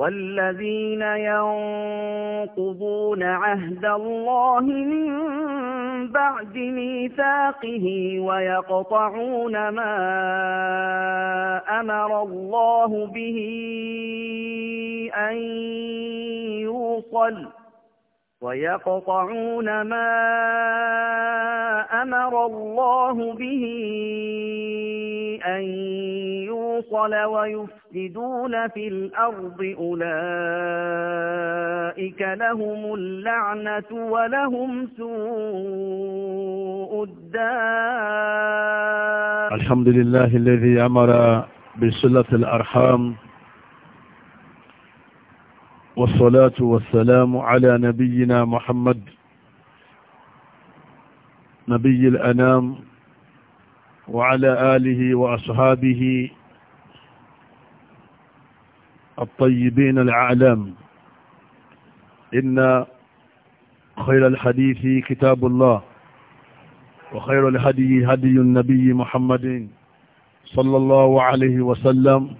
والذين ينقضون عهد الله من بعد ميثاقه ويقطعون ما أمر الله به أن يوصل ويقطعون ما أمر الله به أن يوصل ويفسدون في الأرض أولئك لهم اللعنة ولهم سوء الدار الحمد لله الذي أمر بصلة الأرحام والصلاة والسلام على نبينا محمد نبي الأنام وعلى آله وأصحابه الطيبين العالم إن خير الحديث كتاب الله وخير الهدي هدي النبي محمد صلى الله عليه وسلم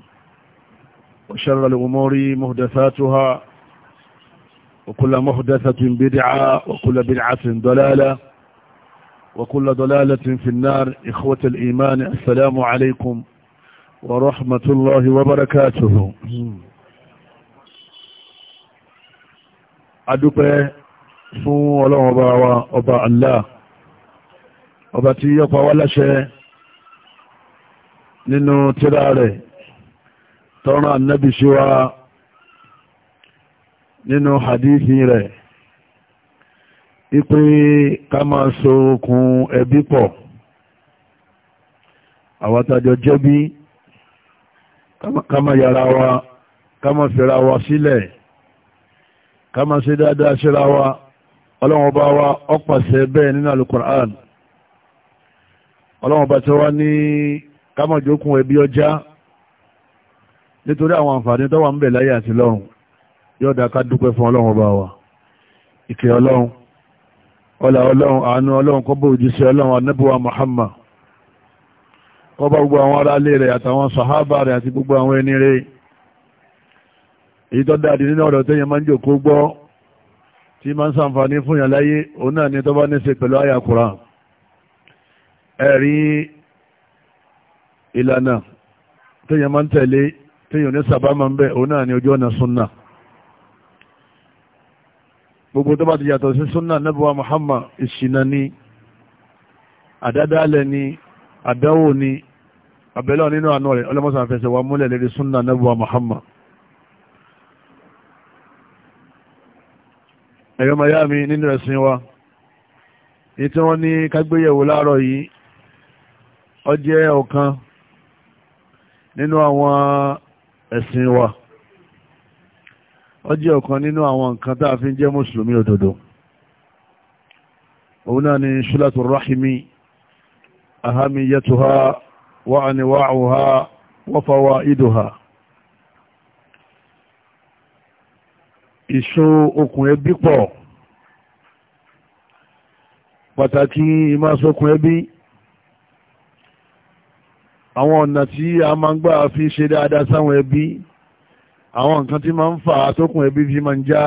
وشر الأمور مهدفاتها وكل محدثة بدعة وكل بدعة دلالة وكل دلالة في النار إخوة الإيمان السلام عليكم ورحمة الله وبركاته adúpẹ́ فو الله ọba wa ọba Allah ọba tí ó pa wá láṣẹ nínú tírà nínú hadithi rẹ̀ ipe ká máa so okùn ẹbí pọ̀ àwátajọ jẹ́bí ká máa yára wa ká máa fẹ́ra wa sílẹ̀ ká máa ṣe dáadáa síra wa ọlọ́run ọba wa ọpàṣẹ bẹ́ẹ̀ nínú alukur'an ọlọ́run ọba tí wá ní ká máa jókun ẹbí ọjá nítorí àwọn àǹfààní tó wà ń bẹ láyé àti lọ́run yóò dá ká dúpẹ́ fún ọlọ́run ọba wa ìkẹ́ ọlọ́run ọlá ọlọ́run àánú ọlọ́run kọ́bọ̀ òjíṣẹ́ ọlọ́run anábíwá Muhammad kọ́bọ̀ gbogbo àwọn ará ilé rẹ̀ àtàwọn sàhábà rẹ̀ àti gbogbo àwọn ẹni rẹ̀ èyí tó dáadé nínú ọ̀rọ̀ tó yẹn máa ń jòkó gbọ́ tí máa ń sàǹfààní fún yàn láyé òun náà ni tó bá ní ṣe pẹ̀lú àyà Kùránì ẹ̀rí ìlànà tó yẹn máa ń tẹ̀lé tó yẹn ní sábà máa ń bẹ̀ òun náà ni ojú ọ̀nà súnnà gbogbo tó bá ti yàtọ̀ sí súnà nẹ́bùwà Muhammad ìṣìnà ni àdádálẹ̀ ni àdáwò ni àbẹ̀lẹ̀ nínú àánú rẹ̀ ọlọ́mọ́sàn fẹsẹ̀ wa múlẹ̀ lérí súnà nẹ́bùwà Muhammad ẹ̀yọ́ mayami nínú ó jẹ́ ọ̀kan nínú àwọn nǹkan tá a fi ń jẹ́ mùsùlùmí òdodo òun náà ni ṣúlátù ráhìmí ahamiyatuha wa aniwa'uha wa fawaiduha ìṣó okùn ẹbí pọ̀ pàtàkì ìmásokùn ẹbí àwọn ọ̀nà tí a máa ń gbà fi ṣe dáadáa sáwọn ẹbí àwọn nǹkan tí máa ń fà àtókùn ẹbí fi máa ń já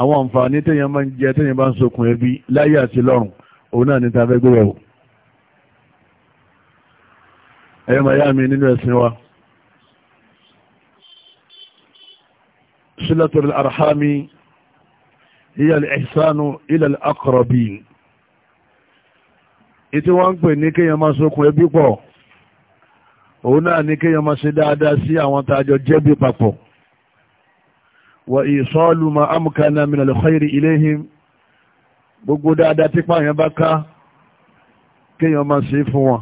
àwọn àǹfààní téèyàn máa ń jẹ téèyàn bá ń sokùn ẹbí láyé àti lọ́run òun náà ní ta fẹ́ gbéyẹ̀ wò ẹ̀yọ́ màá yá mi nínú ẹ̀sìn wa sílẹ̀tọ̀lẹ̀ àrhámi ìyàlẹ̀ ẹ̀sánú ìlàlẹ̀ akọ̀rọ̀bì ìtí wọ́n ń pè ní kéèyàn máa sokùn ẹbí pọ̀ òun náà ní kéèyàn máa ṣe dáadáa sí àwọn tàjọ jẹ́bí papọ̀ وإيصال ما أمكن من الخير إليهم gbogbo dáadáa tí pààyàn bá ká kéèyàn máa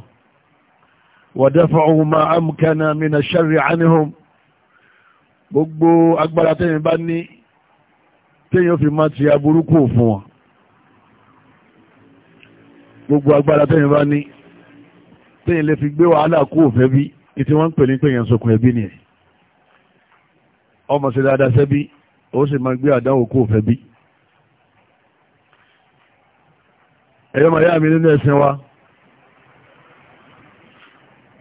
ودفعوا ما أمكن من الشر عنهم gbogbo agbára téèyàn bá ní téèyàn fi máa ti aburú kò fún wọn gbogbo agbára téèyàn bá ní téèyàn lè fi gbé wàhálà kó òfẹ́ bí ìtí wọ́n ń pè ní pé èèyàn ẹbí nìyẹn ọmọ sí dáadáa sẹ́bí ó sì máa gbé àdánwò kó fẹ́ bí. ẹ̀yọ́ màá yá mi nínú ẹ̀sìn wa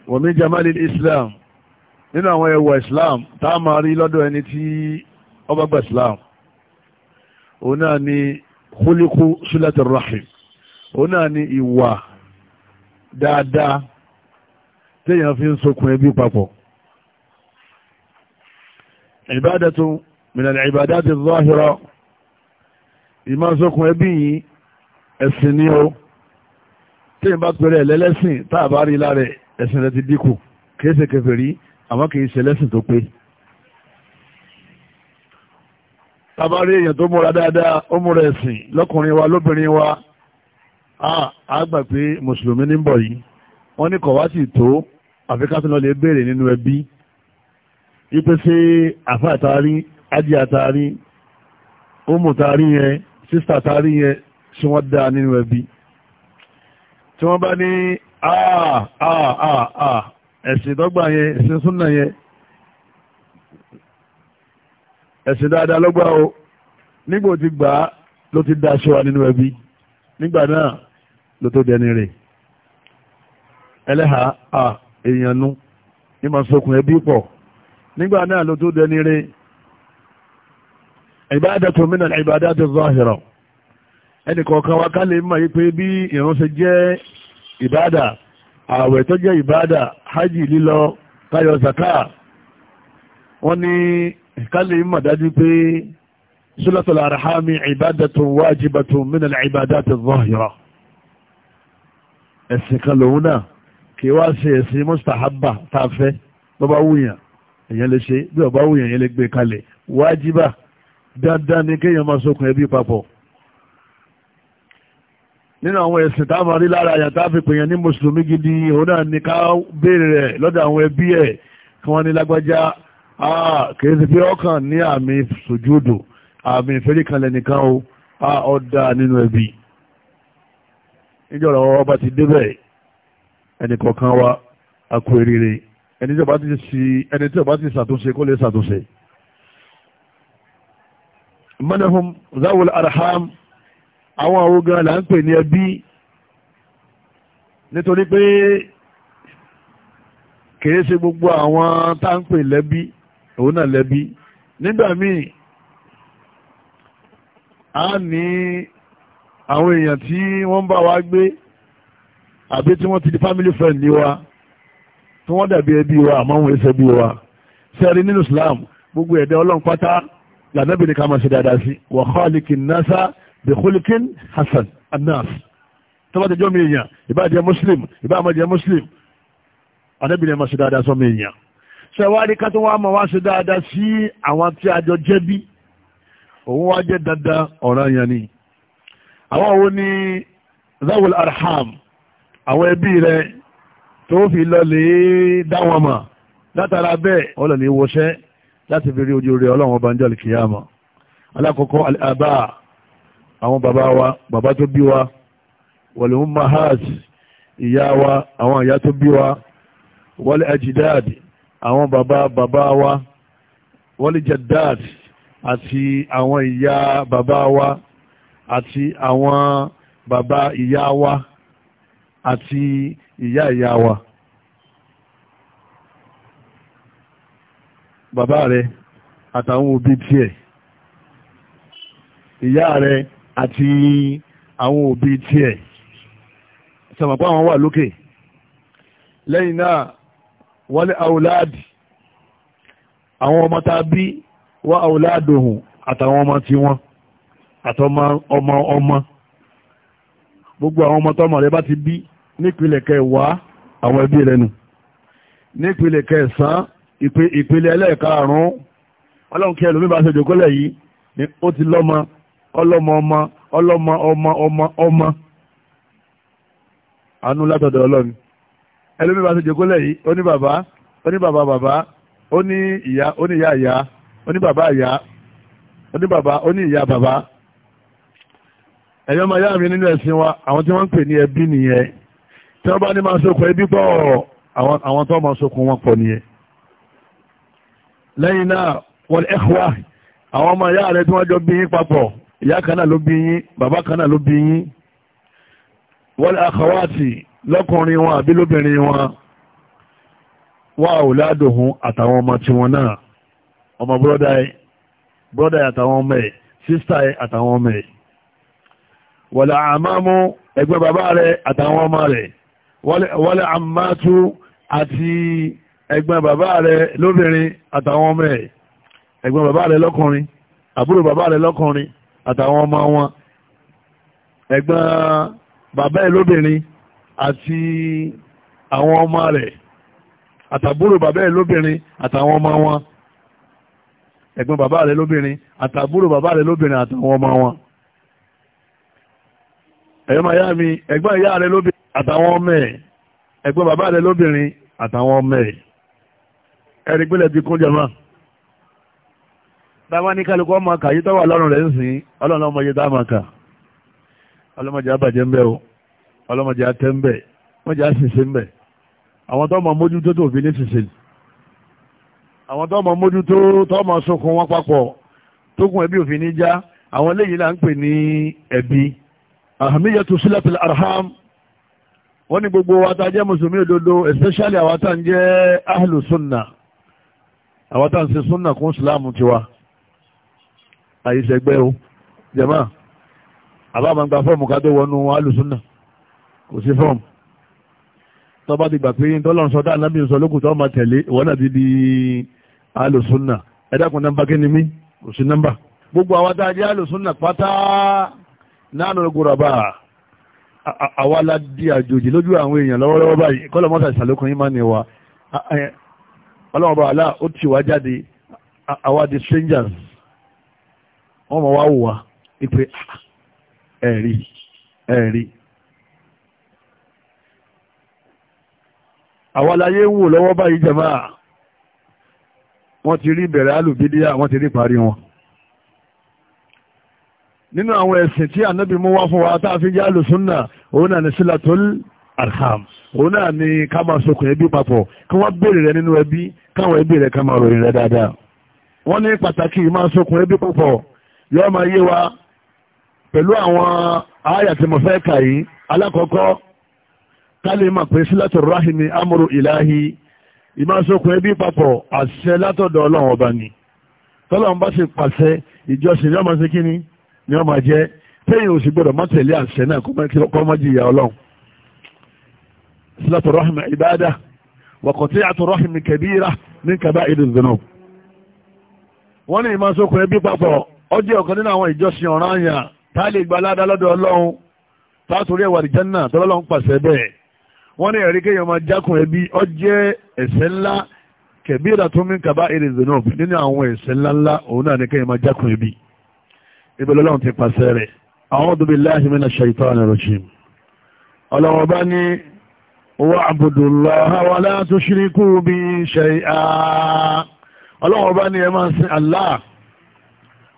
wa min jamalil islam nínú àwọn ẹwà islam tá a máa rí lọ́dọ̀ ẹni tí ọba gba islam òun náà ni khuliqu sulatir rahim òun náà ni ìwà dáadáa téèyàn fi ń sokùn ẹbí papọ̀ ìbádẹ́tù من العبادات الظاهرة zọ́hìrọ̀ ìmọ̀sókun ẹbí السنيو ẹ̀sìn ni ó tí ìbá pẹ̀rẹ̀ ẹ̀lẹ́lẹ́sìn tá a bá rí lára ẹ̀sìn rẹ ti dínkù kìí ṣe kèfèrí àmọ́ kìí ṣe lẹ́sìn tó pé tá a bá rí èèyàn tó múra dáadáa ó múra ẹ̀sìn lọ́kùnrin wa lóbìnrin wa a gbà pé mùsùlùmí ní ń bọ̀ yìí wọ́n ní kọ̀ sì tó àfikásínlọ́lẹ̀ béèrè nínú ẹbí wípé sí àfà àtàrí ájí àtàrí ọmọ tàrí yẹn sísà tàrí yẹn tí wọ́n dá nínú ẹbí tí wọ́n bá ní àà àà àà ẹ̀sìn dọ́gba yẹn ẹ̀sìn súnà yẹn ẹ̀sìn dáadáa lọ́gbà o nígbò ti gbà á ló ti dá aṣọ wa nínú ẹbí nígbà náà ló tó dẹni rẹ̀ ẹlẹ́hàá à èèyàn nú ní màá sokùn ẹbí pọ̀ nígbà náà ló tó dẹni rí ìbádàtò mí náà ìbádàtò zahira ẹnì kọ̀ọ̀kan wa ká lè mọ̀ yí pé bí ìrun ṣe jẹ́ ìbádà ààwẹ̀ tó jẹ́ ìbádà hajj lílọ káyọ̀ zaka wọ́n ní ká lè mọ̀ dájú pé sulatul arhami ìbádàtò wájibàtò mí náà ìbádàtò zahira ẹ̀sìn kan lòun náà kí wá ṣe ẹ̀sìn mustahaba tá bọ́bá wúyàn èèyàn lè ṣe bí ọba wù èèyàn lè gbé kalẹ̀ wájibà dandan ni kéèyàn máa sókun ẹbí papọ̀ nínú àwọn ẹ̀sìn tá a máa rí lára àyà tá a ní mùsùlùmí gidi òun náà ni ká béèrè rẹ̀ lọ́dọ̀ àwọn ẹbí ẹ̀ kí wọ́n ní lágbájá kìí ti fi ọkàn ní àmì sùjúdù àmì ìfẹ́ríkanlẹ̀ nìkan o ọ̀dà nínú ẹbí níjọ́ ọ̀rọ̀ ọba ti débẹ̀ ẹnìkọ̀ọ̀kan wa a kú eríire ẹni tí ó bá ti sí ẹni tí ó bá ti ṣàtúnṣe kó lè ṣàtúnṣe. mọ́nàfún zawul arham àwọn àwògán là ń pè ní ẹbí nítorí pé kìí ṣe gbogbo àwọn tá ń pè lẹ́bí òun náà lẹ́bí nígbà míì a ní àwọn èèyàn tí wọ́n bá wa gbé àbí tí wọ́n ti di family friend ni wa tí wọ́n dàbí ẹbí wa àmọ́ wọn ẹsẹ̀ bí wa sẹ́rí nínú Islam gbogbo ẹ̀dá ọlọ́run pátá lànàbì ní ká máa ṣe dáadáa sí wa khaliqin nasa bi khuluqin hasan anas tó bá ti jọ́ mi èèyàn ìbá jẹ́ muslim ìbá àmọ́ jẹ́ muslim ànàbì ní ẹ máa ṣe dáadáa sọ́mi èèyàn ṣe wá rí ká wá máa wá ṣe dáadáa sí àwọn tí a jọ jẹ́ bí òun wá jẹ́ dandan ọ̀ràn yẹn ni àwọn wo ni zawul arham àwọn ẹbí rẹ̀ tó fi lọlẹ̀ dá wọn mọ̀ látara bẹ́ẹ̀ ọlọ́lẹ̀ wọṣẹ́ láti fi rí ojú rẹ̀ ọlọ́run ọba níjọ́ kìyàmọ̀ alákọ̀ọ́kọ́ àbá àwọn bàbá wa bàbá tó bí wa wal ummahat ìyá wa àwọn ìyá tó bí wa wal ajdad àwọn bàbá bàbá wa wal jaddad àti àwọn ìyá bàbá wa àti àwọn bàbá ìyá wa àti ìyá ìyá wa bàbá rẹ̀ àtàwọn òbí tiẹ̀ ìyá rẹ̀ àti àwọn òbí tiẹ̀ sọ̀mọ̀pá àwọn wà lókè lẹ́yìn náà wọlé àwòláàdì àwọn ọmọ tá a bí wá àwòláàdì òhùn àtàwọn ọmọ tí wọ́n àtọmọ ọmọ ọmọ gbogbo àwọn ọmọ tọmọ rẹ bá ti bí nípìnlẹ̀ kẹwàá àwọn ẹbí rẹ nù nípìnlẹ̀ kẹsàn-án ìpele ẹlẹ́ẹ̀karùn-ún ọlọ́run kí ẹlòmíì bá ṣe jòkólẹ̀ yìí ni ó ti lọ́mọ ọlọ́mọ ọmọ ọlọ́mọ ọmọ ọmọ ọmọ àánú látọ̀dọ̀ ọlọ́run ẹlòmíì bá ṣe jòkólẹ̀ yìí ó ní bàbá ó ní bàbá bàbá ó ní ìyá ó ní ìyá ìyá ó ní bàbá ìyá ó ní bàbá ó ní ìyá bàbá ẹ̀yọ́ máa yá mi nínú ẹ̀sìn wa àwọn tí wọ́n ń pè ní ẹbí nìyẹn tí wọ́n bá ní máa sokùn ẹbí pọ̀ àwọn tó máa sokùn wọn pọ̀ nìyẹn lẹ́yìn náà wal ikhwa àwọn ọmọ ìyá rẹ̀ tí wọ́n jọ bí yín papọ̀ ìyá kan náà ló bí yín bàbá kan náà ló bí yín wal akhawati lọ́kùnrin wọn àbí lóbìnrin wọn wà ò ládòhun àtàwọn ọmọ tí náà ọmọ bọ́dà ẹ̀ bọ́dà àtàwọn ọmọ ẹ̀ sísà ẹ̀ àtàwọn ọmọ ẹ̀ wal àmàmú ẹgbẹ́ bàbá rẹ̀ àtàwọn ọmọ rẹ̀ wal àmàtú àti ẹ̀gbọ́n bàbá rẹ lóbìnrin àtàwọn ọmọ ẹ̀ ẹ̀gbọ́n bàbá rẹ lọ́kùnrin àbúrò bàbá rẹ lọ́kùnrin àtàwọn ọmọ wọn ẹ̀gbọ́n bàbá ẹ̀ lóbìnrin àti àwọn ọmọ rẹ̀ àtàbúrò bàbá ẹ̀ lóbìnrin àtàwọn ọmọ wọn ẹ̀gbọ́n bàbá rẹ̀ lóbìnrin àtàbúrò bàbá rẹ̀ lóbìnrin àtàwọn ọmọ wọn ẹ̀yọ́ máa yá mi ẹ̀gbọ́n ìyá rẹ̀ lóbìnrin àtàwọn ọmọ ẹ̀ ẹ̀gbọ́n bàbá rẹ̀ lóbìnrin àtàwọn ọmọ ẹ̀ ẹ̀rí gbélẹ̀ ti kún jama dáwọn ní kálukú ọmọ kà yí tọ́wà lọ́rùn rẹ̀ ń sìn ọlọ́run ọmọ ọlọ́mọdé ń o ọlọ́mọdé atẹ́ ń bẹ̀ mọ́jà àṣìṣe ń bẹ̀ àwọn tó mójútó tó fi ní ṣìṣe àwọn tó mójútó tó mọ wọn papọ̀ ẹbí òfin ní já arham wọ́n ní gbogbo wa jẹ́ mùsùlùmí òdodo especially àwọn tá à ń ṣe súnà kún ìsìláàmù tiwa àyíṣẹ́gbẹ́ o jẹ̀mọ́ àbá máa ń gba fọ́ọ̀mù ká tó wọnú alùsúnà kò sí fọ́ọ̀mù tó bá ti gbà pé tọ́lọ́run sọ dáa nábì ń sọ lókùn tó máa tẹ̀lé ìwọ náà ti di alùsúnà ẹ dákun nọ́mbà kí ni mí kò sí nọ́mbà gbogbo àwọn jẹ́ alùsúnà pátá náà ló àwa la di àjòjì lójú àwọn èèyàn lọ́wọ́lọ́wọ́ báyìí kọ́lọ́mọ́sà ìsàlókun yín máa ní wa ọlọ́run ọba àlá ó ti wá jáde àwa di strangers wọ́n mọ̀ wá wò wá ipe ah, ah, ẹ̀rí ẹ̀rí àwa láyé ń wò lọ́wọ́ báyìí jàmá wọ́n ti rí bẹ̀rẹ̀ alùbídíà wọ́n ti rí parí wọn nínú àwọn ẹ̀sìn tí ànábì mú wá fún wa tá a fi jẹ́ alùsùnà òun náà ní sílà tó lù arham òun náà ni ká máa sokùn ẹbí papọ̀ kí wọ́n béèrè rẹ nínú ẹbí káwọn ẹbí rẹ ká máa ròyìn rẹ dáadáa wọ́n ní pàtàkì máa sokùn ẹbí papọ̀ yóò máa yé wa pẹ̀lú àwọn àyà tí mo fẹ́ kà yìí alákọ̀ọ́kọ́ ká lè máa pè sílátò rahimi amúrò ìláhi ìmásokùn ẹbí papọ̀ àṣẹ látọ̀dọ̀ ọlọ́run ọba ni tọ́lọ́run bá sì pàṣẹ ìjọsìn yóò máa ṣe kíni ni wọ́n máa jẹ́ téèyàn ò sì gbọ́dọ̀ má tẹ̀lé àṣẹ náà kọ́ mọ́ ọlọ́run sílátù rọ́hìmì عبادة وقطيعة àtù كبيرة من ní الذنوب. ìlú ìdùnnú wọ́n ní ìmọ̀ sókùn ẹbí papọ̀ ó jẹ́ ọ̀kan nínú àwọn ìjọsìn ọ̀ràn àyàn tá a lè gba aládá lọ́dọ̀ ọlọ́run tá a torí ẹwà ìjánná tọ́lọ́lọ́run pàṣẹ bẹ́ẹ̀ wọ́n ní ẹ̀rí kéèyàn máa jákùn ẹbí ó jẹ́ ẹ̀ṣẹ̀ ńlá kẹbíra tó mí kaba ìlú ìdùnnú nínú àwọn ẹ̀ṣẹ̀ ńláńlá òun náà ní kéèyàn máa jákùn ẹbí wa'budu Allaha wa la tushriku bi shay'a ọlọ́run bá ní ẹ máa sin Allah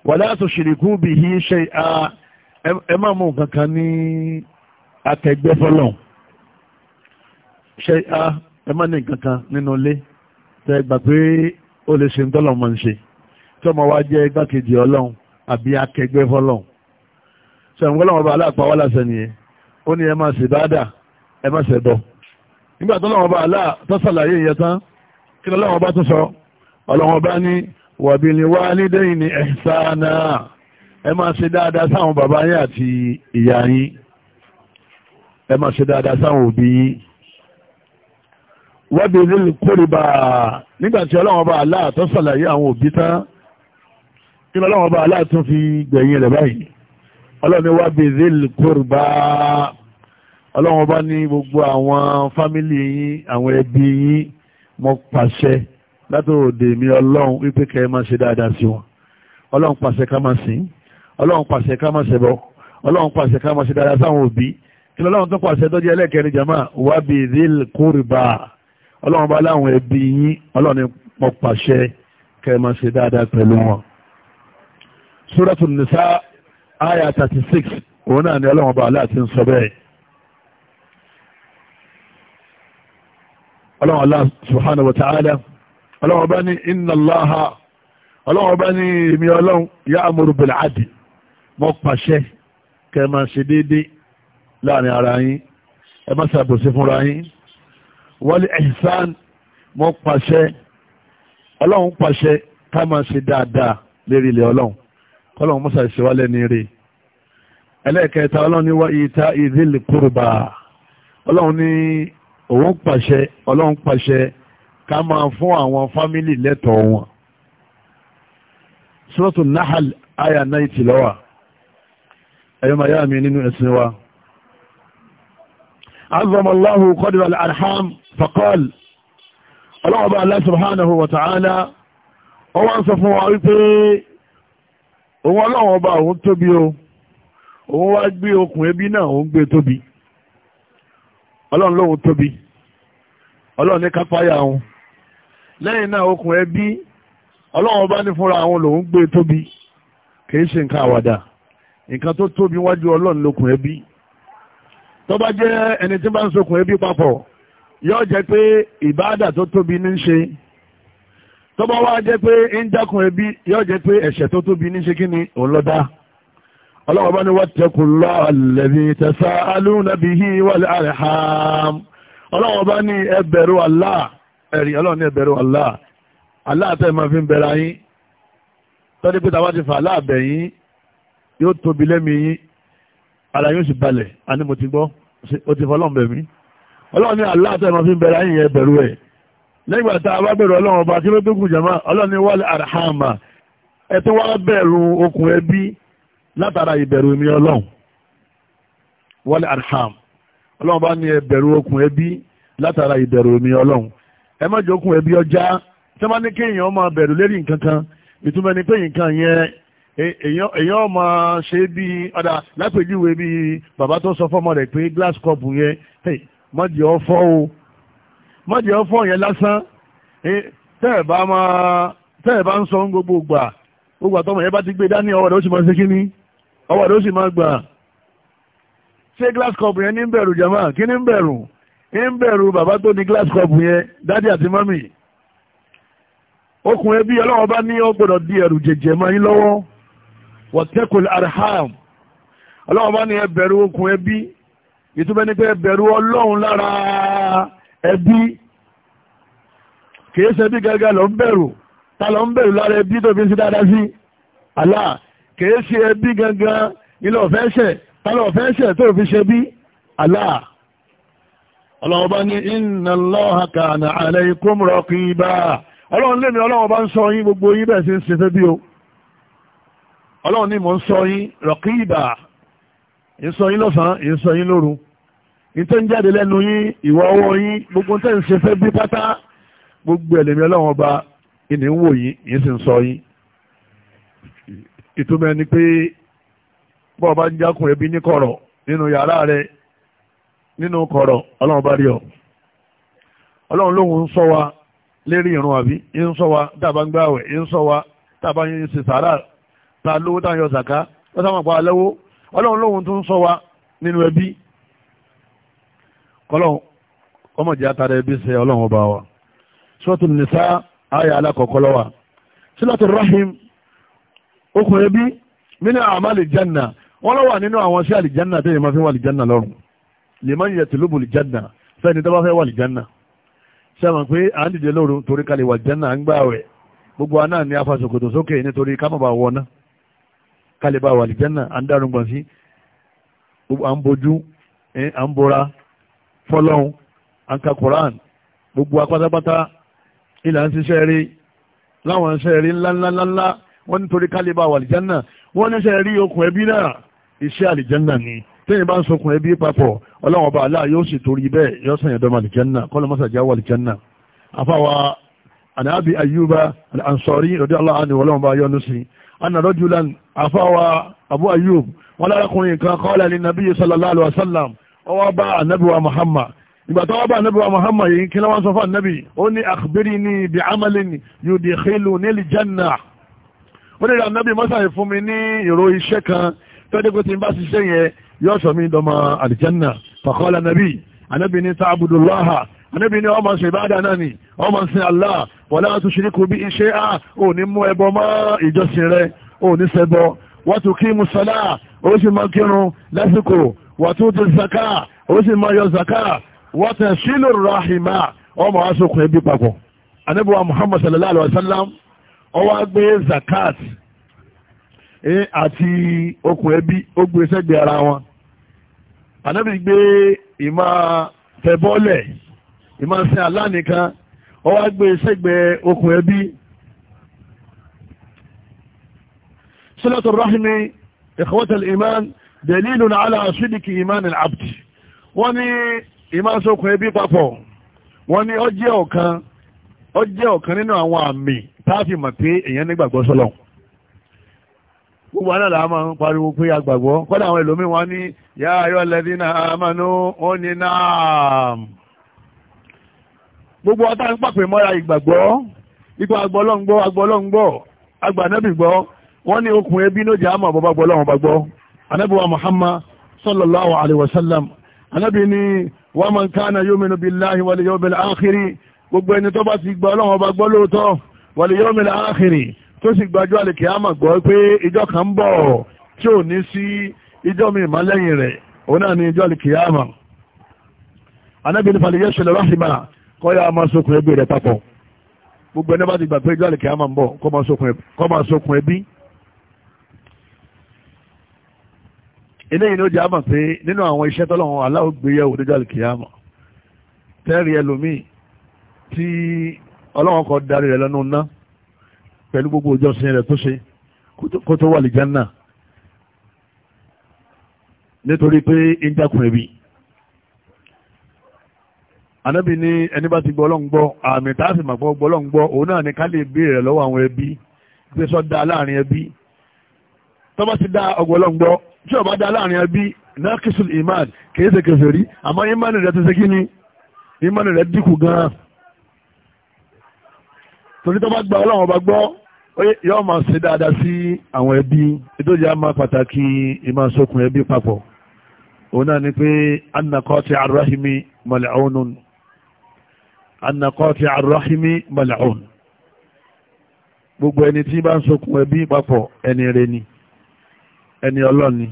wa la tushriku bihi shay'a ẹ máa mú kankan ní akẹgbẹ́ fọlọ́n ṣe a ẹ má ní nǹkan kan nínú ilé tẹ gbà pé ó lè ṣe tọ́lọ̀ mọ́ ṣe tí ọmọ wa jẹ́ igbákejì ọlọ́run àbí akẹgbẹ́ fọlọ́run ṣe àwọn ọlọ́run ọba aláàpá wà lásán nìyẹn ó ní ẹ má ṣe báádà ẹ má nígbà tó lọ́wọ́ bá aláà tó sàlàyé ìyẹn tán kí lọ́wọ́ bá tún sọ ọlọ́wọ́ bá ní wàbìlì wá nídẹ́yìn ní ẹ̀sánà ẹ máa ṣe dáadáa sáwọn bàbá yín àti ìyá yín ẹ máa ṣe dáadáa sáwọn òbí yín wàbìlì kórìbà nígbà tí ọlọ́wọ́ bá aláà tó sàlàyé àwọn òbí tán kí lọ́wọ́ bá aláà tún fi gbẹ̀yìn rẹ̀ báyìí ọlọ́ni wàbìlì kórìbà ọlọ́run bá ní gbogbo àwọn fámílì yín àwọn ẹbí yín mo pàṣẹ látòròdè mi ọlọ́run wípé kẹ́ ẹ máa ṣe dáadáa sí wọn ọlọ́run pàṣẹ ká máa sìn ọlọ́run pàṣẹ ká máa ṣẹbọ ọlọ́run pàṣẹ ká máa ṣe dáadáa sáwọn òbí kí lọ́lọ́run tó pàṣẹ tó jẹ́ ẹlẹ́kẹ̀rin jama wábì dhil qurba ọlọ́run bá láwọn ẹbí yín ọlọ́run ni mo pàṣẹ kẹ́ ẹ máa ṣe dáadáa pẹ̀lú wọn. Suratul Nisa aya thirty òun náà ni ọlọ́run bá aláàtí ń sọ bẹ́ẹ̀. ọlọ́run Allah subhanahu wa ta'ala ọlọ́run ọba ní inna Allaha ọlọ́run ọba ní èmi ọlọ́run ya'muru bil 'adli mo pàṣẹ kẹ́ máa ṣe déédéé láàrin ara yín ẹ má ṣàbòsí fúnra yín wal ihsan mo pàṣẹ ọlọ́run pàṣẹ ká máa ṣe dáadáa lérí ilẹ̀ ọlọ́run kọ́lọ́run mọ́sà ìṣèwálẹ̀ ní rí ẹlẹ́ẹ̀kẹta ọlọ́run ní wá ìta ìdílé kúrúbà ọlọ́run ní òun pàṣẹ ọlọ́run pàṣẹ ká máa fún àwọn fámìlì lẹ́tọ̀ọ́ wọn suratul nahal aya náà ti lọ́wà ẹ̀yọ́mọ̀ yá mi nínú ẹ̀sìn wa azamallahu qadra al-arham faqal ọlọ́wọ́ bá Allah wa ta'ala wọ́n wá ń sọ fún wa wípé òun ọlọ́wọ́ òun tóbi o òun wá gbé okùn ẹbí náà òun gbé e tóbi ọlọ́run lóhun tóbi ọlọ́run ní kápáyà òun lẹ́yìn náà okùn ẹbí ọlọ́run bá ní fúnra àwọn lòun gbé tóbi kìí ṣe nǹkan àwàdà nǹkan tó tóbi wájú ọlọ́run lókùn ẹbí tó bá jẹ́ ẹni tí bá ń sokùn ẹbí papọ̀ yóò jẹ́ pé ìbáàdà tó tóbi ní ṣe tó wá jẹ́ pé ń dákun ẹbí yóò jẹ́ pé ẹ̀ṣẹ̀ tó tóbi ní ṣe kí ni òun lọ́dá ọlọ́wọ́ bá ní wattaqullah alladhi tasaaluna bihi wal arham ọlọ́wọ́ bá ní ẹ bẹ̀rù Allah ẹ̀rí ọlọ́wọ́ ní ẹ bẹ̀rù Allah Allah tẹ́ ma fi ń bẹ̀rẹ̀ ayín tọ́dí pé tàbá ti fà aláàbẹ̀ yín yóò tóbi lẹ́mi yín ara yóò sì balẹ̀ àní mo ti gbọ́ o ti fọlọ́n bẹ̀ mí ọlọ́wọ́ ní Allah tẹ́ ma fi ń bẹ̀rẹ̀ ayín yẹn ẹ̀ lẹ́gbàá tá látara ìbẹ̀rù mi ọlọ́run wọlé arham ọlọ́run bá ní ẹbẹ̀rù okùn ẹbí látara ìbẹ̀rù mi ọlọ́run ẹ má jẹ́ okùn ẹbí ọjà tí wọ́n bá ní kéèyàn máa bẹ̀rù lérí nǹkan kan ìtumọ̀ ni pé nǹkan yẹn e, èyàn máa ṣe bí ọ̀dà lápèjúwe bí bàbá tó sọ fọ́mọ rẹ̀ pé glass cup yẹn mọ̀jẹ̀ ọ̀fọ́ o mọ̀jẹ̀ ọ̀fọ́ yẹn lásán e, tẹ́ ẹ̀ bá ń sọ gbogbo ìgbà gbogbo àtọ́mọ̀ yẹn bá ti gbé dání ọwọ́ rẹ̀ ó sì máa ṣe kí ni ọwọ́ ló sì máa gbà ṣé glass cup yẹn ní ń bẹ̀rù jama kí ní ń bẹ̀rù ń bẹ̀rù bàbá tó ní glass cup yẹn dádì àti mọ́mì okùn ẹbí ọlọ́wọ́ bá ní ó gbọ́dọ̀ di ẹ̀rù jẹ̀jẹ̀ máa yín lọ́wọ́ wọ́tẹ́kùn arham ọlọ́wọ́ bá ní ẹ bẹ̀rù okùn ẹbí ìtumọ̀ ní pé ẹ bẹ̀rù ọlọ́run lára ẹbí kìí ṣe bí gẹ́gẹ́ lọ bẹ̀rù ta lọ bẹ̀rù lára ẹbí tó fi ń sí dáadáa sí Allah kèé ṣe ẹbí gangan ilé ọ̀fẹ́ ṣẹ̀ tálọ̀ ọ̀fẹ́ ṣẹ̀ tó fi ṣe bí Allah ọlọ́ọ̀bá ní inna Allaha kana alaykum raqiba ọlọ́run lèmi ọlọ́ọ̀bá ń sọ yín gbogbo yín bẹ́ẹ̀ sí ń ṣe fẹ́ bí o ọlọ́run ní mò ń sọ yín raqiba ń sọ yín lọ́sàn ìní ń wò yín ìyẹn sì ń sọ yín ìtumọ̀ ẹni pé bọ́ọ̀ ọba ń ẹbí ní kọ̀rọ̀ nínú yàrá rẹ nínú kọ̀rọ̀ ọlọ́run bá rí ọ ọlọ́run ń sọ wa lérí ìrún àbí ń sọ wa dábàá ń ta lówó tá à ń yọ lọ́sà máa pa ọlọ́run tún ń atara ẹbí ṣe ọlọ́run ọba wa sọ́tún ayé alákọ̀ọ́kọ́ lọ́wà rahim okùn ẹbí mínú àwọn àlìjánà wọ́n lọ́wọ́ nínú àwọn sí àlìjánà tẹ́yẹ máa fi wà àlìjánà lọ́rùn lè máa ń yẹ tìlúbù àlìjánà fẹ́ni tó bá fẹ́ wà àlìjánà sẹ́wọ̀n pé à ń dìde lóru torí kalẹ̀ wà àlìjánà à ń gbà wẹ̀ gbogbo àná ní afasòkòtò sókè nítorí ká má bàa wọná kalẹ̀ bá wà àlìjánà à ń dárun gbọ̀n sí à ń bojú à ń bora fọlọ́hún à ń ka Quran gbogbo apátápátá ilà ń ṣiṣẹ́ rí láwọn ṣiṣẹ́ rí ńláńláńláńlá wọ́n nítorí kálíbà wà àlìjánà wọ́n níṣẹ́ rí okùn ẹbí náà iṣẹ́ àlìjánà ni tẹ́yìn bá ń sokùn ẹbí papọ̀ ọlọ́run ọba aláà yóò sì torí bẹ́ẹ̀ yóò sàn yẹ̀dọ́mọ àlìjánà kọ́lọ́ mọ́sàjà wà àlìjánà afáwa anabi ayuba ansori rọ̀dí aláàánú ọlọ́run ọba yọ́nú sí anna rọ́júlan afáwa abu ayub wọn lárakùnrin kan kọ́lá ní nabiyyi sallallahu alaihi wa muhammad ìgbà tó wá bá anábíwá muhammad yìí kí lọ́wọ́ sọ fún anábì ó ní akhbirni bi amalin yudkhiluni al-jannah mo lè ra nábì mọ́sàáyé fún mi ní ìró iṣẹ́ kan tọ́dẹ́gbẹ́ tí n bá ṣiṣẹ́ yẹn yóò sọ mí dọmọ àlìjánà fàkọ́lá nàbí anábì ní táàbùdù láhà anábì ní ọmọ sí ìbáàdà náà ni ọmọ sí Allah wala tushriku bí iṣẹ́ à ò ní mú ẹbọ mọ́ ìjọsìn rẹ ò ní ṣẹbọ wa tuqimu salah ó sì máa kírun lásìkò wa tu'ti zaka ó sì máa yọ zaka wa tasilu rahima ọmọ asokùn ẹbí papọ̀ anábì wa Muhammad sallallahu alaihi wa ọwọ́ gbé zakat àti okùn ẹbí ó gbé sẹ́gbẹ̀ẹ́ ara wọn ànábì gbé ìmọ̀ tẹ̀bọ́lẹ̀ ìmọ̀ sin alánìkan ọwọ́ gbé sẹ́gbẹ̀ẹ́ okùn ẹbí صلة الرحم إخوة الإيمان دليل على صدق إيمان العبد wọ́n ní ìmá sókùn ẹbí papọ̀ wọ́n ní ó jẹ́ ọ̀kan nínú àwọn àmì táàfì mọ̀ pé èèyàn nígbàgbọ́ sọ́lọ̀ gbogbo anáàlá máa ń pariwo pé agbàgbọ́ kọ́dà àwọn ẹlòmíì wọn ní yá ayọ́ lẹ́dí náà amánú ó ní náà gbogbo ọtá ń pàpè mọ́ra ìgbàgbọ́ ikú agbọ́lọ́ngbọ́ agbọ́lọ́ngbọ́ agbànábìgbọ́ wọ́n ní okùn ẹbí ló jẹ́ àmọ́ àbọ̀bá gbọ́lọ́wọ́n bá gbọ́ anábì wa Muhammad sallallahu alaihi wa man kana yuminu gbogbo ẹni tó bá ti gba ọlọ́run ọba gbọ́ lóòótọ́ wal yawmil akhiri tó sì gbàjọ́ àlèkè àmà gbọ́ pé ìjọ kan bọ̀ tí ò ní sí ìjọ mi ìmá lẹ́yìn rẹ̀ òun náà ni ìjọ àlèkè àmà anábìíní falẹ̀ yẹ́ ṣẹlẹ̀ ráhìmà kọ́ ya máa sókun ẹbí rẹ̀ papọ̀ gbogbo ẹni bá ti gbà pé ìjọ àlèkè àmà ń bọ̀ kọ́ máa sókun ẹbí eléyìí ni ó jẹ́ àmà pé nínú àwọn iṣẹ́ tọ́lọ́run aláwọ̀ gbéyàwó níjọ́ àlèkè àmà tẹ́rì ẹlòmíì tí ọlọ́wọ́n kọ darí rẹ̀ lọ́nu ná pẹ̀lú gbogbo ìjọsìn rẹ̀ tó ṣe kó tó wà lè jánà nítorí pé ń jákùnrin bíi anábì ní ẹni bá ti gbọ́ ọlọ́run gbọ́ àmì tá a sì màgbọ́ gbọ́ ọlọ́run gbọ́ òun náà ni ká lè béèrè lọ́wọ́ àwọn ẹbí pé sọ da láàrin ẹbí tó bá ti da ọgbọ́ tí ó bá láàrin ẹbí náà kìsùn imán kìí ṣe kèfèrí àmọ́ imán rẹ̀ ti ṣe kí ni imán rẹ̀ dínkù gan-an torí tó bá gba ọlọ́run ọba gbọ́ yóò máa ṣe dáadáa sí àwọn ẹbí ìdójú á pàtàkì ìmọ̀sókun ẹbí papọ̀ òun náà ni pé anakọ́tì arahimi mal'unun anakọ́tì arahimi mal'un gbogbo ẹni tí bá ń sokun ẹbí papọ̀ ẹni rẹ ni ẹni ọlọ́run ni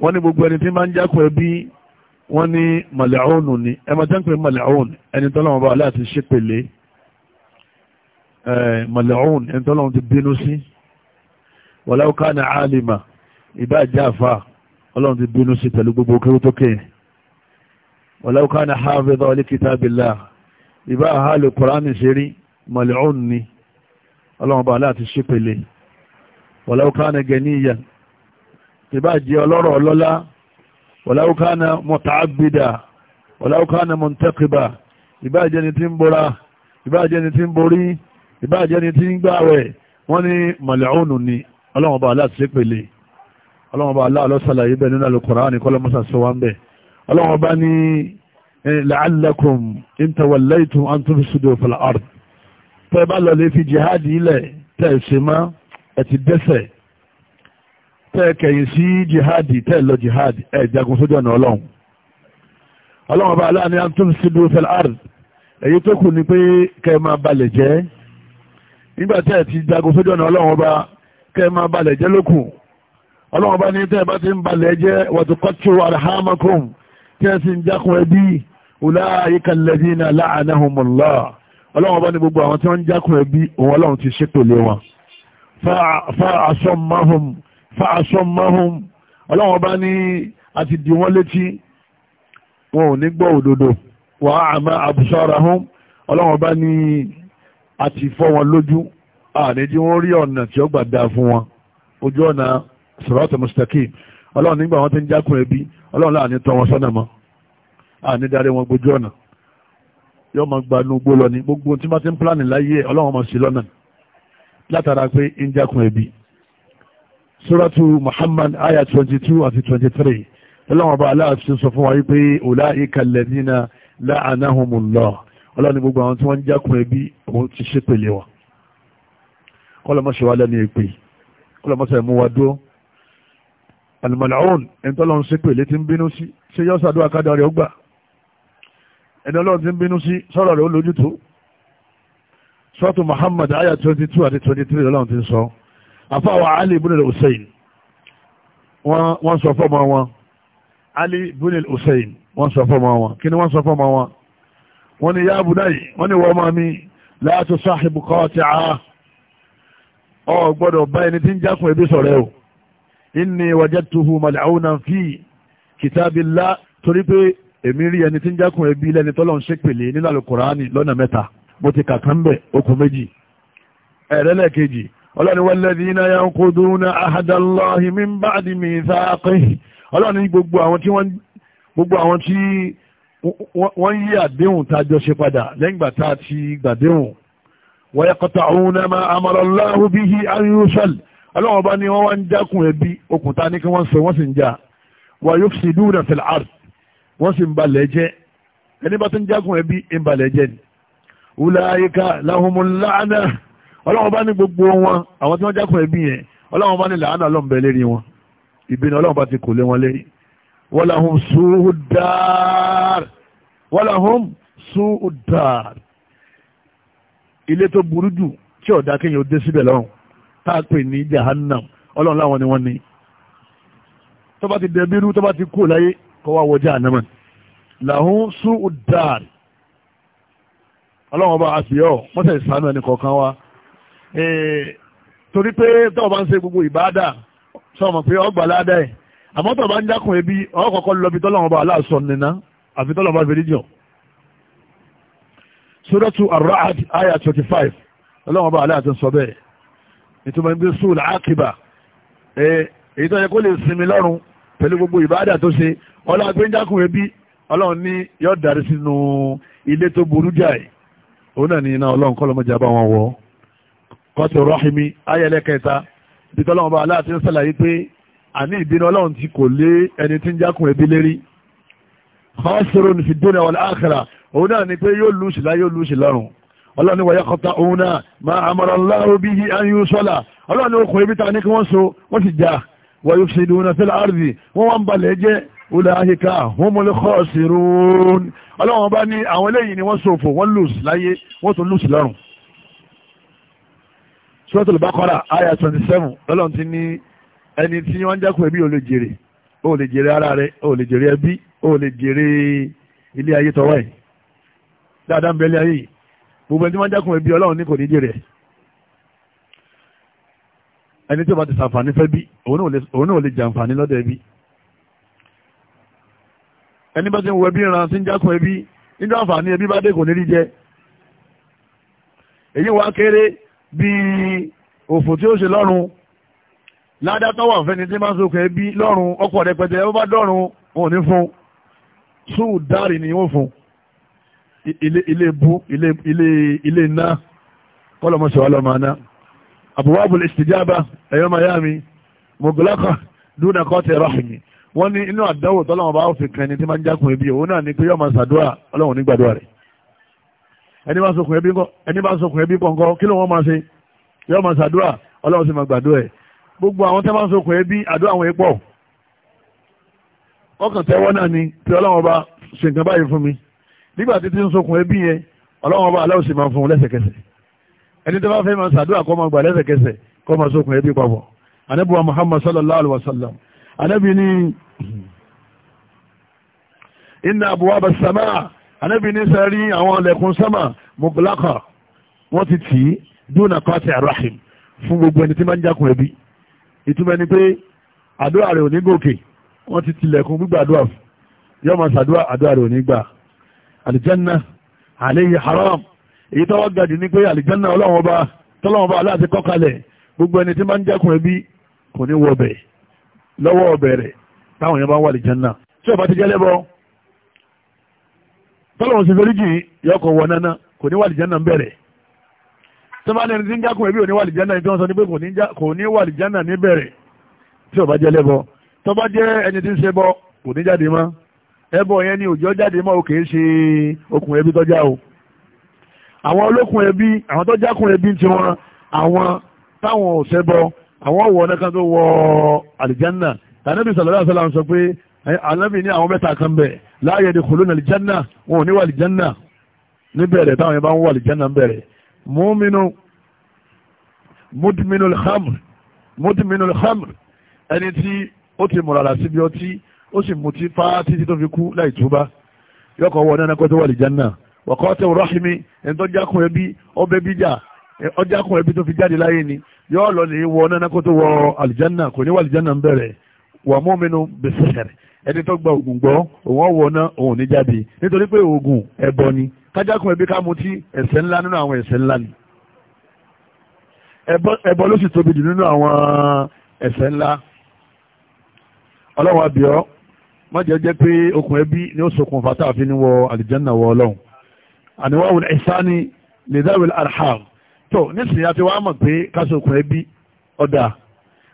wọ́n ní gbogbo ẹni tí bá ń jákun ẹbí wọ́n ní mal'unun ni ẹ máa jẹ́ pé mal'un ẹni tọ́lọ́mọba aláàtì ṣépèlé mọ̀lẹ́hún ẹni tọ́lọ́run ti bínú sí walau kana alima ìbá jáfa ọlọ́run ti bínú sí pẹ̀lú gbogbo kí ó tó kẹ́ walau kana hafidha li kitabillah ìbá àhálù kùránì ṣe rí mọ̀lẹ́hún ni ọlọ́run bá láti ṣípele walau kana gẹ̀níyà ìbá jẹ́ ọlọ́rọ̀ ọlọ́lá walau kana ìbáàjẹ́ ni tí ń gbá rẹ̀ wọ́n ní màlẹ́ọ̀nù ni ọlọ́run bá aláà ṣe pèlè ọlọ́run bá aláà lọ́sàlàyé bẹ́ẹ̀ nínú Al-Qur'ani kọ́lọ́mọ́sà sọ wá ń bẹ̀ ọlọ́run bá ní la'allakum in tawallaytum an tufsidu fil ard tẹ́ bá lọ lè fi jihad ilẹ̀ tẹ́ ẹ̀ ṣe má tó kù ni pé kẹ́ máa balẹ̀ jẹ́ nígbà tí ẹ ti jagun sójú ọ̀nà ọlọ́run ọba kẹ́ ẹ máa balẹ̀ jẹ́ lókun ọlọ́run ọba ní tẹ́ ẹ bá ti ń balẹ̀ jẹ́ wàtúkọ́tù arhamakum tí ẹ sì ń jákun ẹbí ulaika alladhina la'anahumullah ọlọ́run ọba ní gbogbo àwọn tí wọ́n ń jákun ẹbí òun ọlọ́run ti ṣépèlé wọn fa asammahum fa asammahum ọlọ́run ọba ní àti dì wọ́n létí wọn ò ní gbọ́ òdodo wa a'ma absarahum ọlọ́run ọba ní àti fọ́ wọn lójú àní jí wọ́n rí ọ̀nà tí ó gbà dáa fún wọn ojú ọ̀nà sọ̀rọ̀tọ̀ mustaqim ọlọ́run nígbà wọn ti ń jákun ẹbí ọlọ́run láàní tọ́ wọn sọ́nà mọ́ àní darí wọn gbójú ọ̀nà yóò máa gba inú gbó lọ ní gbogbo tí wọ́n ti ń pílánì láyé ọlọ́run máa sí lọ́nà látara pé ń jákun ẹbí suratu muhammad ayah twenty two àti twenty three ọlọ́run ọba aláàfin sọ fún wa wípé ulaika alladhina la'anahumullah ọlọ́run gbogbo àwọn tí wọ́n ń jákun ẹbí òun ti ṣe pèlè wa kọ́lọ́mọ́sẹ̀ wa lẹ́nu èpè kọ́lọ́mọ́sẹ̀ mú wa dúró alimọ̀láhùn ẹni tọ́lọ́ ń ṣe pèlè ti ń bínú sí ṣé yọ́ sàdúrà kádà rẹ̀ ó gbà ẹni ọlọ́run ti ń bínú sí sọ̀rọ̀ rẹ̀ ó lójútó sọ́ọ̀tù Muhammad ayah twenty two àti twenty three ọlọ́run ti sọ àfàwọ̀ Ali ibn al-Hussein wọ́n sọ fọ́mọ wọn Ali ibn al-Hussein wọ́n sọ fọ́mọ wọn kí ni wọ́n sọ fọ́mọ wọn wọ́n ní yá abúdáyì wọ́n ní wọ́n máa mi láti sáàhìbù kọ́ ti àá ọ gbọ́dọ̀ bá ẹni tí ń jákùn ẹbí sọ̀rẹ́ o inni wajadtuhu mal'aunan fi kitabillah torí pé èmi rí ẹni tí ń jákùn ẹbí lẹ́ni tọ́lọ́ ń ṣépèlé nínú Al-Qur'ani lọ́nà mẹ́ta mo ti kà kán bẹ̀ okùn méjì ẹ̀rẹ́lẹ̀kejì ọlọ́ni walladhina yanquduna wọ́n yí àdéhùn tá a jọ ṣe padà lẹ́yìn ìgbà tá a ti gbàdéhùn wa yaqta'una ma amara Allahu bihi an yusal ọlọ́wọ́n bá ní wọ́n wá ń jákun ẹbí okùn ní kí wọ́n sọ wọ́n sì ń jà wa yufsiduna fil ard wọ́n sì ń balẹ̀ jẹ́ ẹni bá tó ń jákun ẹbí ń balẹ̀ jẹ́ ni ulaika lahumul la'na ọlọ́wọ́n bá ní gbogbo wọn àwọn tí wọ́n jákun ẹbí yẹn ọlọ́wọ́n bá ní làánà ọlọ́mbẹ wọ́láhùn súúdáàr wọ́láhùn súúdáàr ilé tó burú jù tí ọ̀dá kéyàn ó dé síbẹ̀ lọ́hùn táàpè ní jahannam ọlọ́run láwọn ni wọ́n ní tó bá ti dẹ̀bírú tó bá ti kú láyé kọ́ wá wọ jahannama làhùn súúdáàr ọlọ́run ọba àṣìyọ́ mọ́sẹ̀ ìsànú ẹni kọ̀ọ̀kan wa eh, torí pé tọ́ọ̀ bá ń ṣe gbogbo ìbáadà sọ́ọ̀mọ̀ pé ọgbà ládàá ẹ̀ àmọ́ tó bá ń dákun ebi ọ̀rọ̀ kọ̀ọ̀kan lọ bí tọ́lọ́wọ́n bá aláàsọ nìna àfi tọ́lọ́wọ́n bá fèrè jọ. suratu ar-ra'd aya twenty five tọ́lọ́wọ́n bá aláàtì sọ bẹ́ẹ̀ ìtumọ̀ ibi sùn làákìbà èyí tó yẹ kó lè sinmi lọ́rùn pẹ̀lú gbogbo ìbáàdà tó ṣe ọlọ́run pé ń dákun ebi ọlọ́run ní yọ darí sínú ilé tó burú jáì òun rahimi ayẹlẹ́kẹta bí tọ́lọ́wọ́n bá aláàtì àní ìbínú ọlọ́run ti kò lé ẹni tí ń jákun ẹbí lérí khasirun fi dunya wal akhirah òun náà ni pé yóò lùsì láyé yóò lùsì lọ́rùn ọlọ́run ni wa yaqta'una ma amara Allahu bihi an yusala ọlọ́run ni okùn ibi ta ni kí wọ́n so wọ́n sì já wa yufsiduna fil ardi wọ́n wá ń balẹ̀ jẹ́ ulaika humul 27 ọlọ́run ti ní ẹni tí wọ́n ń jákùn ẹbí ò lè jèrè ó lè jèrè ara rẹ̀ ó lè jèrè ẹbí ó lè jèrè ilé ayé tọwọ́ ẹ̀ dáadáa ń bẹ́lẹ̀ ayé yìí gbogbo ẹni tí wọ́n ń jákùn ẹbí ọlọ́run ní kò ní jèrè ẹni tí ó bá ti sàǹfààní fẹ́ bí òun náà lè jàǹfààní lọ́dọ̀ ẹbí ẹni bá ti ń wọ ẹbí ran tí ń jákùn ẹbí nínú àǹfààní ẹbí bá dé kò ní rí jẹ èyí wá kéré bíi òfò tí ó ṣe lọ́rùn ládàtọ̀ wà fẹ́ni tí máa ń sókè bí lọ́rùn ọkọ̀ rẹpẹtẹ ó bá dọ́rùn wọn ò ní fún sùn dárì ni wọ́n fún ilé bú ilé iná kọ́lọ̀mọ́sọ̀ ọlọ́mọ́ná àbúwábùl ìsìjábá ẹ̀yọ́ miami mọ̀gọ́lákà dúnà kọ́tẹ̀ ráhìmì wọ́n ní inú àdánwò tọ́lọ́wọ́ bá fi kan ẹni tí máa ń jákun ẹbí òun náà ní pé yọ́ máa ṣàdúrà ọlọ́run ní gbàdúrà rẹ̀ ẹni bá sọkùn ẹbí kọ́ ẹni kí ló wọ́n máa ṣe yọ́ máa ṣàdúrà ọlọ́run sì máa gbàdúrà ẹ̀ gbogbo àwọn tẹ́ máa ń sokùn ẹbí àdó àwọn ẹ̀pọ̀ ọkàn tẹ́wọ́ náà ni tí ọlọ́run ọba ṣe nǹkan báyìí fún mi nígbà tí tí ń sokùn ẹbí yẹn ọlọ́run ọba aláwọ̀ sì máa fún un lẹ́sẹ̀kẹsẹ̀ ẹni tó bá fẹ́ máa ṣàdúrà kó máa gbà lẹ́sẹ̀kẹsẹ̀ kó máa sokùn ẹbí papọ̀ anábì wa muhammad sallallahu alaihi wa sallam anábì ní inna abwaaba sama anábì ní sẹ́rí àwọn ọlẹ́kùn sama mughlaqa wọ́n ti tì í dúnà kọ́tì arahim fún gbogbo ẹni tí máa ń jákun ẹbí ìtumọ̀ ni pé àdúrà rẹ̀ ò ní gòkè wọ́n ti tilẹ̀kùn gbígbà àdúrà fún yóò máa ṣàdúrà àdúrà rẹ̀ ò ní gbà àlìjánná àléyé haram èyí tọ́wọ́ gàdì ní pé àlìjánná ọlọ́run ọba tọ́lọ́run ọba aláàtí kọ́kalẹ̀ gbogbo ẹni tí máa ń jẹ́kùn ẹbí kò ní wọbẹ̀ lọ́wọ́ ọbẹ̀ rẹ̀ táwọn yẹn bá wà àlìjánná tí ọba ti jẹ́lẹ́bọ tọ́lọ́run sì fẹ́ríjì yọkọ̀ wọ náná kò ní wà àlìjánná bẹ̀rẹ̀ tó bá lẹ́ni tí ń jákùn ẹbí òní wà lìjánà ìjọ sọ ní pé kò ní wà lìjánà níbẹ̀rẹ̀ tí ò bá jẹ́ lẹ́bọ tó bá jẹ́ ẹni tí ń ṣe bọ kò ní jáde mọ́ ẹbọ yẹn ni òjò jáde mọ́ ò kìí ṣe okùn ẹbí tọ́já o àwọn olókùn ẹbí àwọn tó jákùn ẹbí ti wọn àwọn táwọn ò ṣe bọ àwọn wọ ọ̀nà kan tó wọ àlìjánà tànàbí sàlọ́lá àṣàlá sọ pé ànábì ní àwọn mẹ́ta kan bẹ̀ láàyè ni kòlónà àlìjánà wọn ò ní wà àlìjánà níbẹ̀rẹ̀ táwọn yẹn bá ń wà àlìjánà ń mọ́mínú mọ́dúnmínú الخمر mọ́dúnmínú الخمر ẹni tí ó ti mọ̀rànlá síbi ọtí ó sì mutí fá títí tó fi kú láì túbá yọkọ̀ wọ náà kó tó wà lè jẹ́nà wọ̀kọ́ tẹ rọ́ọ̀hìnmi ẹni tó jákun ẹbí ọbẹ̀ bíjà ọjákun ẹbí tó fi jáde láyé ni yọ lọ lè wọ náà kó tó wọ àlìjánà kò ní wà àlìjánà ń bẹ̀rẹ̀ wà mọ́mínú bẹ̀sẹ̀rẹ̀ ẹni tó gba ògùn gbọ́ òun ọ̀wọ́ náà òun ní jáde nítorí pé ògùn ẹbọ ni kájákùn ẹbí ká mutí ẹ̀ṣẹ̀ ńlá nínú àwọn ẹ̀ṣẹ̀ ńlá ni ẹbọ ló sì tóbi jù nínú àwọn ẹ̀ṣẹ̀ ńlá ọlọ́run àbíọ́ mọ́jẹ́ jẹ́ pé okùn ẹbí ni ó sokùn fata àfi ní wọ àlìjẹ́nà wọ ọlọ́run àníwáwò ìsáni lè dáwìl arham tó nísìnyí àti wàá mọ̀ pé kásokùn ẹbí ọ̀dà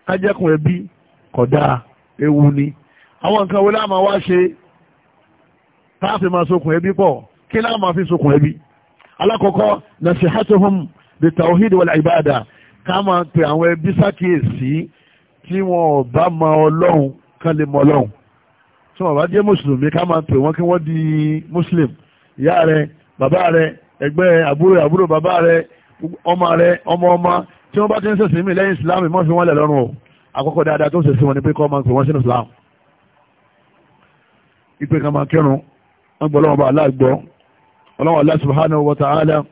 kájákùn ẹbí kódà ewu ni àwọn nǹkan wo láàmú wá ṣe táàfin máa sokùn ẹbí pọ̀ kí láwọn máa fi sokùn ẹbí alákọ̀ọ́kọ́ nasihatuhum bi tawhid wal ibada ká máa pe àwọn ẹbí sákìyèsí tí wọn ò bá mọ ọlọ́run kán lè mọ ọlọ́run tí wọn bá jẹ́ mùsùlùmí ká máa pe wọn kí wọ́n di mùsùlùm ìyá rẹ bàbá rẹ ẹgbẹ́ àbúrò àbúrò bàbá rẹ ọmọ rẹ ọmọ ọmọ tí wọ́n bá ti ń ṣẹ̀sìn mí lẹ́yìn islam mọ́ fi wọ́n lẹ̀ lọ́rùn o àkọ́kọ́ dáadáa tó ń ṣẹ̀sìn wọn ni pé kọ́ máa pè wọ́n sínú islam ìpè kan máa kírun wọ́n gbọ́ lọ́wọ́ bá aláàgbọ́ ọlọ́wọ́ Allah subhanahu wa ta'ala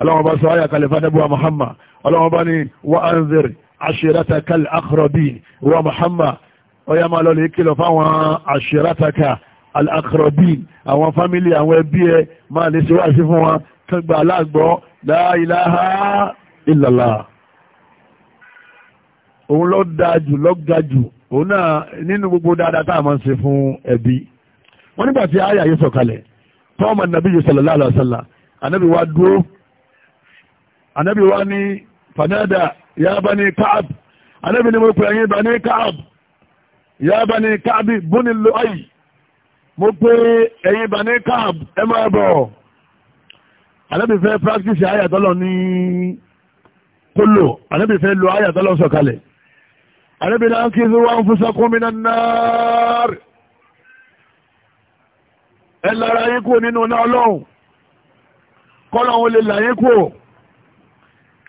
ọlọ́wọ́ bá sọ ayà kalẹ̀ fanabuwa Muhammad ọlọ́wọ́ bá ní wa anzir ashirataka al-aqrabin wa Muhammad ọya máa lọ lè kìlọ̀ fáwọn ashirataka al-aqrabin àwọn fámílì àwọn ẹbí ẹ máa lè síwáṣí fún wọn kan gba aláàgbọ́ la ilaha illallah òun ló dájú ló gajù wọ́n nígbà tí àyà sọ̀kalẹ̀ fọ́ọ̀mù ànàbí yìí sallallahu alaihi wasallam ànàbí wa dúró ànàbí wa ní fanada ya bani káàb ànàbí ni mo pè ẹ̀yin bani káàb ya bani káàb bóni lo mo pè ẹ̀yin bani káàb ẹ máa bọ̀ ànàbí fẹ́ practice ayatollah ní kólò ànàbí fẹ́ lo ayatollah sọ̀kalẹ̀ ànàbí náà kí n wá ń fúnṣakún mi náà náà ẹ lára yín kúrò nínú iná ọlọ́run kọ́lọ̀ òun lè là yín kúrò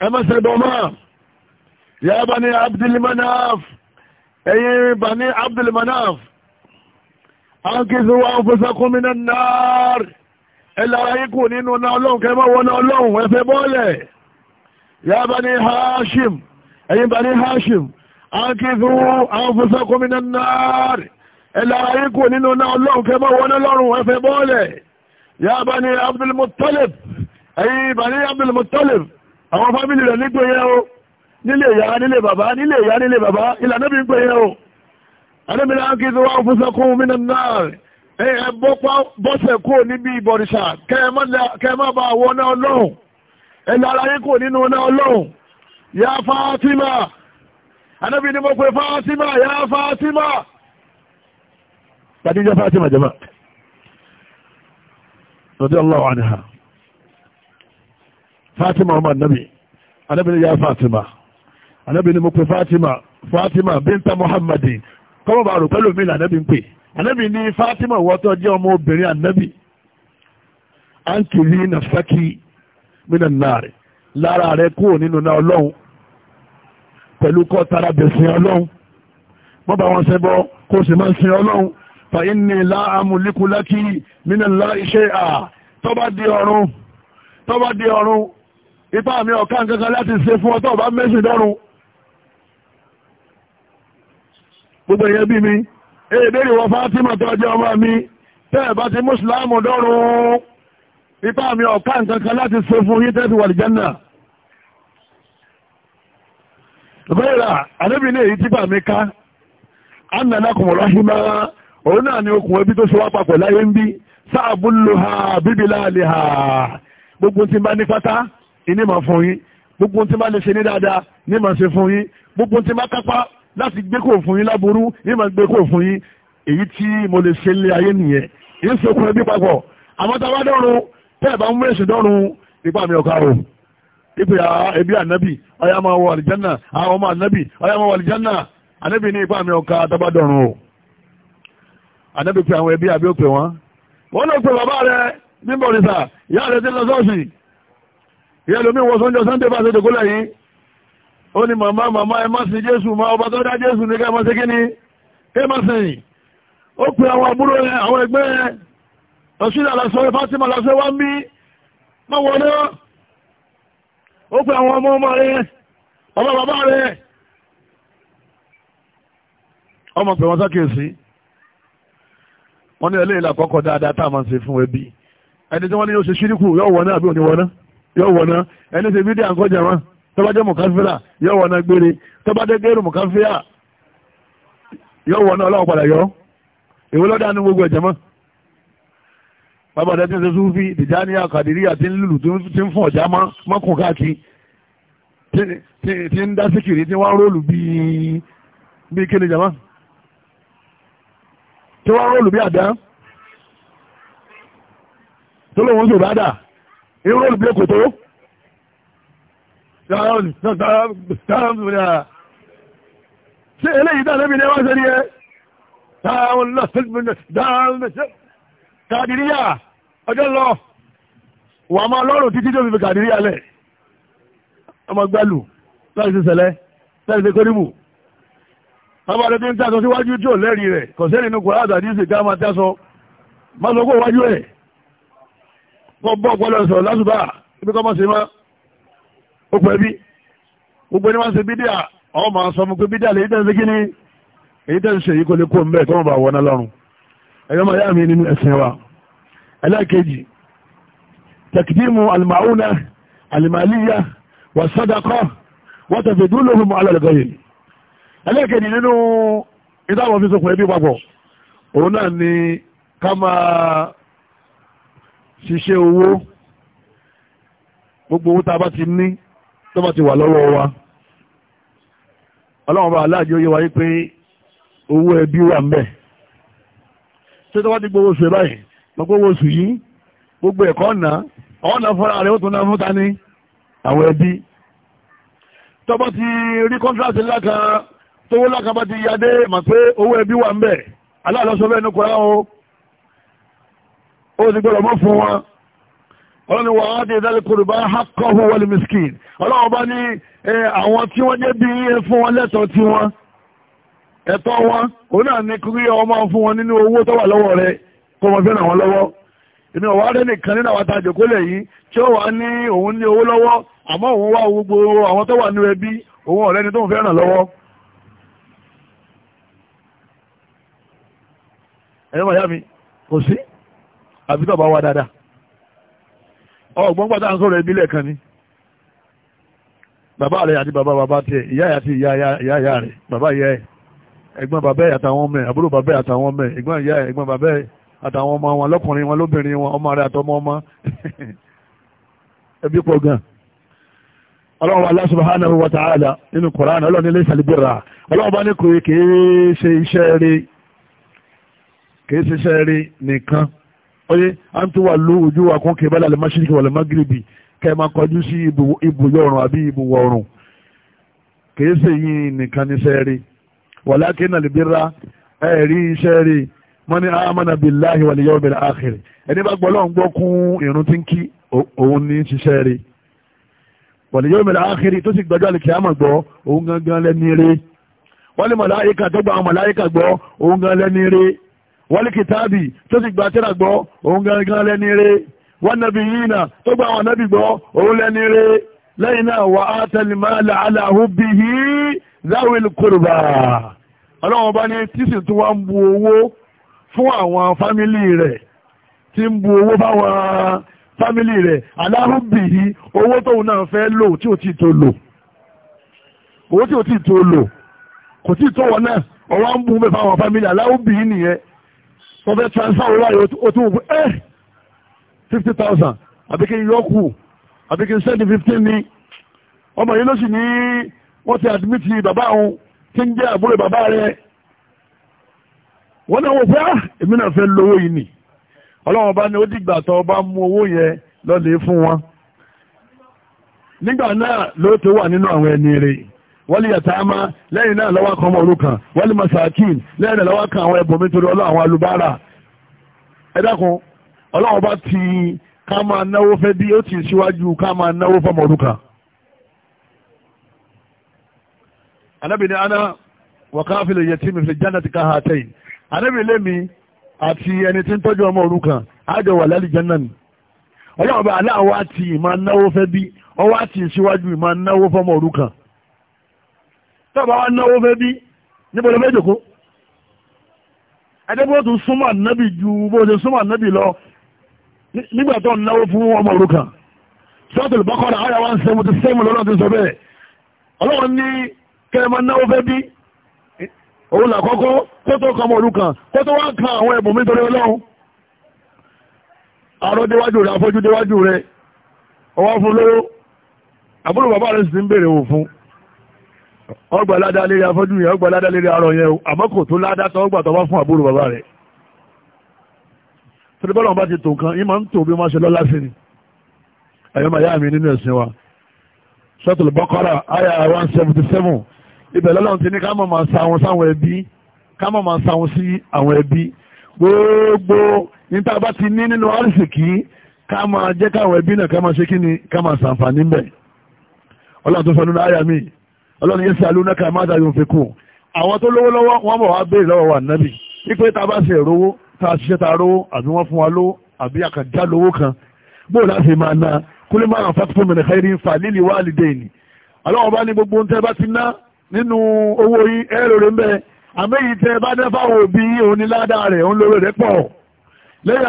ẹ mọ́sẹ̀ dọ́mà yàrá bá ní abdulmanaf ẹ̀yin bá ní abdulmanaf ankizu wa anfusakum minan nar ẹ lára yín kúrò nínú iná ọlọ́run kẹ́ ẹ má wọ iná ọlọ́run ẹ ní hashim ẹ̀yin bá ní hashim ankizu anfusakum minan nar ẹlára ikú nínú náà ọlọ́run fẹ́ mọ́ wọná lọ́rùn ẹfẹ́ bọ́ọ̀lẹ̀ ya bani Abdul Muttalib ẹ̀yìn bani Abdul Muttalib àwọn fámìlì rẹ̀ nígbè yẹn o nílé ìyá nílé bàbá nílé ìyá nílé bàbá ìlànà bí ń pè yẹn o alẹ́mìnira ń kí ti wá fún sẹ́kún mí náà ẹ bọ́sẹ̀ kú níbi ìbọ̀rìṣà kẹ́ má bá wọ náà ọlọ́run ẹlára ikú nínú náà ọlọ́run ya Fatima anábì ni mo pe Fatima ya Fatima tàbí jẹ́ Fatima jama radiyallahu anha Fatima ọmọ annabi annabi ni ya Fatima annabi ni mo pe Fatima Fatima binta Muhammadin kọ́mọ̀ bá rò pẹ́lú mi lànàbí ń pè annabi ni Fatima wọ́tọ́ jẹ́ ọmọ obìnrin annabi ankiri nafsaki minan nari lára rẹ kúrò nínú náà ọlọ́run pẹ̀lú kọ́ tara bẹ̀sìn ọlọ́run mọ́ bá wọn ṣẹbọ kó sì máa ń sin ọlọ́run fa inni láàmù líkúlákí nínú ńlá iṣẹ́ à tọ́bá di ọ̀run tọ́bá di ọ̀run ipá mi ọ̀ká nǹkankan láti ṣe fún ọtọ́ ọba mẹ́sìn dọ́run gbogbo èèyàn bí mi èèbèrè wọ Fátímà tó jẹ́ ọmọ mi tẹ́ẹ̀ bá ti mùsùlámù dọ́run ipá mi ọ̀ká nǹkankan láti ṣe fún yín tẹ́sí wà lìjánà bẹ́ẹ̀rẹ̀ àdébìnrin èyí tí bà mí ká annalakum rahimah òun náà ni okùn ẹbí tó ṣe wá papọ̀ láyé ń bí sáàbùlù ha bíbí láàlè ha gbogbo tí bá ní pátá ìní máa fún yín gbogbo tí bá lè ṣe ní dáadáa ní máa ṣe fún yín gbogbo tí bá kápá láti gbé kò fún yín láburú ní máa gbé kò fún yín èyí tí mo lè ṣe lé ayé nìyẹn èyí ṣe okùn ẹbí papọ̀ àmọ́ tá a bá dọ́run tẹ́ ẹ̀ bá ń mú èsì dọ́run ipa mi ọ̀ka o ipe ẹbí ànábì ọ̀yà máa wọ àlìjánà àwọn ọmọ ànábì ọ̀yà máa wọ àlìjánà ànábì ní ipa mi ọ̀ka tá a bá dọ́run o ànábì pé àwọn ẹbí àbí ó pè wọ́n wọ́n ló pe bàbá rẹ ní bọ̀rìṣà ìyá rẹ ti lọ sọ́ọ̀sì ìyá lómi wọ sọ́njọ́ sunday bá ṣe dògólẹ̀ yìí ó ní màmá màmá ẹ má sin jésù má ọba tó dá jésù ní ká má ṣe kíni ké má sìn ó pe àwọn àbúrò rẹ àwọn ẹgbẹ́ rẹ ọ̀ṣunà lásán fásitì máa wá ń bí má wọlé ó pe àwọn ọmọ ọmọ rẹ ọmọ bàbá rẹ ọmọ pè wọn sákèsí wọ́n ní eléyìí làkọ́kọ́ dáadáa tá a máa ń ṣe fún ẹbí ẹni tí wọ́n ní yóò ṣe ṣíríkù yóò wọ̀ náà àbí òní wọ̀ náà yóò wọ̀ náà ẹni ṣe fídíà nǹkan jẹ̀mọ́ tó bá jẹ́ mùkáfíà yóò wọ̀ náà gbére tó bá dé gbére mùkáfíà yóò wọ̀ náà ọlọ́wọ́ padà yọ èwo lọ́dà ní gbogbo ẹ̀jẹ̀ mọ́ bàbá rẹ̀ ti ń ṣe súfì tìjáníyà kàdíríyà ti ń lùlù ti ń fún ọ̀já mọ́kùn káàkiri ti ń dá síkìrì ti wá rólù bíi bíi kíni jẹ̀mọ́ tí wọ́n rọ́ọ̀lù bí àdá tó lóun yóò bá dà irú rọ́ọ̀lù bí èkó tó ah. ṣe eléyìí dáa lẹ́bi ní ẹwà ṣe ní ẹ dáhùn lọ́sọ̀lùmọ̀ dáhùn kàdìríyà ọjọ́ lọ wà máa lọ́rùn títí tó fi kàdìríyà lẹ̀ ọmọ gbẹ́lù láti ṣe sẹ̀lẹ̀ láti ṣe kọ́dìmù bàbá rẹ̀ tí ń tàṣọ síwájú tí ò lẹ́rìí rẹ̀ kò sẹ́rì inú kòrá àtàdíṣe ká máa tàṣọ má sọ kó wájú ẹ̀ kọ́ bọ́ ọ̀pọ̀lọ̀ sọ̀rọ̀ lásùbà ibi kọ́ máa ṣe máa ó pẹ́ bí gbogbo ẹni máa ṣe bídíà ọ̀ máa sọ mu pé bídíà lè tẹ̀sí kí ni èyí tẹ̀sí ṣe yìí kò lè kó mbẹ́ tó wọn bá wọná lọ́rùn ẹ̀yọ́ máa yá mi nínú ẹ̀sìn wa ẹlẹ́ẹ̀kejì tẹkidimu alimauna alimaliya wasadaqa wọ́n tẹ̀fẹ̀ dúró lóhùn mọ́ alẹ́ ẹlẹ́ẹ̀kejì nínú ìdáwọ̀ fi sokùn ẹbí papọ̀ òun náà ni ká máa ṣiṣẹ́ owó gbogbo owó tá a bá ti ní tó bá ti wà lọ́wọ́ wa ọlọ́run bá aláàjì ó yé wáyé pé owó ẹbí wà mbẹ̀ ṣé tó bá ti gbowó oṣù báyìí gbogbo owó oṣù yìí gbogbo ẹ̀kọ́ ọ̀nà ọ̀nà fúnra rẹ̀ ó tún náà fún ta ní àwọn ẹbí tó ti rí kọ́ńtíráàtì ńlá kan tówó lákàbá ti ya dé mà pé owó ẹbí wà ń bẹ̀ aláàlọ́sọ bẹ́ẹ̀ ní kura o ó ti gbọ́dọ̀ mọ́ fún wọn ọlọ́ni wà á dé ìdálẹ́ kòròbá hakọ́hù wọlé miskin ọlọ́wọ́n bá ní àwọn tí wọ́n jẹ́ bí ẹ fún wọn lẹ́tọ̀ọ́ tí wọ́n ẹ̀tọ́ wọn òun náà ní kúrí ọmọ fún wọn nínú owó tó wà lọ́wọ́ rẹ kó wọn fẹ́ràn wọn lọ́wọ́ àwọn lọ́wọ́ ẹ̀yọ́ màá yá mi kò sí àbí tó bá wá dáadáa ọgbọ́n pátá ń sọ̀rọ̀ ẹbí lẹ́ẹ̀kan ni bàbá rẹ̀ àti bàbá bàbá tiẹ̀ ìyá ẹ̀ àti ìyá ìyá rẹ̀ bàbá ìyá ẹ̀ ẹ̀gbọ́n bàbá ẹ̀ àtàwọn ọmọ ẹ̀ àbúrò bàbá ẹ̀ àtàwọn ọmọ ẹ̀ ẹ̀gbọ́n ìyá ẹ̀ ẹ̀gbọ́n bàbá ẹ̀ àtàwọn ọmọ wọn lọ́kùnrin wọn lóbìnrin wọn ọmọ rẹ̀ àtọmọ ọmọ ẹbí pọ̀ gan ọlọ́run wa Allah subhanahu wa ta'ala nínú Kùránì ọlọ́run ilé ìsàlẹ̀ bíra ọlọ́run bá ní kò kìí ṣe iṣẹ́ rẹ̀ kìí ṣiṣẹ́ rí nìkan oye à ń tún wà ló ojú wa kún kébàlà lè má ṣíríkì wà lè má gírìbì kẹ́ ẹ máa kọjú sí ibùyọ̀ ọ̀run àbí ibùwọ̀ ọ̀run kìí ṣe yín nìkan níṣẹ́ rí walakin al-birra ẹ̀ rí iṣẹ́ rí wọ́n ní amana billahi wal yawmil akhir ẹni bá gbọ́ lọ́n gbọ́ kún irun tí ń kí òun ní ṣiṣẹ́ rí wal yawmil akhir tó sì gbọ́jọ́ àlùkìyàmọ̀ gbọ́ òun gangan lẹ́ni rí tó gba àwọn malaika gbọ́ òun gangan lẹ́ni rí wọ́lé kìtàbì tó sì gba tírà gbọ́ òun gangan lẹ́ni rẹ̀ wọ́n nàbí yìí nà tó gba àwọn nàbí gbọ́ òun lẹ́ni rẹ̀ lẹ́yìn náà wà á tẹ̀lé máa là á là hù bí hí záwìl kùrùbà ọlọ́wọ́n bá ní tíṣì tó wá ń bu owó fún àwọn fámìlì rẹ̀ tí ń bu owó fáwọn fámìlì rẹ̀ aláhùbì yìí owó tóun náà fẹ́ lò tí ò tí tó lò owó tí ò tí tó lò kò tí tó wọn náà ọwọ́ ń bu bẹ́ẹ̀ fáwọn fámìlì aláhùbì yìí nìyẹn wọ́n fẹ́ transfer owó ayò ó tún wù ẹ́ eh, fifty thousand àbí kí n yọ kù àbí kí n send fifteen ní ọmọ yìí ló sì ní wọ́n ti admit bàbá òun tí ń jẹ́ àbúrò bàbá rẹ̀ wọ́n náà wò pé ah, èmi náà fẹ́ lówó yìí nì ọlọ́wọ́n bá ní ó dìgbà tó o bá mú owó yẹn lọ́lẹ̀ fún wọn nígbà náà ló ti wà nínú àwọn ẹni rẹ̀ wọ́n lè yàtà ama lẹ́yìn náà lọ́wọ́ kan ọmọ òrukàn wọ́n lè masakin lẹ́yìn náà lọ́wọ́ kan àwọn ẹ̀bùn mi torí ọlọ́ àwọn alubára ẹ dákun ọlọ́run bá ti ká máa náwó fẹ́ bí ó ti síwájú ká máa náwó fọmọ òrukàn. anabi ni ana wàkàfìlẹ̀ yẹtí mi fi jáde ti ká ha tẹ́yìn anabi lémi àti ẹni tí ń tọ́jú ọmọ òrukàn àjọ wà lálẹ́ jẹ́ náà ni bá aláwọ̀ àti ìmọ̀ náwó fẹ́ bí ọwọ́ àti ìsíwájú ìmọ̀ náwó tọ́bà wá náwó fẹ́ bí níbo lọ méjòkó ẹ̀dẹ́gbó tún súnmọ́ ànábì ju bó ṣe súnmọ́ ànábì lọ nígbà tó ń náwó fún ọmọ òrukàn sọ́tùlù bọ́kọ́rà àyà wá ń sẹ́mu ti sẹ́mu lọ́nà ti sọ bẹ́ẹ̀ ọlọ́run ní kẹrẹmọ náwó fẹ́ bí òun làkọ́kọ́ kó tó kọ ọmọ òrukàn kó tó wá kan àwọn ẹ̀bùn mi torí ọlọ́run àrò déwájú rẹ afọ́jú déwájú rẹ ọwọ́ fún lówó àbúrò bàbá rẹ sì ń béèrè òun ọgbà ládá lérí afọ́jú yẹn ọgbà ládá lérí arọ yẹn àmọ́ kò tó ládá tó ọgbà tó bá fún àbúrò bàbá rẹ̀ torí bọ́lá wọn bá ti tò nǹkan yín máa ń tò bí wọ́n ṣe lọ́lá sí ni ẹ̀yọ́ màá yá mi nínú ẹ̀sìn wa sọ́tùlù bọ́kọ́rà àyà one seventy seven ibẹ̀ lọ́lọ́run ti ní ká mọ̀ máa sa àwọn sáwọn ẹbí ká mọ̀ máa sa àwọn sí àwọn ẹbí gbogbo níta bá ti ní nínú àrísìkí ká máa ọlọ́run yẹn sí alúnáka máta yóò fi kún àwọn tó lówó lọ́wọ́ wọ́n bọ̀ wá béèrè lọ́wọ́ wà nábì wípé tá a bá ṣe rówó tá ṣiṣẹ́ tá rówó àbí wọ́n fún wa lówó àbí àkàndá lówó kan bó láti máa na kúlé máa ń fàtúfò mẹ́rin káyìrí ń fa líli wá lìdé ni ọlọ́run bá ní gbogbo ohun tẹ́ bá ti ná nínú owó yín ẹ rere ń bẹ àmẹ́yìí tẹ́ bá dẹ́ fáwọn òbí òun ní ládàá rẹ̀ òun lóore rẹ̀ pọ̀ lẹ́yìn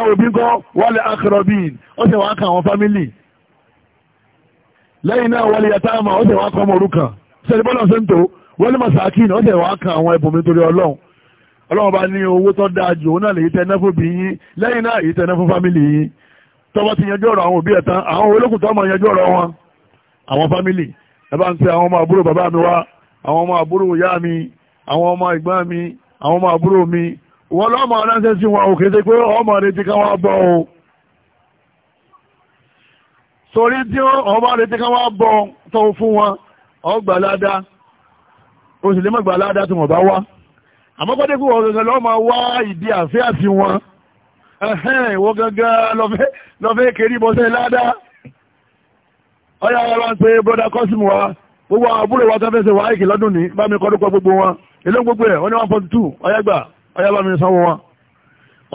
àwọn òbí sẹ́ni bọ́lá ṣe ń tó wọ́n lè máa sàkíyàn ọ̀sẹ̀ wàá kan àwọn ẹ̀bùn mi torí ọlọ́run ọlọ́run bá ní owó tó dáa jù òun náà lè yí tẹ́ná fún bí yín lẹ́yìn náà yí tẹ́ná fún fámìlì yín tọ́wọ́ ti yanjú ọ̀rọ̀ àwọn òbí ẹ̀ tán àwọn olókùn tó máa yanjú ọ̀rọ̀ wọn àwọn fámìlì ẹ bá ń pe àwọn ọmọ àbúrò bàbá mi wá àwọn ọmọ àbúrò ìyá mi àwọn ọmọ ìgbọ́n mi àwọn ọmọ àbúrò mi wọ́n lọ́mọ ránṣẹ́ sí wọn òkè sí pé ọmọ retí kan wá bọ̀ o sórí tí ọmọ retí kan wá bọ̀ tó fún wọn ọgbà ládá o sì lè má gbà ládá tí wọ́n bá wá àmọ́ kọ́dé kí wọ́n gẹ́gẹ́ lọ́ọ́ máa wá ìdí àfẹ́ àti wọn ìwọ gẹ́gẹ́ lọ́fẹ́ kiri bọ́sẹ̀ ládá ọ̀yà wa ń pe broda kọ́sìmù wa gbogbo àwọn àbúrò wa tán fẹ́sẹ̀ wà áìkì lọ́dún ní bá mi kọ́ dúpọ̀ gbogbo wọn ilé gbogbo ẹ̀ wọ́n ní one forty two ọ̀yà gbà ọ̀yà bá mi sanwó wọn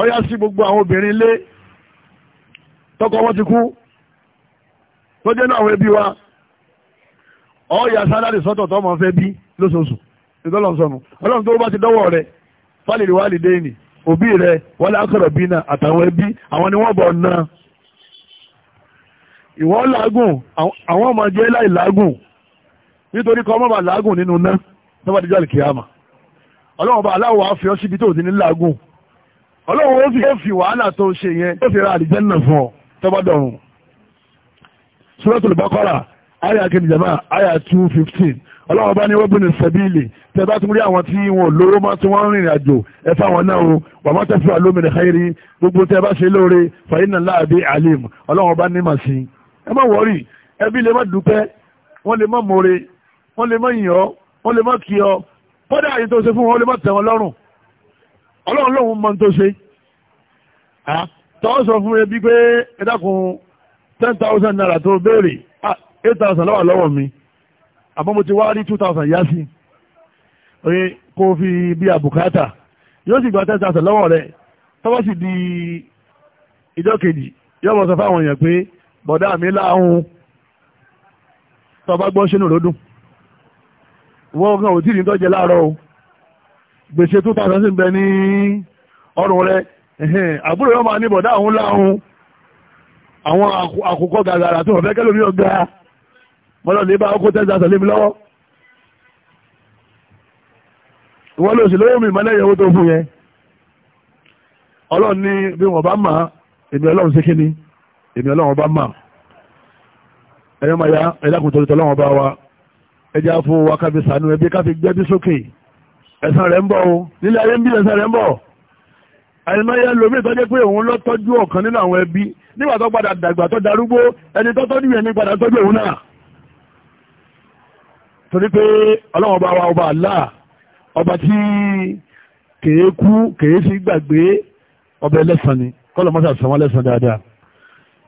ọ̀yà sí gbogbo àwọn obìnrin ilé tọkọ wọn ti kú tó jẹ́ náà àwọn ẹbí wa ọ̀ọ́yà sálárì sọ́tọ̀ tọ́mọ fẹ́ bí lóṣooṣù ìtọ́lọ́sọ̀nù ọlọ́run tó bá ti dọ́wọ́ rẹ fálìlì wálì déyìnì òbí rẹ wọlé akọ̀rọ̀ bí náà àtàwọn ẹbí àwọn ni wọ́n bọ̀ ná ìwọ làágùn àwọn ọmọ jẹ́ láì làágùn nítorí kọ́ mọ́ba làágùn nínú ná sábàdíjọ́ àlìkìyàmà ọlọ́run bá aláwọ̀ á fi ọ́ síbi tó ti ní làágùn ọlọ́run ó fi ó fi wàhálà tó ṣe yẹn ó fi ra àlìjẹ́ náà fún ọ tọ́bọ́dọ̀rùn Suratul Baqara àyà kejìjàmá àyà two fifteen ọlọ́wọ́n bá ní wọ́bìnrin sẹ́bíìlì tẹ́ bá tún rí àwọn tí wọn lówó máa tí wọ́n ń rìnrìn àjò ẹ fáwọn náà o wà má tẹ́ fún àlómìnir xayiri gbogbo tẹ́ bá ṣe lóore fàyínà láàbí alim ọlọ́wọ́n bá ní màá sí i ẹ má wọ́rì ẹbí lè má dúpẹ́ wọ́n lè má mọ̀re wọ́n lè má yìn ọ́ wọ́n lè má kí ọ kódà àyè tó ṣe fún wọn lè má tẹ̀ wọn lọ́rùn ọlọ́run ten thousand naira tó béèrè eight thousand lọ́wọ́ lọ́wọ́ mi àmọ́ mo ti wá rí two thousand yá sí oye kó fi bí àbùkátà yóò sì gba ten thousand lọ́wọ́ rẹ̀ tọ́wọ́ sì di ìjọ kejì yóò mọ̀ sọ fáwọn èèyàn pé bọ̀dá mi láhùn tọba gbọ́ sínú ròdùn wọ́n kan ò tí ì ní tọ́jẹ láàárọ̀ o gbèsè two thousand sí ń bẹ ní ọrùn rẹ̀ àbúrò yóò máa ní bọ̀dá òun láhùn àwọn àkókò gàgàrà tó fẹ́ kẹ́lómi ọ̀gá mọ́lọ́ ní bá ọkọ̀ tẹ́sà sọ lémi lọ́wọ́ ìwọ́n ló sì lówó mi mọ́lẹ́ ìyẹ̀wò tó fún yẹn ọlọ́run ní bí wọ́n bá mà á èmi ọlọ́run sí kíni èmi ọlọ́run bá mà á ẹ̀yọ́ máa ya ẹ̀dákùn torí tọ́lọ́run bá wa ẹjẹ́ àfọ wa káfi sànú ẹbí káfi gbẹ́bí sókè ẹ̀san rẹ̀ ń bọ̀ o nílẹ̀ ayé ń bí ẹ̀san rẹ̀ ń bọ̀ àìmọye lomi ìtọ́jú pé òun lọ tọ́jú ọ̀kan nínú àwọn ẹbí nígbà tó padà dàgbà tó darúgbó ẹni tó tọ́jú yẹn ní padà tọ́jú òun náà torí pé ọlọ́wọ́n bá wa ọba Allah ọba tí kèé kú kèé sí gbàgbé ọba ẹlẹ́sàn ni kọ́lọ̀ mọ́sà sàn wọ́n lẹ́sàn dáadáa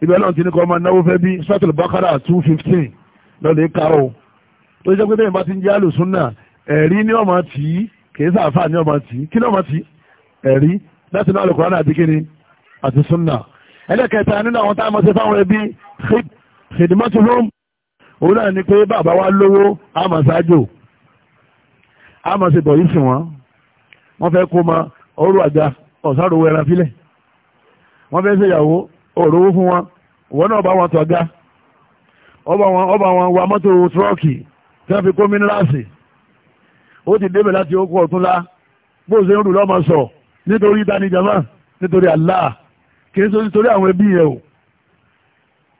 ibi ọlọ́run ti ní kọ́ ọmọ náwó fẹ́ bí suratul Baqara two fifteen lọ́lẹ̀ kárọ̀ tó ṣe pé bẹ́ẹ̀ bá ti ń jẹ́ àlùsúnà ẹ̀rí ní ọmọ tì í kèé sàfà ní ọmọ tì í kí ní ọmọ tì í ẹ̀rí láti náà lọ́kùnrin àti kíni àti súnà ẹlẹ́kẹta nínú àwọn táwọn ọmọ ṣe fáwọn ẹbí khidmatuhum òun náà ni pé bàbá wa lówó àmọ̀ ṣáájò àmọ̀ ṣe bọ̀yì sí wọn wọ́n fẹ́ kó ma ọrọ̀ àga ọ̀sáró ẹran sílẹ̀ wọ́n fẹ́ ṣèyàwó òrówó fún wọn ìwọ́n náà bá wọn tọ́ ga ọba wọn ọba wọn wa mọ́tò tírọ́ọ̀kì tí wọ́n fi kó mínírààsì ó ti débẹ̀ láti okú ọ̀túnla bóòsè ń rù lọ́mọ sọ nítorí ìdánijàmá nítorí Allah kì í sọ nítorí àwọn ẹbí yẹn o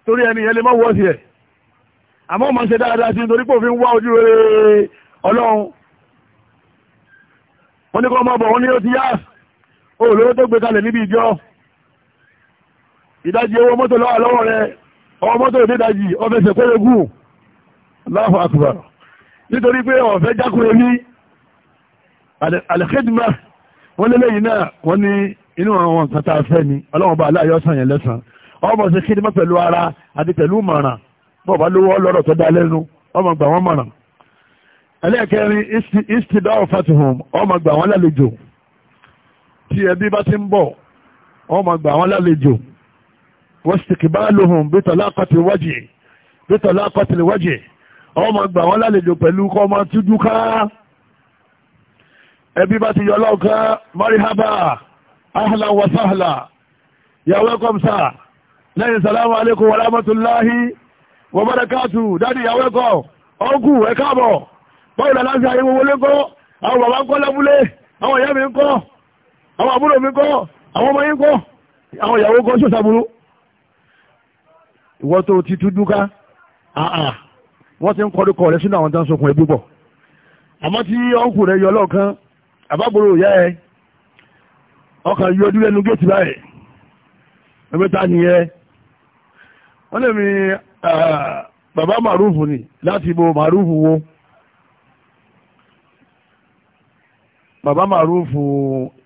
torí ẹni yẹn lè má wọ́ọ̀sì ẹ̀ àmọ́ ma ń ṣe dáadáa sí nítorí pòfin wá ojú rere ọlọ́run wọ́n ní kọ́ ọmọ ọbọ̀ wọ́n ní ó ti yá olówó tó gbé kalẹ̀ níbi ìjọ ìdájí owó mọ́tò lọ́wọ́ lọ́wọ́ rẹ ọwọ́ mọ́tò ìdídájì ọfẹsẹ̀ kóregù Allahu akbar nítorí pé ọ̀fẹ́ jákúrẹ́ ní alẹ́kẹ́dìmá wọ́n lélẹ́ yìí náà wọ́n ní inú àwọn nǹkan tá a fẹ́ ni ọlọ́run bá aláyọ̀ sàn yẹn lẹ́sàn ọmọ sí kídìmá pẹ̀lú ara àti pẹ̀lú mọ̀ràn bọ́ọ̀bá lówó ọlọ́rọ̀ tó dá lẹ́nu ọmọ gbà wọ́n mọ̀ràn ẹlẹ́ẹ̀kẹrin istida ọ̀fàtìhùn ọmọ gbà wọ́n lálejò tí ẹbí bá ti ń bọ̀ ọmọ gbà wọ́n lálejò wọ́n sì kì bá lóhùn bí tọ́lákọ̀tì wájì ọmọ gbà wọ́n lálejò pẹ̀lú kọ́ ọmọ tújú ká ẹbí bá ti yọ ọlọ́ọ̀ká marihaba ahlan wa sahla ya welcome sir lẹ́yìn salamu alaikum wa rahmatullahi wọ́n bọ́dẹ̀ káàtù dáàdì ìyàwó ẹ̀kọ́ ọkù ẹ̀káàbọ̀ báwo la láti ayé wọlé kọ́ àwọn bàbá ń kọ́ lábúlé àwọn ìyá mi ń kọ́ àwọn àbúrò mi kọ́ àwọn ọmọ yín kọ́ àwọn ìyàwó kọ́ ṣòṣàbúrú ìwọ́n tó ti tú dúká àà wọ́n ti ń kọ́ lókọ̀ rẹ sínú àwọn tó ń àmọ́ tí ọkù rẹ yọ lọ́ọ̀kan àbábòrò ìyá ẹ ọkàn yọ dúró ẹnu báyìí ẹgbẹ́ta bàbá màrúfù ni láti bo màrúfù wo bàbá màrúfù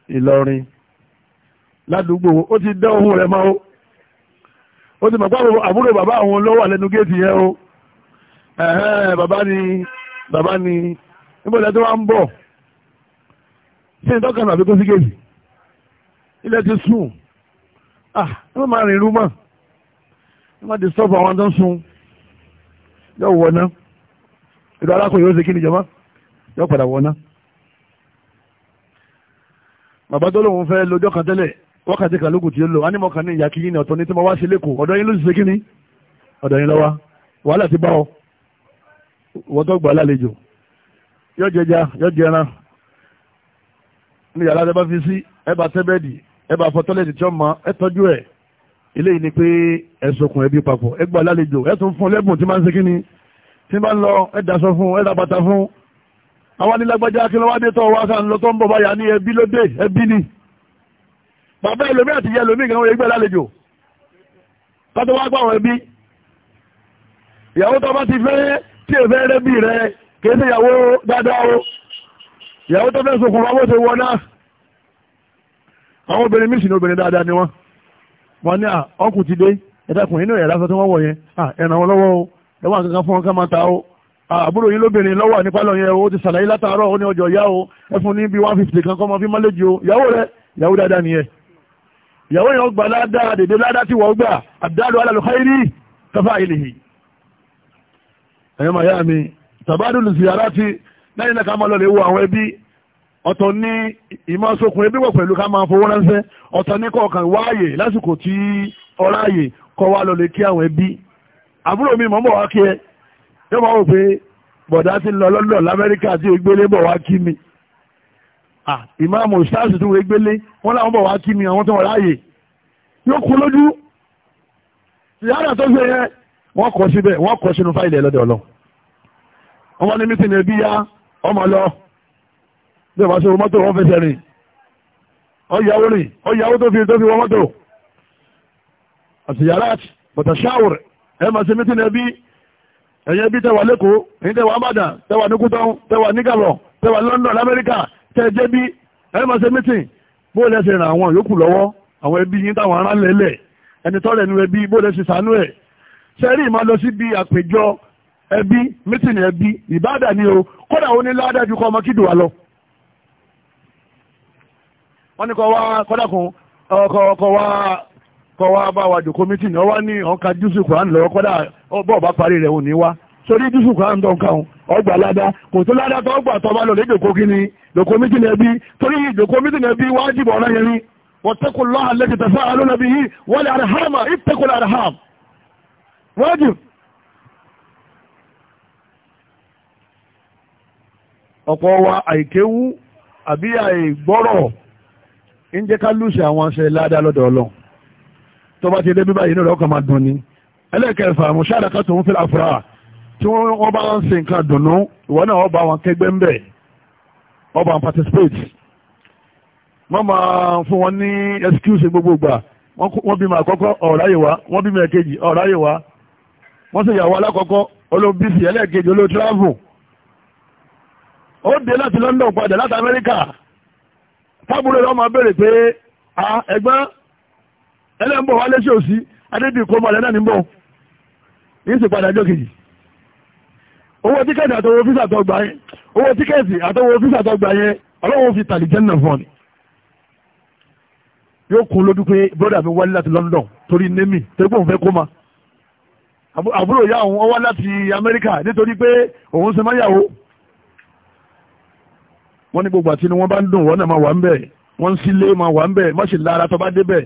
Ìlọrin ládùúgbò ó ti dẹ́ ohun rẹ̀ máa ó ó ti mọ̀pá àbúrò bàbá àwọn olówó àlẹ́nu géètì yẹn o bàbá ni bàbá ni níbo ilẹ̀ tó wá ń bọ̀ sí ìtọ́kànnà àbíkó sí géètì ilẹ̀ ti sùn ah wọ́n máa rìn rú mọ́ má ti sọ́ọ̀bù àwọn tó ń sun yóò wọ̀ ìlú alákòóyè ó ṣe kí ni jọba yóò padà wọ̀ ná. bàbá tó lóun fẹ́ lọ́jọ́ kan tẹ́lẹ̀ wákàtí kan lókùtì yóò lò á ní mọ̀ kan ní ìyá kìíní ọ̀tọ̀ ní tí mo wá sí lẹ́kọ̀ọ́ ọ̀dọ̀ yín ló ṣe kí ni ọ̀dọ̀ yín lọ́wọ́ wàhálà ti bá ọ wọ́n tó gbà lálejò yóò jẹja yóò jẹran ní yàrá tẹ fi sí ẹ bá tẹ́bẹ̀dì ẹ bá fọ tọ́lẹ̀tì eléyìí ni pé ẹ̀sọ̀kùn ẹbí papọ̀ ẹgbà lálejò ẹ̀sùn fún lẹ́bùn tí máa ń ṣe kí ni tí bá ń lọ ẹ̀dàsọ fún ẹ̀dàbàtà fún àwọn nílágbájá kí lọ́wọ́ wá sáà ń lọ tó ń bọ̀ báyà ní ẹbí ló ẹbí ni bàbá ẹlòmí àti ìyá ẹlòmí ìgbàwọ̀ ẹgbẹ́ lálejò kátó wá gbàwọ̀ ẹbí ìyàwó tó bá ti fẹ́ tí èfẹ́ rẹ bí rẹ kìí sí ìyàwó dáadáa o ìyàwó tó fẹ́ sokùn wọn bó ṣe wọ náà wọ́n ní ọkùn ti dé ẹ̀dàkùn inú ẹ̀rá sọ tí wọ́n wọ̀ yẹn ẹ̀ràn wọn lọ́wọ́ o ẹ̀wọ̀n kankan fún wọn ká máa ta o àbúrò yín lóbìnrin lọ́wọ́ nípa lọ́yẹn o ti sàlàyé látàárọ̀ ó ní ọjọ́ ìyá o ẹ fún ní bí one fifty kan kọ́ ọmọ fi má léjì o ìyàwó rẹ ìyàwó dáadáa nìyẹn ìyàwó yẹn gbà ládàá dèdè ládàá tí wọ́n gbà àdáàlú alàlùkáyìrì káfá ìlìhì. ẹ̀yọ́ màyá mi tàbádùn ọ̀tọ̀ ní ìmọ̀sókun ebí wọ̀ pẹ̀lú ká máa fowó ránṣẹ́ ọ̀tọ̀ ní kọ̀ọ̀kan wáàyè lásìkò tí ọ̀ráàyè kọ́ wa lọ lè kí àwọn ẹbí àbúrò mi mọ̀mọ́ wá kí ẹ yóò máa wò pé bọ̀dá ti lọ London lamẹ́ríkà tí ògbélé bọ̀ wá kí mi ìmáàmù stars tó gbélé wọn làwọn bọ̀ wá kí mi àwọn tó wọ̀ láàyè yóò kú lójú yàrá tó ṣe yẹn wọ́n kọ́ síbẹ̀ wọ́n kọ́ sínú bí ọba ṣe wọ mọ́tò wọ́n fẹsẹ̀ rìn ọ̀yàwó rìn ọ̀yàwó tó fi tó fi wọ mọ́tò àti yàrá àti bọ̀tà ṣáwùr ẹ máa ṣe mítí ẹbí ẹ̀yẹ bí tẹwà lẹ́kọ̀ọ́ èyí tẹwà Ìbàdàn tẹwà ní tẹwà ní tẹwà London Amẹ́ríkà tẹ jẹ́ bí ẹ máa ṣe mítí bó lẹ́ ṣe ràn àwọn yòókù lọ́wọ́ àwọn ẹbí yín táwọn ará lẹ́lẹ̀ ẹni tọ́rẹ̀ nu ẹbí bó lẹ́ ṣe sànú ẹ̀ sẹ́rí máa lọ sí bí àpèjọ ẹbí mítí ẹbí Ìbàdàn ni o kódà ó ní ládàjú kọ́ ọmọ kídùn wa lọ wọ́n ní kọ́ wá kọ́dàkùn kọ́ wá bá wa jòkó mítìnì ọwá ní ọ̀ka jùsù kùrán lọ́wọ́ kọ́dà bọ́ọ̀ bá parí rẹ̀ òní wá sórí jùsù kùrán tó ń kàún ọgbà ládá kò tó ládá tó ọgbà tó bá lọ lé jòkó ni jòkó mítìnì ẹbí torí jòkó mítìnì ẹbí wájibọ̀ ọ̀rọ̀ yẹn ni واتقوا الله الذي تساءلون به والارحام اتقوا الارحام واجب ọ̀pọ̀ wa àìkéwú àbí àìgbọ́rọ̀ ń jẹ́ ká lùsì àwọn aṣẹ ládá lọ́dọ̀ ọlọ́run tó bá ti dé bíbá yìí lọ́kàn máa dùn ni ẹlẹ́kẹ̀ẹ́fà mọ̀ṣáàdà ká tòun fẹ́ àfúrà tí wọ́n bá ń ṣe nǹkan dùnú ìwọ náà ọba àwọn kẹgbẹ́ ń bẹ̀ ọba àwọn participate wọ́n máa fún wọn ní excuse gbogbo gbà wọ́n bímọ àkọ́kọ́ ọ̀ráyè wá wọ́n bímọ ẹ̀kejì ọ̀ráyè wá wọ́n sì yàwó alákọ̀ọ́kọ́ olóbísì ẹlẹ́ẹ̀kejì olótíráàbù ó dé láti London padà láti Amẹ́ríkà tábúrò rẹ̀ ọmọ béèrè pé ẹ̀gbọ́n ẹlẹ́mbọ̀ wálé sí òsì adédìí kó mọ̀lẹ́ náà níbọ̀ yìí sì padà jọ kejì owó tíkẹ́ẹ̀tì àtọwọ́ físà tó gbà yẹn owó tíkẹ́ẹ̀tì àtọwọ́ físà tó gbà yẹn ọlọ́wọ́ fi tàlì jẹ́nà fún ni yóò kún lójú pé bọ́dà mi wálé láti London torí némi torí pé òun fẹ́ kó ma àbúrò ìyá òun wá láti Amẹ́ríkà nítorí pé òun ṣe máyàwó wọ́n ní gbogbo àti ni wọ́n bá ń dùn wọ́n náà máa wà ń bẹ̀ wọ́n ń sílé máa wà ń bẹ̀ má sì lára tó bá débẹ̀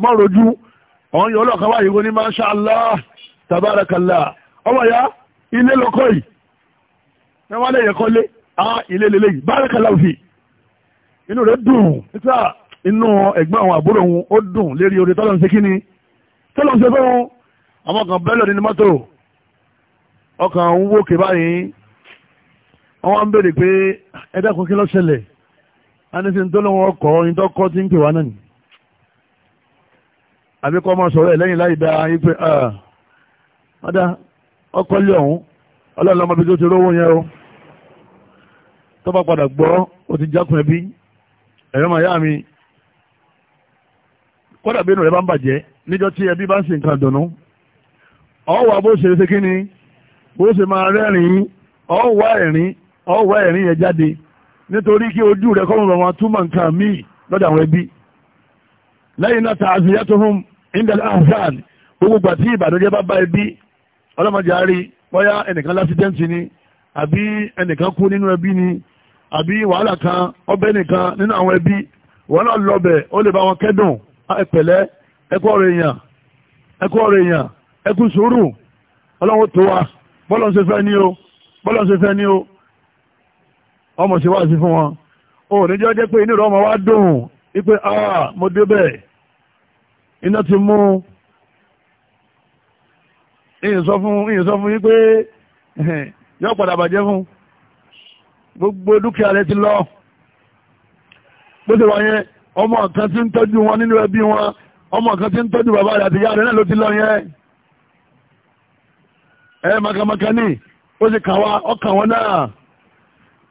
má rojú ọ̀hún yọ ọlọ́ọ̀kan wáyé kó ní masha Allah tabarakallah ọmọ ya ilé lọ́kọ́ yìí ẹ wá lẹ́yìn kọ́lé ah ilé lélẹ́ yìí barakallah fi inú rẹ̀ dùn níta inú ẹ̀gbọ́n àwọn àbúrò òun ó dùn lérí orí tọ́lọ́ ń ṣe kíni tọ́lọ́ ń ṣe fún àwọn kan bẹ́lẹ̀ nínú mọ́tò ọkàn ń wókè wọ́n ń bèèrè pé ẹ̀dẹ́kun kí ló ṣẹlẹ̀ anísìn tó lóun ọkọ̀ ọyìn tó kọ́ tí ń pè wá náà ni àbí kọ́ máa sọ̀rọ̀ ẹ̀ lẹ́yìn láì da yín pé ọ̀dà ọkọ̀ lé ọ̀hún ọlọ́run lọ́mọbi tó ti rówó yẹn o tó bá padà gbọ́ ó ti jákun ẹbí ẹ̀rọ màyá mi kódà bí inú rẹ bá ń bàjẹ́ níjọ́ tí ẹbí bá ń ṣe nǹkan dùnú ọ̀wà bó ṣe ṣe kí ni bó ṣe máa rẹ́rìn-ín ọ̀wà ẹ̀rín ọwọ́ ẹ̀rin yẹn jáde nítorí kí ojú rẹ̀ kọ́mọ̀ bàmá túmọ̀ nǹkan míì lọ́dọ̀ àwọn ẹbí lẹ́yìn náà ta àṣìyá tó fún indal ahzan gbogbo gbà tí bá bá ẹbí ọlọ́mọdé àárí ẹnìkan lásìdẹ́ǹtì ni àbí ẹnìkan kú nínú ẹbí ni àbí wàhálà kan ọbẹ̀ nìkan nínú àwọn ẹbí wọn náà lọbẹ̀ ó lè bá wọn kẹ́dùn ẹkú ọ̀rọ̀ èèyàn ẹkú ọ̀rọ̀ èèyàn ọmọ ṣe wá sí fún wọn ò ní jọ́ jẹ́ pé inú rẹ̀ ọmọ wa dùn wípé ah mo débẹ̀ iná ti mú ìyìn sọ fún ìyìn sọ fún yín pé yọ padà bàjẹ́ fún gbogbo dúkìá rẹ ti lọ bó ṣe wà yẹn ọmọ kan ti ń tọ́jú wọn nínú ẹbí wọn ọmọ kan ti ń tọ́jú bàbá rẹ àti ìyá rẹ náà ló ti lọ yẹn ẹ makamaka ó sì kàn wá ọkàn wọn náà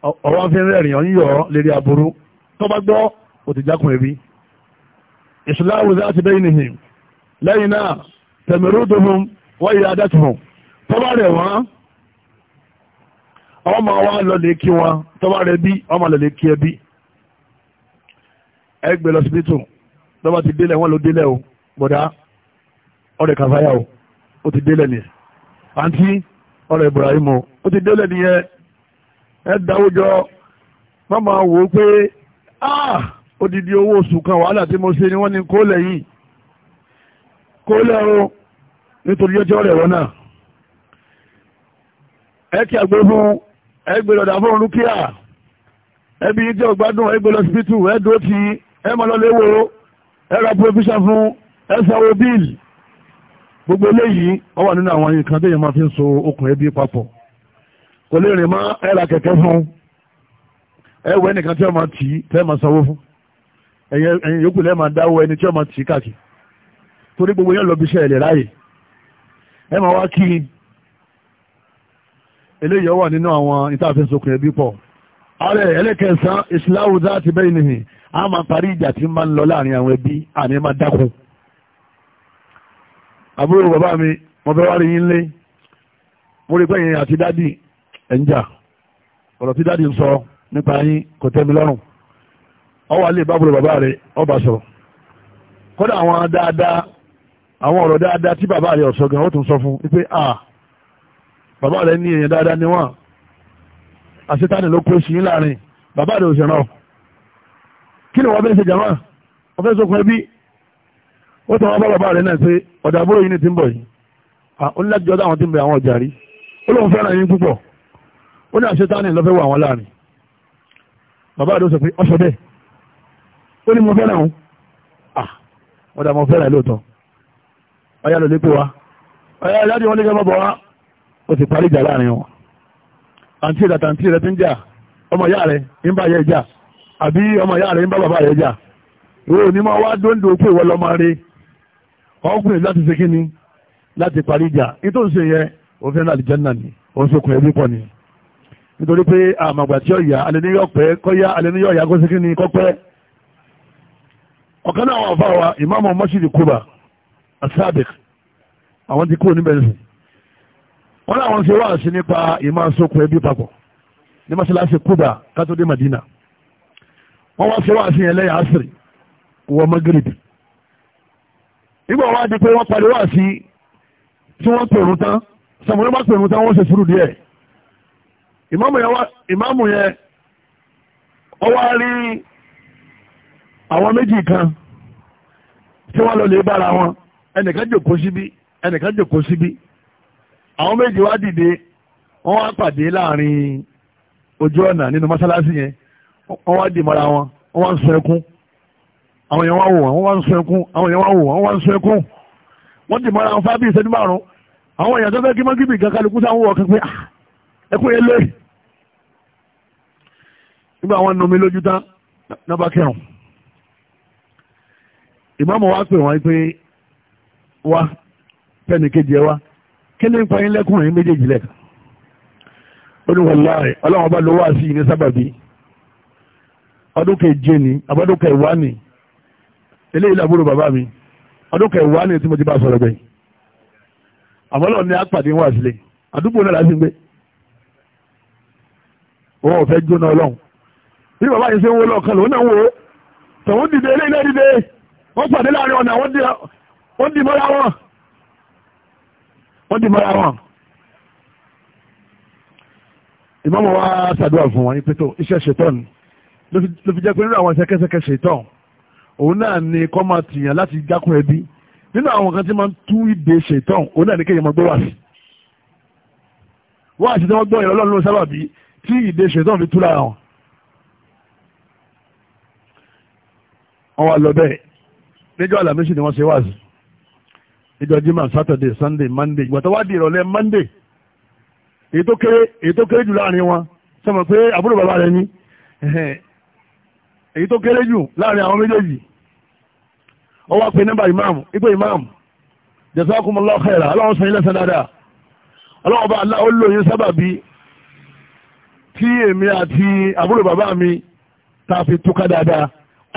ọwọ́ fi ń rẹ̀rìn ọ̀yìn yọ̀ lérí aburú tó bá gbọ́ òtìjákùn ẹbí ìṣúláwù láti bẹ́yìn nìyí lẹ́yìn náà tẹ̀mẹ̀rú dùnmùn wọ́n yẹ adẹ́tùmù tó bá rẹ̀ wọ́n ọmọ wa lọlẹ̀ kí wọn tó bá rẹ̀ bí ọmọ lọlẹ̀ kí ẹbí ẹ gbé lọ síbítù tó bá ti délẹ̀ wọ́n ló délẹ̀ o bọ̀dá ọ̀rẹ́ kàfáyà o ó ti délẹ̀ nìyẹn àǹtí ọ̀rẹ́ Ibrahim o ó ti délẹ̀ nìyẹn ẹ̀dáwójọ má máa wò ó pé ah, odidi owó oṣù kan wàhálà tí mo ṣe ni wọ́n ní kólẹ̀ yìí kólẹ̀ o nítorí ọjọ́ rẹ̀ wọ́n náà ẹ̀kí àgbẹ̀ fún ẹgbẹ́ lọ́dà fún olúkíà ẹbí jẹ́ ògbádùn ẹgbẹ́ lọ́sibítù ẹ̀dọ́ ti ẹ̀mọ́lọ́lẹ́wò ẹ̀rọ pòfíṣà fún ẹ̀sàwó bíìlì gbogbo eléyìí ó wà nínú àwọn nǹkan tó yẹ máa fi ń so okùn ẹbí papọ̀ kò lè rìn mọ́ ẹ ra kẹ̀kẹ́ fún ẹ wọ ẹnìkan tí wọ́n máa tì í tẹ́ máa sanwó fún ẹ̀yin yòókù lẹ́ẹ̀ máa dáwọ́ ẹni tí wọ́n máa tì í káàkiri torí gbogbo yẹn lọ bí iṣẹ́ ẹ̀lẹ̀ ráyè ẹ máa wá kí eléyìí wà nínú àwọn ìtàfẹ́sọkùn ẹbí pọ̀ ààrẹ ẹlẹ́kẹsàn ìsìláwù záàtì bẹ́ẹ̀ nìyí a máa parí ìjà tí máa ń lọ láàrin àwọn ẹbí àní máa dákun àbúrò bàbá mi mo fẹ́ wá rí yín lé mo rí pé yẹn àti dádì ẹ̀ ń jà ọ̀rọ̀ tí dáàdi ń sọ nípa yín kò tẹ́ mi lọ́rùn ọ wà lè bá bolo bàbá rẹ ọba sọ̀rọ̀ kódà àwọn dáadáa àwọn ọ̀rọ̀ dáadáa tí bàbá rẹ ọ̀sọ̀ gan ó tún sọ fún pé a bàbá rẹ ní èèyàn dáadáa ni wọ́n àṣetánì ló kó sí yín láàrin bàbá rẹ òṣèré náà kí ni wọ́n fẹ́ ṣe jàmá wọ́n fẹ́ sọkùn ẹbí ó tún wọn bá bàbá rẹ náà pé ọ̀dà àbúrò yìí ni ti ń bọ̀ yìí ó ní láti jọ́ ó ní àṣetánì lọ́fẹ́ wà wọn láàrin bàbá àdó sọ pé ọsọ bẹ́ẹ̀ ó ní mo fẹ́ràn òun ah wọ́n dà mo fẹ́ràn lóòótọ́ ọyá ló lépo wa ọyá ìlàdí wọn lè jẹ́ bọ́ wa ó ti parí ìjà láàrin wọn àǹtí rẹ̀ àtàǹtí rẹ̀ ti ń jà ọmọ ìyá rẹ̀ ń bá yẹ jà àbí ọmọ ìyá rẹ̀ ń bá bàbá rẹ̀ jà ìwé òní máa wá ni láti parí ìjà náà àlìjẹ́ náà ni ẹbí pọ̀ nìyẹn nítorí pé àmàgbà tí ọ̀yà alẹ́níyọ̀ pẹ́ kọ́yá alẹ́níyọ̀ ọ̀yà kó ni kọ́pẹ́ ọ̀kan náà wà fà wá ìmáàmù mọ́ṣídì kúbà asadik àwọn ti kúrò níbẹ̀ nìsín wọ́n láwọn ṣe wá sí nípa ìmáàsókò ẹbí papọ̀ ní mọ́ṣáláṣí kúbà kátó Madina wọ́n wá ṣe wá sí ẹlẹ́yà asiri wọ Magrib nígbà wá di pé wọ́n parí wá sí tí wọ́n pèrún tán sàmúlẹ́ bá tán wọ́n ṣe sùúrù díẹ̀ ìmáàmù yẹn ó wá rí àwọn méjì kan tí wọ́n lọ lè bára wọn ẹnìkan jòkó síbí ẹnìkan jòkó síbí àwọn méjì wá dìde wọ́n wá pàdé láàrin ojú ọ̀nà nínú mọ́sálásí yẹn wọ́n wá dì mọ́ra wọn wọ́n wá ń sọ ẹkún àwọn èèyàn wá wò wọ́n wá ń sọ ẹkún àwọn èèyàn wá wò wọ́n wá ń sọ ẹkún wọ́n dì wọn fábí ìṣẹ́jú àwọn èèyàn fẹ́ kí mọ́gìbì kankan lukú sáwọn wọ̀ kan pé ah, ẹkún ilé nígbà wọn nomi lójú tán nọba kẹrùn ìmáàmù wa pè wọ́n pé wá pẹ́ẹ́nì kejì ẹ wá kí ni ń pa yín lẹ́kùnrin méjèèjì lẹ́ka ó ní wọ́n láàyè ọlọ́wọ́n bá lówó àti ìní sábàbí ọdún keje ni abọ́dún kẹwàá ni eléyìí làbúrò bàbá mi ọdún kẹwàá ni tí mo ti bá sọ̀rọ̀ gbẹ̀yìn àmọ́ lọ́ọ̀ ni a pàdé sílẹ̀ àdúgbò náà láti ń gbé òun ò fẹ́ jóná ọlọ́run bí bàbá yìí ṣe ń wo lọ́ọ̀kan lòun náà ń wo tòun dìde eléyìí náà dìde wọ́n pàdé láàrin ọ̀nà wọ́n di mọ́ra wọn wọ́n di mọ́ra wọn. ìmọ̀mọ̀ wa ṣàdúrà fún wọn ní pétó iṣẹ́ ṣetán ló fi jẹ́ pé nínú àwọn ṣẹkẹ́ṣẹkẹ́ ṣetán òun náà ni kọ́ máa tìyàn láti jákun ẹbí nínú àwọn kan tí máa ń tú ìdè ṣetán òun náà ni kéèyàn máa gbé wá sí wọ́n àti tí wọ́n gbọ́ ìrọ̀lọ́run ló sábà bíi tí ìdè ṣètọ́n fi tú lára wọn. wọ́n wá lọ bẹ́ẹ̀ níjọ́ àlàmísì ni wọ́n ṣe wáàsí níjọ́ jimá sátọ̀dé sànńdé mándé ìgbà tó wá di ìrọ̀lẹ́ mándé èyí tó kéré èyí tó kéré jù láàrin wọn sọmọ pé àbúrò bàbá rẹ ní èyí tó kéré jù láàrin àwọn méjèèjì ó wá pe nọ́mbà ìmáàmù ipò ìmáàmù jazakumullahu khaira aláwọ̀ sàn ilẹ̀ sàn dáadáa aláwọ̀ bá aláwọ̀ lóyún sábàbí tí èmi àti àbúrò bàbá mi ta fi túká dáadáa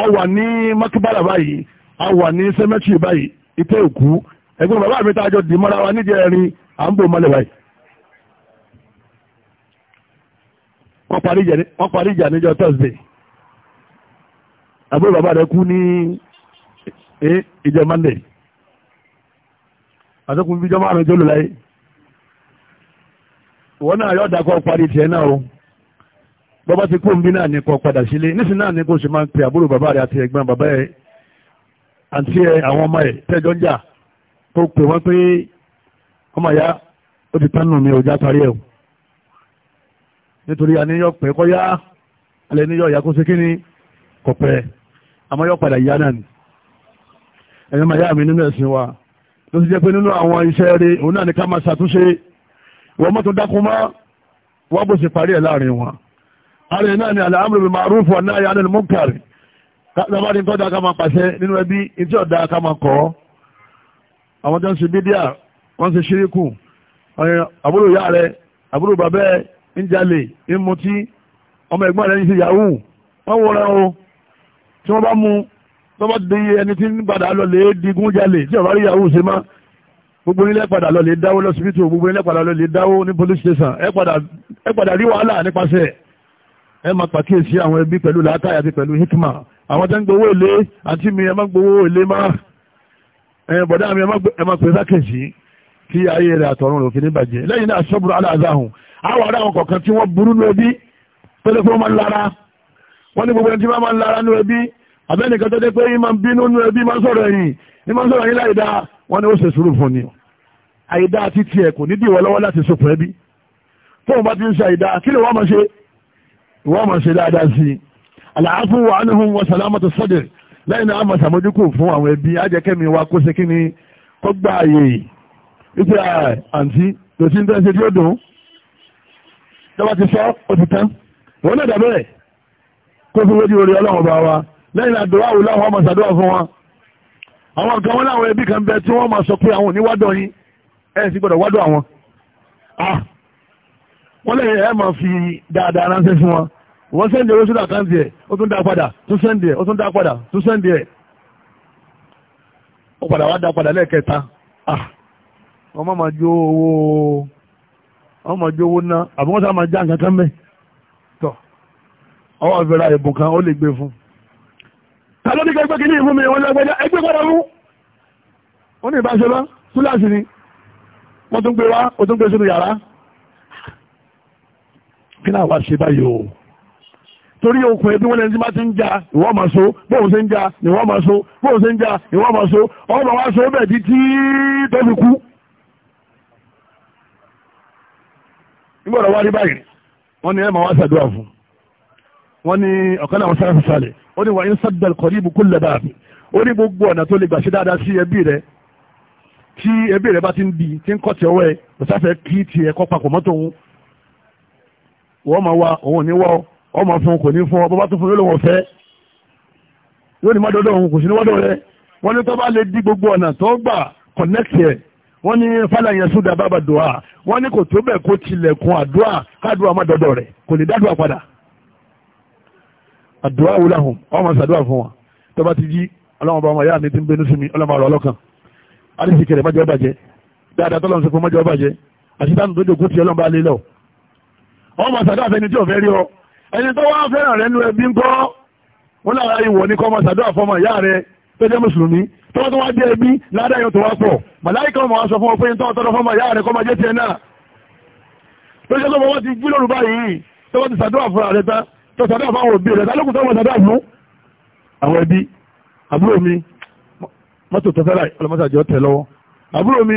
ọ wà ní makibara báyìí a wà ní sẹ́mẹ́tì báyìí ìtẹ́ òkú ẹ̀gbọ́n bàbá mi tá a jọ wa níjẹrin à ń bò mọ́lẹ̀ báyìí. wọ́n parí ìjà níjọ́ thursday àbúrò bàbá rẹ̀ kú ní ìjọ monday àtọkùn márùn láyé náà parí náà o. bọ́bá ti kó nbí náà ní kọ́ padà sílé nísìn náà ní kó sì máa ń pe àbúrò bàbá rẹ̀ àti ẹ̀gbọ́n bàbá ẹ̀ àti ẹ̀ àwọn ọmọ ẹ̀ tẹ́jọ́ jà kó pè wọ́n pé ọmọ ìyá ó ti tánù mi ò já parí ẹ̀ o nítorí àníyàn pẹ́ kọ́ yá alẹ́ níyàn ìyá kó ṣe kí ni kò pẹ́ àmọ́ yọ padà yá náà ni ẹ̀yọ́ máa yá mi nínú ẹ̀sìn wa ló ti jẹ́ pé nínú àwọn iṣẹ́ rẹ̀ òun náà ní ká máa ṣàtúnṣe wọ́n mọ́tò dákun mọ́ wọ́n bó ṣe parí ẹ̀ láàrin wọn ààrẹ náà ni al-amru bil ma'ruf wan nahyi 'anil munkar lábá ní tọ́jà ká máa pàṣẹ nínú ẹbí ìtí ọ̀dà ká máa kọ́ àwọn tó ń ṣe bídíà wọ́n ṣe ṣíríkù àbúrò ìyá rẹ̀ àbúrò bàbá ẹ̀ ń jalè ń mutí ọmọ ẹ̀gbọ́n rẹ̀ ń ṣe yahoo wọ́n wọra o tí wọ́n bá mú tọ́wọ́ di ẹni tí ń padà lọ lè digun jalè tí ọ̀bá rí yahoo ṣe má gbogbo nílẹ̀ padà lọ lè dáwó lọ́sibítù gbogbo nílẹ̀ padà lọ lè dáwó ní police station ẹ padà rí wàhálà nípasẹ̀ ẹ máa pàkíyèsí àwọn ẹbí pẹ̀lú làákàyè àti pẹ̀lú hikma àwọn tó ń gbowó èlé àti mi ẹ má gbowó èlé má ẹ bọ̀dá mi ẹ má pè sákèsí kí ayé rẹ̀ àtọ̀run rò fi ní bàjẹ́ lẹ́yìn náà sọ́bùrù aláàzáhùn àwọn ará àwọn kọ̀ọ̀kan tí wọ́n burú ní ẹbí tó lè pé wọ́n máa ń lára wọ́n ní gbogbo ẹni tí wọ́n máa ń lára ní ẹbí abẹ́nìkan tó dé pé ìmọ̀ bínú ní ẹbí máa ń sọ̀rọ̀ ẹ̀yìn ní máa ń sọ̀rọ̀ ẹ̀yìn láìdá wọ́n ní ó ṣe sùúrù fún ni àìdá àti tiẹ̀ kò ní dìwọ́ lọ́wọ́ láti sopọ̀ ẹbí tóun bá ti ń ṣe àìdá kí lè wọ́n máa ṣe ìwọ́n máa ṣe dáadáa sí i àlàáfù wa anuhun wa salamatu sadr lẹ́yìn náà a máa ṣàmójúkù fún àwọn ẹbí ajẹ́kẹ́mi wa kó ṣe kí ni kó gba àyè wípé àǹtí tòsí ń tẹ́ ṣe tí dùn tọ́ba ti sọ ó ti tán wọ́n náà dàbẹ̀rẹ̀ kó fún wéjì orí ọlọ́run bá wa lẹ́yìn àdúrà wọ́n máa ẹ̀ sì fi dáadáa ránṣẹ́ fún wọn wọ́n sẹ́ndì owó sódà kan tiẹ̀ ó tún dá padà tún sẹ́ndì ẹ̀ ó tún dá padà tún sẹ́ndì ẹ̀ ó padà wá dá padà lẹ́ẹ̀kẹta ah, wọ́n má máa jó owó wọ́n máa jó owó ná àbí wọ́n sá máa já nǹkan kan mẹ́ tọ̀ ọwọ́ àfẹ́ra ìbùn kan ó lè gbé fún ta ní kẹ́gbẹ́ kí ìfún mi wọ́n lọ́gbẹ́já ẹgbẹ́ padà mú ó ní ìbáṣe bá túláàsì ni wọ́n tún gbé wá ó tún gbé sínú yàrá kí náà wá ṣe báyìí torí okùn ẹbí wọn lẹni tí bá ti ń ja ìwọ máa so bóun ṣe ń ja ìwọ máa so bóun ṣe ń ja ìwọ máa so ọba wa so bẹ́ẹ̀ di tí tó fi kú. nígbàdàn wá rí báyìí wọ́n ní ẹ máa wá ṣàdúrà fún wọ́n ní ọ̀kan náà sára sàlẹ̀ ó ní wàá ń sábẹ̀ kọ́ ní ibùkún lẹ́bàá ó ní gbogbo ọ̀nà tó lè gbà ṣe dáadáa sí ẹbí rẹ̀ tí ẹbí rẹ̀ bá ti ń di tí ń kọ́ ọwọ́ ẹ̀ lọ́sàfẹ́ kí ti ẹ̀kọ́ papọ̀ mọ́tò òun wọ́n máa wá òun ní wọ́ ọmọ fún kò ní fún ọ bọ́bá tó fún lọ́wọ́ fẹ́ yóò ní mọ́dọ́dọ́ òun kò sí níwọ́dọ́ rẹ wọ́n ní tó bá lè di gbogbo ọ̀nà tó gbà connect ẹ̀ wọ́n ní fàlà yẹn sódà bàbá dùà wọ́n ní kò tó bẹ̀ kó tilẹ̀kùn àdúà kádùà mọ́dọ́dọ́ rẹ̀ kò lè dádùà padà àdúà wúlà hùn ọmọ sàdúà fún wọn tó bá ti jí ọlọ́mọ bá ọmọ yá mi ti ń bínú sí mi ọlọ́mọ ọ̀rọ̀ ọlọ́kan àdìsí kẹrẹ mọ́jọ́ bàjẹ́ dáadáa tọ́lọ́run sọ fún mọ́jọ́ bàjẹ́ àti táwọn tó jòkó ti ọlọ́mọ bá lé lọ ọmọ sàdúà fẹ́ni tí ò fẹ́ rí ọ ẹni tó wá fẹ́ràn rẹ̀ nú ẹbí ń kọ́ wọn lára ìwọ̀ ní kọ́mọ sàdúrà fọmọ ìyá rẹ̀ tó jẹ́ mùsùlùmí tó wọ́n tó wá jẹ́ ẹbí ládàáyọ̀ tó wá pọ̀ màláìkà ọmọ aṣọ fún ọ pé ń tọ́ tọ́rọ fọmọ ìyá rẹ̀ kọ́mọ jẹ́ tiẹ̀ náà tó jẹ́ tó wọ́n ti jí lóru báyìí tó wọ́n ti sàdúrà fún ààrẹ tán tó sàdúrà fún àwọn òbí rẹ̀ tálókùn tó wọ́n sàdúrà fún àwọn ẹbí àbúrò mi mọ́tò tó fẹ́ràn ọlọ́mọ́sàjọ́ tẹ̀ lọ́wọ́ àbúrò mi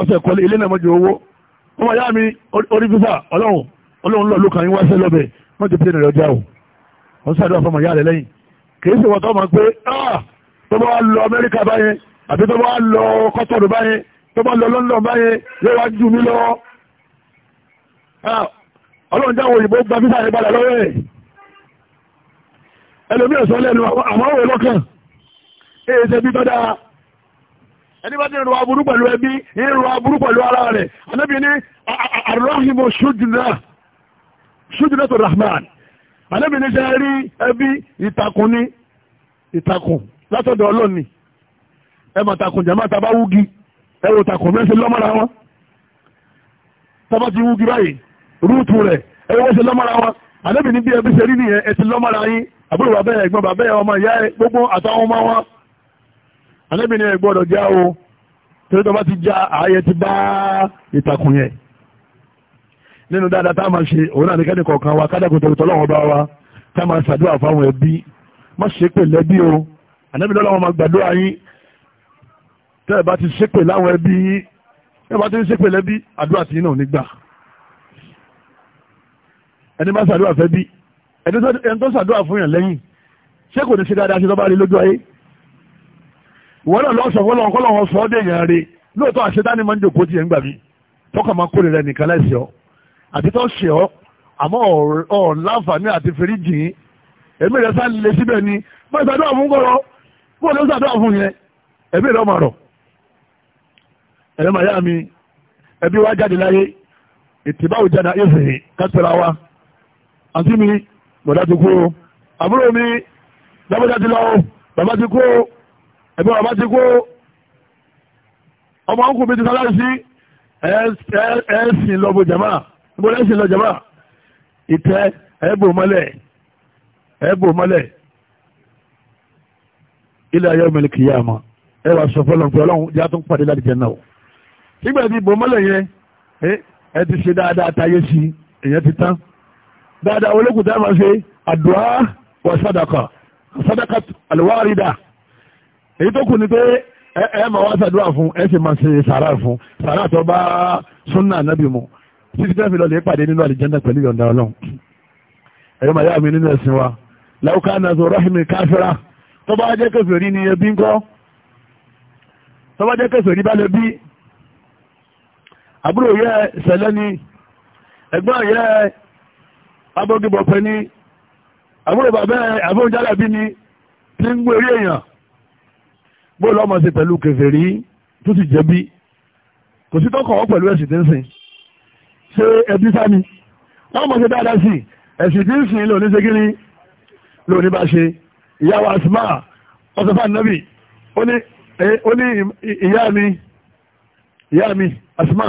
ọ̀sẹ̀ kọ́lé ilé náà mọ́jọ owó ọmọ ìyá mi orí fífà ọlọ́run ọlọ́run lọ́ọ̀lù kan yín wáṣẹ́ lọ́bẹ̀ẹ́ wọ́n ti pèsè ìrọ̀jà o wọ́n sàdúrà fọmọ ìyá rẹ̀ lẹ́yìn kìí ṣe wọ́tọ́ mọ̀ pé ah, tó bá lọ Amẹ́ríkà báyẹn àti tó bá lọ kọ́tọ̀dù báyẹn tó bá lọ London báyẹn yóò wá jù mí lọ ah, ọlọ́run jáwọ́ òyìnbó gba fífà rẹ̀ padà lọ́wọ́ ẹ̀ ẹlòmí ọ̀sán lẹ́nu àwọn òwe lọ́kàn èyí ṣe bí tọ́da ẹni bá ti rìn aburú pẹ̀lú ẹbí rìn aburú pẹ̀lú ara rẹ̀ anábìíní àrùn ṣújúlẹ̀tò rahman anábìnrin ṣe rí ẹbí ìtàkùn ní ìtàkùn látọ̀dọ̀ ọlọ́ni ẹ mà tàkùn jàmá tá a bá wúgi ẹ wò tàkùn mẹ́sẹ̀ lọ́mọ́ra wọn tá a bá ti wúgi báyìí rúùtù rẹ̀ ẹ wọ́n ṣe lọ́mọ́ra wọn anábìnrin bí ẹbí ṣe rí nìyẹn ẹ ti lọ́mọ́ra yín àbúrò bàbá ẹ̀ ẹ̀gbọ́n bàbá ẹ̀ ọmọ ìyá ẹ̀ gbogbo àtàwọn ọmọ wọn anábìnrin ẹ̀ gbọ́dọ̀ já o torí tó bá ti já ààyè ti bá ìtàkùn yẹn nínú dáadáa tá a máa ṣe òun náà ní kẹ́ni kọ̀ọ̀kan wa kádàkùn tó tọ́lọ́wọ́ bá wa tá a máa ṣàdúrà fáwọn ẹbí má ṣe pè lẹ́bí o ànábì lọ́la wọn máa gbàdúrà yín tẹ́ ẹ bá ti ṣépè láwọn ẹbí yín tẹ́ ẹ bá ti ń ṣépè lẹ́bí àdúrà tí yín náà nígbà ẹni bá ṣàdúrà fẹ́ bí ẹni tó ṣàdúrà fún yàn lẹ́yìn ṣé kò ní ṣe dáadáa ṣe tó bá rí lójú ayé ìwọ náà lọ́sọ̀ fọlọ́nkọ́lọ́wọ́ àti tó ṣe ọ́ àmọ́ ọ̀ láǹfààní àti fèrèjì yín ẹ̀mí rẹ̀ sá lè síbẹ̀ ni bó ṣe àdúrà fún kọ́rọ́ bó ṣe àdúrà fún yẹn ẹ̀mí rẹ̀ ọmọ rọ̀ ẹ̀rẹ́ màyá mi ẹbí wa jáde láyé ìtìbáwò jáde ìfèhè kásìlá wa àti mi bọ̀dá ti kú o àbúrò mi dábọ́dá ti lọ o bàbá ti kú o ẹbí bàbá ti kú o ọmọ ọkùnrin mi ti sáláṣí ẹ̀ẹ́sìn lọ́bọ̀ jẹ̀máà níbo lẹ́sìn lọ jàmbá ìtẹ́ ẹ̀bù mọ́lẹ̀ ẹ̀bù mọ́lẹ̀ ilé ayé ọmọ ìlẹ̀kì yá ma ẹ wà sọ fọlọ́n pé ọlọ́run já tó ń pàdé láti jẹ náà nígbà tí ìbò mọ́lẹ̀ yẹn ẹ ti ṣe dáadáa táyé sí èyàn ti tán dáadáa olókùn tá a máa ṣe àdúrà wà sádàkà sádàkà àlùwárìdà èyí tó kù ni pé ẹ ẹ máa wá sàdúrà fún ẹ sì máa ṣe sàrà fún sàrà tó bá súnà nábì mu títí tẹ́ fi lọ lè pàdé nínú àlìjẹ́ndà pẹ̀lú ìyọ̀ǹda ọlọ́run ẹ̀yọ́ màá yá mi nínú ẹ̀sìn wa láwùká náà sọ rọ́hìmì káfíra tó bá jẹ́ kèfèrí ni ẹbí ń kọ́ tó bá jẹ́ kèfèrí bá lè bí àbúrò yẹ sẹ̀lẹ́ ni ẹ̀gbọ́n yẹ abọ́gibọ̀pẹ̀ ni àbúrò bàbá àfọ́njálàbí ni tí ń gbé orí èèyàn bóòlù ọmọ sí pẹ̀lú kèfèrí tó sì jẹ̀bi kò sí tọ́kọ̀ wọ́n pẹ̀lú ẹ̀sìn tí ń sìn ṣe ẹbí sáni wọ́n mọ̀ sí dáadáa sí ẹ̀sìn tí ń sìn lò ní ṣe kíni lò ní bá ṣe ìyàwó asma ọ̀sọ̀fà nàbì ó ní ìyá mi ìyá mi asma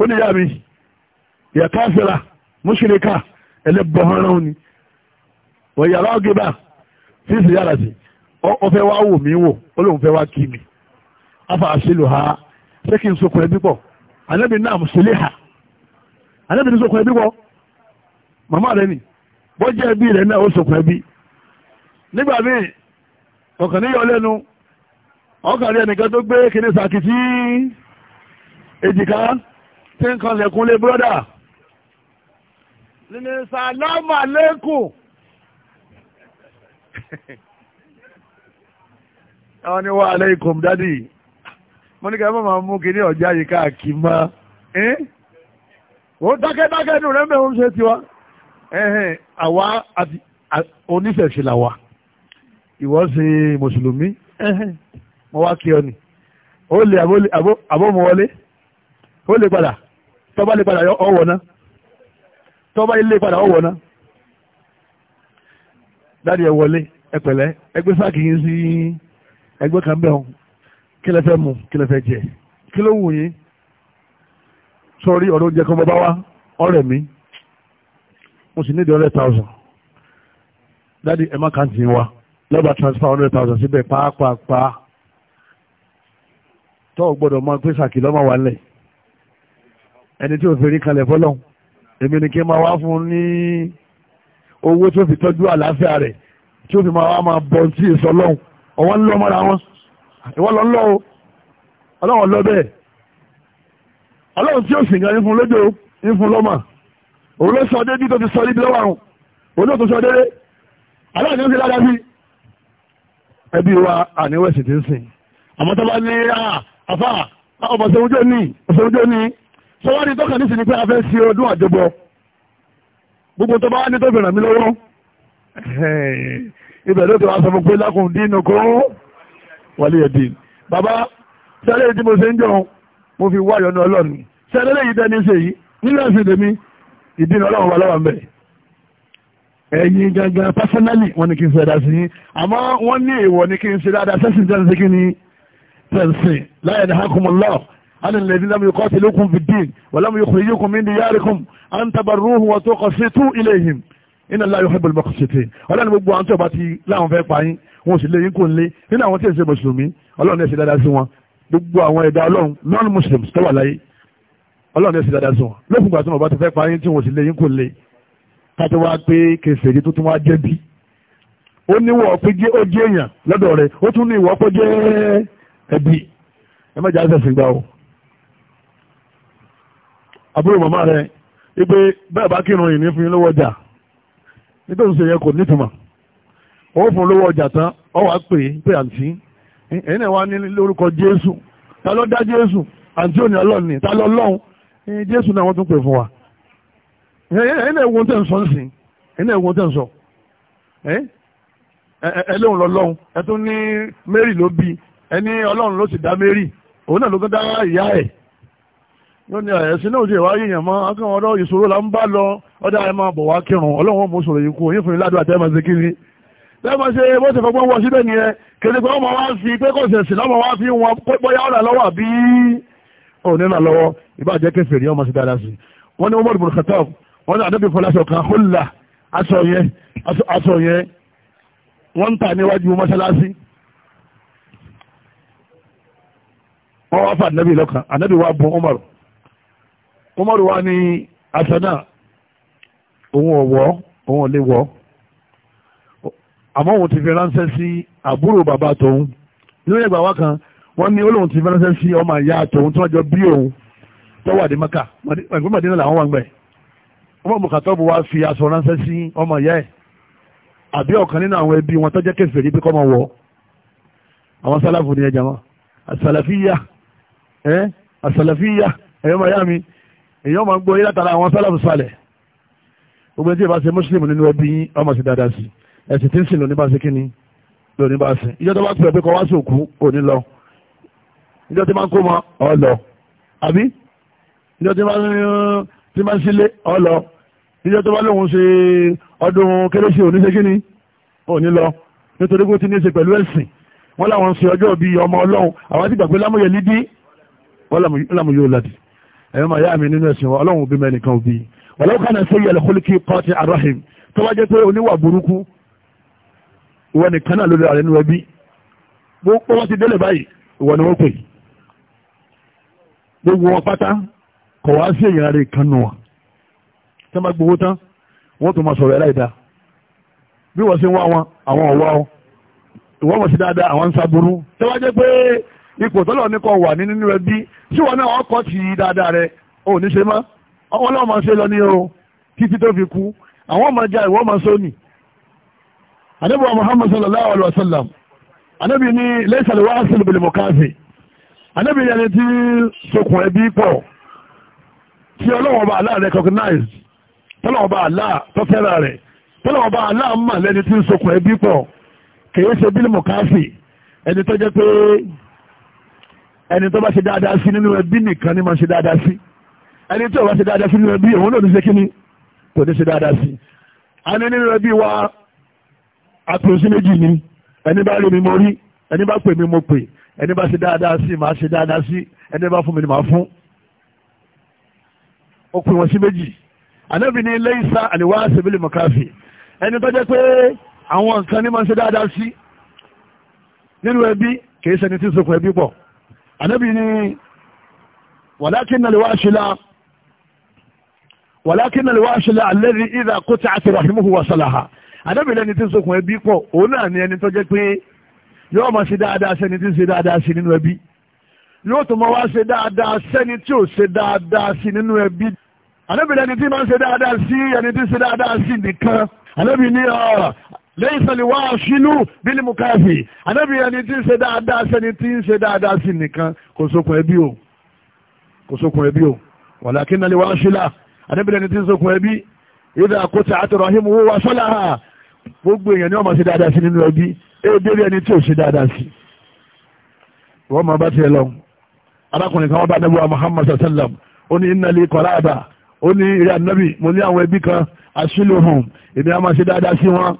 ó ní ìyá mi ìyá káfíra mùsùlùkà ẹlẹ́bọ̀ọ́rán ni wọ́n yàrá ọ̀gẹ́bà tí sì yàrá sí ọ fẹ́ wá wò mí wò ó lóun fẹ́ wá kí mi afa àṣìlò ha ṣé kí n sokùn ẹbí pọ̀ anábì náà mùsùlùkà àlẹ́bí ní sokùn ẹbí wọ màmá rẹ ni bó jẹ́ ẹbí rẹ náà ó sokùn ẹbí nígbà míì ọ̀kàn níyọ lẹ́nu ọkàn rẹ nìkan tó gbé kíní sàkìtì èjìká tí ń kan lẹ̀kùn lé bírọ́dà nínú sàlámà lẹ́kùn àwọn ni wà alaykum dádì mo ní kí máa mú kíní ọjà yìí káàkiri máa ẹ́ ó dákẹ́dákẹ́ nù rẹ̀ mẹ́rin ṣe tiwa ẹ̀hìn àwa àti oníṣẹ̀ṣe làwa ìwọ ṣe mùsùlùmí ẹ̀hìn mo wá kí ọ ni ó lè àbómu wọlé ó lè padà tọ́ba lè padà ọwọ́ náà tọ́ba lè padà ọwọ́ náà dáàdi ẹ wọlé ẹ pẹ̀lẹ́ ẹgbẹ́ sáàkì yín sí ẹgbẹ́ kan bẹ́ẹ̀ kí lẹ fẹ́ mu kí lẹ fẹ́ jẹ kí ló wù yín sọ́rí ọ̀rọ̀ oúnjẹ kan bọ́ bá wá ọ̀rẹ́ mi mo sì nídìí hundred thousand dáàdi ẹ̀ má kàn tìyín wa lọ́ba transfer hundred thousand síbẹ̀ pàápàá tọ́ ò gbọ́dọ̀ máa pé sàkì lọ́mọ wà lẹ̀ ẹni tí ò fi rí kalẹ̀ fọ́lọ́ èmi ni kí n máa wá fún un ní owó tó fi tọ́jú àlàáfíà rẹ̀ tí ó fi máa wá máa bọ̀ tí èso ọlọ́run ọ̀wọ́n ń lọ́ mọ́ra wọn ìwọ́n lọ́ lọ́ o ọlọ́run lọ bẹ́ẹ̀ ọlọ́run tí ó sì gan ìfún lójó ìfún lọ́mà òun ló sọ débi tó ti sọ níbi lọ́wọ́ àrùn òun ló tó sọ dédé aláàní ó ti ládàá sí ẹbí wa àníwẹ̀sì ti ń sìn àmọ́ tó bá ní àfà ọmọ ṣòwòjó ní ṣòwòjó ní sọwádìí tọ́ka ní sí ni pé a fẹ́ ṣe ọdún àjọbọ gbogbo tó bá ní tó bẹ̀rẹ̀ mí lọ́wọ́ ibẹ̀ ló ti wá sọ fún pé lákùn dín nìkan wọlé ẹ̀dín bàbá sẹ́lẹ̀ tí mo ṣe ń jọun mo fi wáyọ̀ ní ọlọ́run ni sẹ́lẹ̀ yìí dẹ́ni ṣe yìí nílẹ̀ ẹ̀sìn tèmi ìdí ọlọ́run wà lọ́wọ́ mẹ́rẹ̀ ẹ̀yin gangan pásánálì wọn ni kí n ṣe dáadáa sí yín àmọ́ wọ́n ní èèwọ̀ ni kí n ṣe dáadáa sẹ́sìn tẹ́sí kí ni tẹ̀sí láyé ní hakumullah ani lèdi lamu yukọ́ ti lókun fi dín wà lamu yukọ́ yìí kún mí ní yárikum à ń tabarruhum wa tuqsitu ilayhim inna la yuhibbul muqsitin ọlọ́run gbogbo àwọn tí ọba ti láwọn fẹ́ pa yín wọn ò sì lé yín kò ń lé nínú àwọn tí èsè mùsùlùmí ọlọ́run ẹ̀ sì dáadáa sí wọn gbogbo àwọn ẹ̀dá ọlọ́run non muslims tó wà láyé ọlọ́run ẹ̀sìn dáadáa sùn lókun gbà tí wọn bá ti fẹ́ parí tí wọn sì lè yín kò lè kájọ wá pé kèsèrè tó tún wá jẹ́ bí ó níwọ̀ pé jẹ́ ó jẹ́ èèyàn lọ́dọ̀ rẹ̀ ó tún ní ìwọ̀ pé jẹ́ ẹbí ẹ má jẹ́ àṣẹ̀sìn gbà o àbúrò màmá rẹ̀ wípé bẹ́ẹ̀ bá kírun ìní fún yín lówó ọjà nítorí sèyẹ kò nítumọ̀ ó fún lówó ọjà tán ó wàá pè é pé àǹtí ẹ̀yin náà wá ní lórúkọ jésù ta ló dá jésù àti òní ọlọ́run ni ta ló lọ́hùn ẹ̀yin jésù náà wọ́n tún pè fún wa ẹ̀yin náà wo tẹ̀ ń sọ nsìn ẹ̀yin náà wo tẹ̀ ń sọ ẹ lóhùn lọ ẹ tún ní mary ló bí ẹ ní ọlọ́run ló sì dá mary òun náà ló tún dá ìyá ẹ̀ yóò ní ẹ̀sìn náà ṣe ìwáyé yẹn mọ́ akẹ́wọ̀n ọ̀dọ́ ìṣòro là ń bá lọ ọ̀dà ẹ̀ máa bọ̀ wá kírun ọlọ́run mú sọ̀rọ̀ yìí kú òyìnbó lẹ́mọ̀ ṣe bó ṣe fọgbọ́n wọ síbẹ̀ nìyẹn kẹlẹ́gbẹ́ ọmọ wá fi pé kò ṣẹ̀ṣì lọ́mọ wá fi wọn bóyá ọ̀rà lọ́wọ́ àbí ònílà lọ́wọ́ ìbàjẹ́ kẹfẹ́ ní ọmọ sí dáadáa sí wọ́n ní Umar bin wọ́n ní àdébí àmọ́ òun ti fi ránṣẹ́ sí àbúrò bàbá tòun nínú ẹgbàá wa kan wọ́n ní olóhùn ti fi ránṣẹ́ sí ọmọ ìyá tòun tí wọ́n jọ bí òun tọ́wọ́ àdìmọ́kà ẹ̀gbọ́n màdínà làwọn wà ń gbẹ̀ ọmọ bùkátọ́ bu wa fi aṣọ ránṣẹ́ sí ọmọ ìyá ẹ̀ àbí ọ̀kan nínú àwọn ẹbí wọn tọ́jẹ́ kèfèrí pé kọ́mọ wọ àwọn sálàfù ni ẹja wọn àsàlàfíyà ẹ àsàlàfíyà ẹ̀yọ́ máa yá mi èyí ọmọ gbọ́ yí látara ẹ̀sìn tí ń sìn lóní bá ṣe kíni lóní bá ṣe ìjọ tó bá pè é pé kọ́ wá sòkú òní lọ ìjọ tí máa ń kó mọ ọ lọ àbí ìjọ tí máa ń tí máa ń sílé ọ lọ ìjọ tó bá lóun ṣe ọdún kérésì òní ṣe kíni òní lọ nítorí pé ó ti ní í ṣe pẹ̀lú ẹ̀sìn wọ́n láwọn ṣe ọjọ́ bíi ọmọ ọlọ́run àwọn àti gbàgbé lámúyẹ lídí wọ́n lámúyẹ olàdì ẹ̀yọ́ màá yá mi nínú ẹ̀sìn wọn ọlọ́run òbí mẹ́nìkan òbí wọ́n ṣe yẹ lẹ́kọ́lẹ́kì pọ́ọ̀tì arahim tó bá jẹ́ pé oníwà burúkú ìwọ nìkan náà lórí ààrẹ nínú ẹbí gbogbo wọn ti délẹ̀ báyìí ìwọ ni wọ́n pè gbogbo wọn pátá kọ̀ wá sí èèyàn rẹ̀ kan nù wọn tí wọ́n bá gbowó tán wọ́n tún máa sọ̀rọ̀ ẹ̀ láìda bí wọ́n ṣe ń wá wọn àwọn ọ̀wá ọ ìwọ́n mọ̀ sí dáadáa àwọn ń sábúrú tí wọ́n jẹ́ pé ipò tọ́lọ̀ ní wà ní nínú ẹbí tí wọ́n náà ọkọ̀ ti dáadáa rẹ̀ ò ní ṣe mọ́ ọwọ́ náà máa ṣe lọ ní o títí tó fi kú àwọn ọmọ ajá ìwọ́n máa sóni anábíwá muhammad sallallahu alaihi wasallam anábí ní lẹ́sàlẹ̀ wá sílù bìlì mọ̀káfì anábí ní ẹni tí sokùn ẹbí pọ̀ tí ọlọ́wọ́ bá aláà recognize tọ́lọ́wọ́ bá aláà tọ́fẹ́ra rẹ̀ tọ́lọ́wọ́ bá aláà mà lẹ́ni tí sokùn ẹbí pọ̀ kìí ṣe bìlì mọ̀káfì ẹni tó jẹ́ pé ẹni tó bá ṣe dáadáa sí nínú ẹbí nìkan ni máa ṣe dáadáa sí ẹni tó bá ṣe dáadáa sí nínú ẹbí òun náà ní ṣe kíni kò ní ṣe dáadáa sí a ní nínú ẹbí wa àpèsí méjì ni ẹni bá rí mi mo rí ẹni bá pè mi mo pè ẹni bá ṣe dáadáa sí màá ṣe dáadáa sí ẹni bá fún mi ni màá fún ó pè wọ́n sí méjì ànábì ní ilé ìsá àníwá sèbílì mọ̀káfì ẹni tó jẹ́ pé àwọn nǹkan ní máa ń ṣe dáadáa sí nínú ẹbí kìí ṣẹni tí ń sokùn ẹbí pọ̀ ànábì ní wàlákì náà lè wá ṣe láà wàlákì náà lè wá ṣe láà alladhi idha qut'at rahimuhu wa salaha àdébìlẹ̀ ẹni tí ń sokùn ẹbí pọ̀ òun náà ni ẹni tó jẹ́ pé yóò máa ṣe dáadáa sẹ́ni tí ń ṣe dáadáa sí nínú ẹbí yóò tó máa wá ṣe dáadáa sẹ́ni tí ò ṣe dáadáa sí nínú ẹbí àdébìlẹ̀ ẹni tí máa ń ṣe dáadáa sí ẹni tí ń ṣe dáadáa sí nìkan àdébì ní lẹ́yìn sẹ́lẹ̀ wá ṣínú bílí mukafi àdébì ẹni tí ń ṣe dáadáa sẹ́ni tí ń ṣe dáadáa sí nìkan kò sokùn ẹbí o kò sokùn ẹbí o wàlàkínà lè wá ṣílà gbogbo èèyàn ni wọ́n máa ṣe dáadáa sí nínú ẹbí èdè rí ẹni tí ò ṣe dáadáa sí wọ́n máa bá tiẹ̀ lọ arákùnrin kan wọ́n bá anábíwá Muhammad sallam ó ní ìnáli kọ̀láàbà ó ní eré anábì mo ní àwọn ẹbí kan asílùhùn èmi á máa ṣe dáadáa sí wọn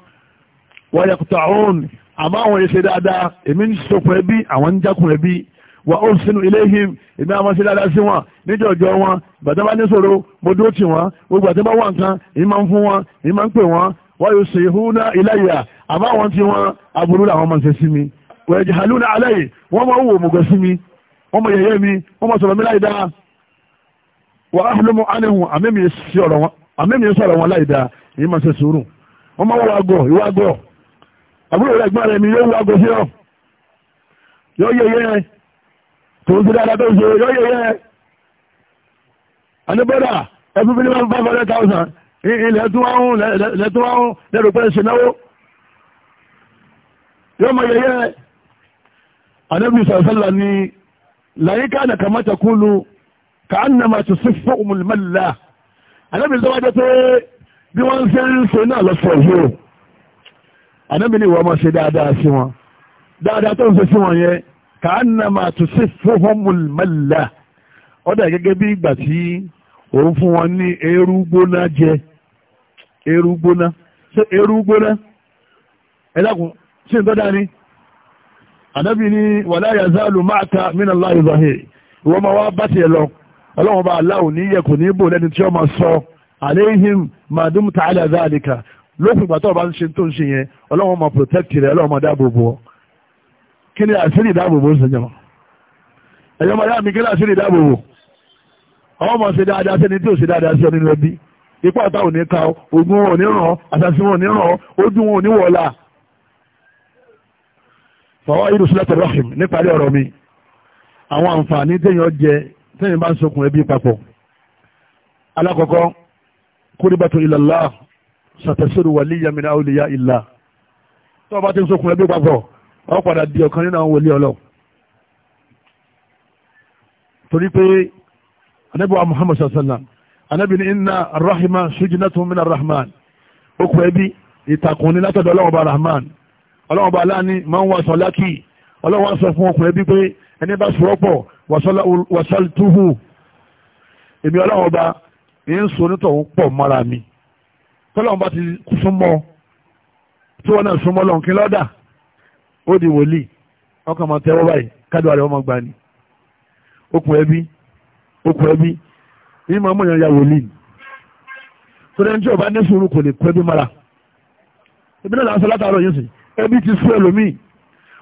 wọ́n yẹ kùtà òun àmọ́ àwọn èṣe dáadáa èmi ń sokùn ẹbí àwọn ń jákùn ẹbí wà ó sínú iléhìm èmi àwọn ṣe dáadáa sí wọn níjọ wọn ìgbà bá ní ṣòro mo dúró tì wọn gbogbo àti wọ́n yóò ṣe ìhúná iláyà àmọ́ àwọn tí wọ́n aburú làwọn máa ń ṣe sí mi wọ́n yẹ halúna aláyè wọ́n máa ń wò mọ̀gọ́ sí mi wọ́n máa yẹ̀yẹ́ mi wọ́n máa sọ̀rọ̀ mi láì dáa wọ́n á lọ́mọ aléhùn sọ̀rọ̀ wọn láì dáa èyí máa ṣe sùúrù wọ́n máa wọ́n wàgọ̀ ìwàgọ̀ àbúrò rẹ̀ gbọ́n rẹ̀ mi yóò wàgọ̀ sí ọ yóò yẹ̀yẹ́ tó ń ṣe tó ń ṣe yóò yẹ̀yẹ́ ilẹ̀ tó wá ń lẹ́rù pẹ́ ṣe náwó yóò mọ̀ yẹ̀yẹ́ anábì sàrẹ́sàlá ni láyíká na kàmátà kúlù ka an na masu sífò umulmalla anábì sọ wájẹ́ pé bí wọ́n ṣe ń ṣe náà lọ sọ yóò anábì ni wọ́n mọ̀ ṣe dáadáa sí wọn dáadáa tó ń ṣe sí wọn yẹn ka an na masu ọ̀dà gẹ́gẹ́ bí ìgbà tí òun fún wọn ní eérú gbóná jẹ eru gbóná ṣé eru gbóná ẹ dákun ṣé ni dání ànábì ní wàlá yazalu máàka min Allah zahir ìwọ́n máa wá bá tiẹ̀ lọ ọlọ́run bá aláwọ̀ ní yẹ ní lẹ́ni tí ó máa sọ àléhìn màdúm tààlà záàlìkà lókùn ìgbà tó o bá ń ṣe tó ń ṣe ipá ọ̀tá ò ní ka ọ ogun wọn ò ní ràn ọ àṣàṣì wọn ò ní ràn ọ ojú wọn ò ní wọ̀ọ́lá. fọwọ́ irú sílẹ̀ rahim níparí ọ̀rọ̀ mi àwọn àǹfààní téèyàn jẹ téèyàn bá ń sokùn ẹbí papọ̀ alákọ̀ọ́kọ́ kúrìbàtò ìlàlá sàtẹ̀sẹ̀rù wà líyà min ìlà tó o bá ti ń sokùn ẹbí papọ̀ ọ padà di ọ̀kan nínú àwọn wòlíì ọlọ́ torí pé anábíwá muhammad sallallahu alaihi wa sallam anábì ní inna rahima sujinatun min rahman okùn ẹbí ìtàkùn ní látọ̀dọ̀ ọlọ́wọ́ba rahman ọlọ́wọ́ba aláàní máa ń wá sọ lákì ọlọ́wọ́ sọ fún okùn ẹbí pé ẹni bá sọ́pọ̀ wasaltuhu èmi ọlọ́wọ́ba ń so onítọ̀hún pọ̀ mọ́ra mi tọ́lọ́wọ́n bá ti súnmọ́ tí wọ́n náà súnmọ́ lọ́nkí lọ́dà ó di wòlíì ọkàn máa tẹ́wọ́ báyìí kádùn àrẹ ọmọ gbani okùn ẹbí okùn ẹbí yìí máa mọ̀yàn ya wòlíì torí ẹni tí ọba ní sùúrù kò lè pẹ́ bí mara ebi náà lásán látàárọ̀ yìí sì ẹbí ti sú ẹlòmíì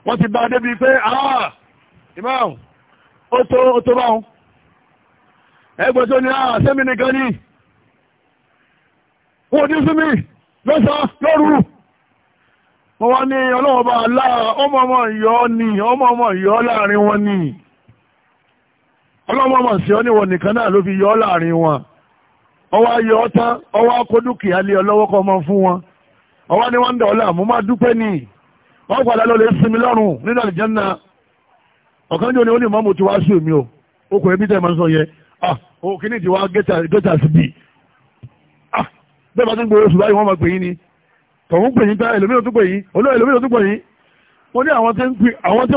wọ́n ti bá a débi pé ah imam ó tó ó tó báwọn ẹgbẹ́ tó ní ah sẹ́mi nìkan ni wọ́n ní súnmí lọ́sàn-án lóru wọ́n wá ní ọlọ́wọ́ bá a láà ọmọ ọmọ ìyọ́ ni ọmọ ọmọ ìyọ́ láàrin wọn ni ọlọ́mọ mọ̀ sí ọ níwọ̀n nìkan náà ló fi yọ ọ́ láàrin wọn ọwọ́ ayọ̀ ọ́ ọwọ́ akó lé ọlọ́wọ́ kọ́ ọmọ fún wọn ọwọ́ ni wọ́n ń dọ̀ọ́lá mo máa dúpẹ́ ní wọ́n padà lọ lè sinmi lọ́rùn nínú àlìjẹ́nà ọ̀kan jò ní ó ní mọ́mù tí wàá sí èmi o ó kò ẹbí tẹ́ máa ń sọ yẹ ah o kì ní ti wá gẹ́tà sí bì ah bẹ́ẹ̀ bá tún gbé oṣù báyìí wọ́n máa pè yín ni tọ̀hún pè yín tá ẹlòmíràn tún pè yín olóò ẹlòmíràn tún pè yín wọ́n ní àwọn tí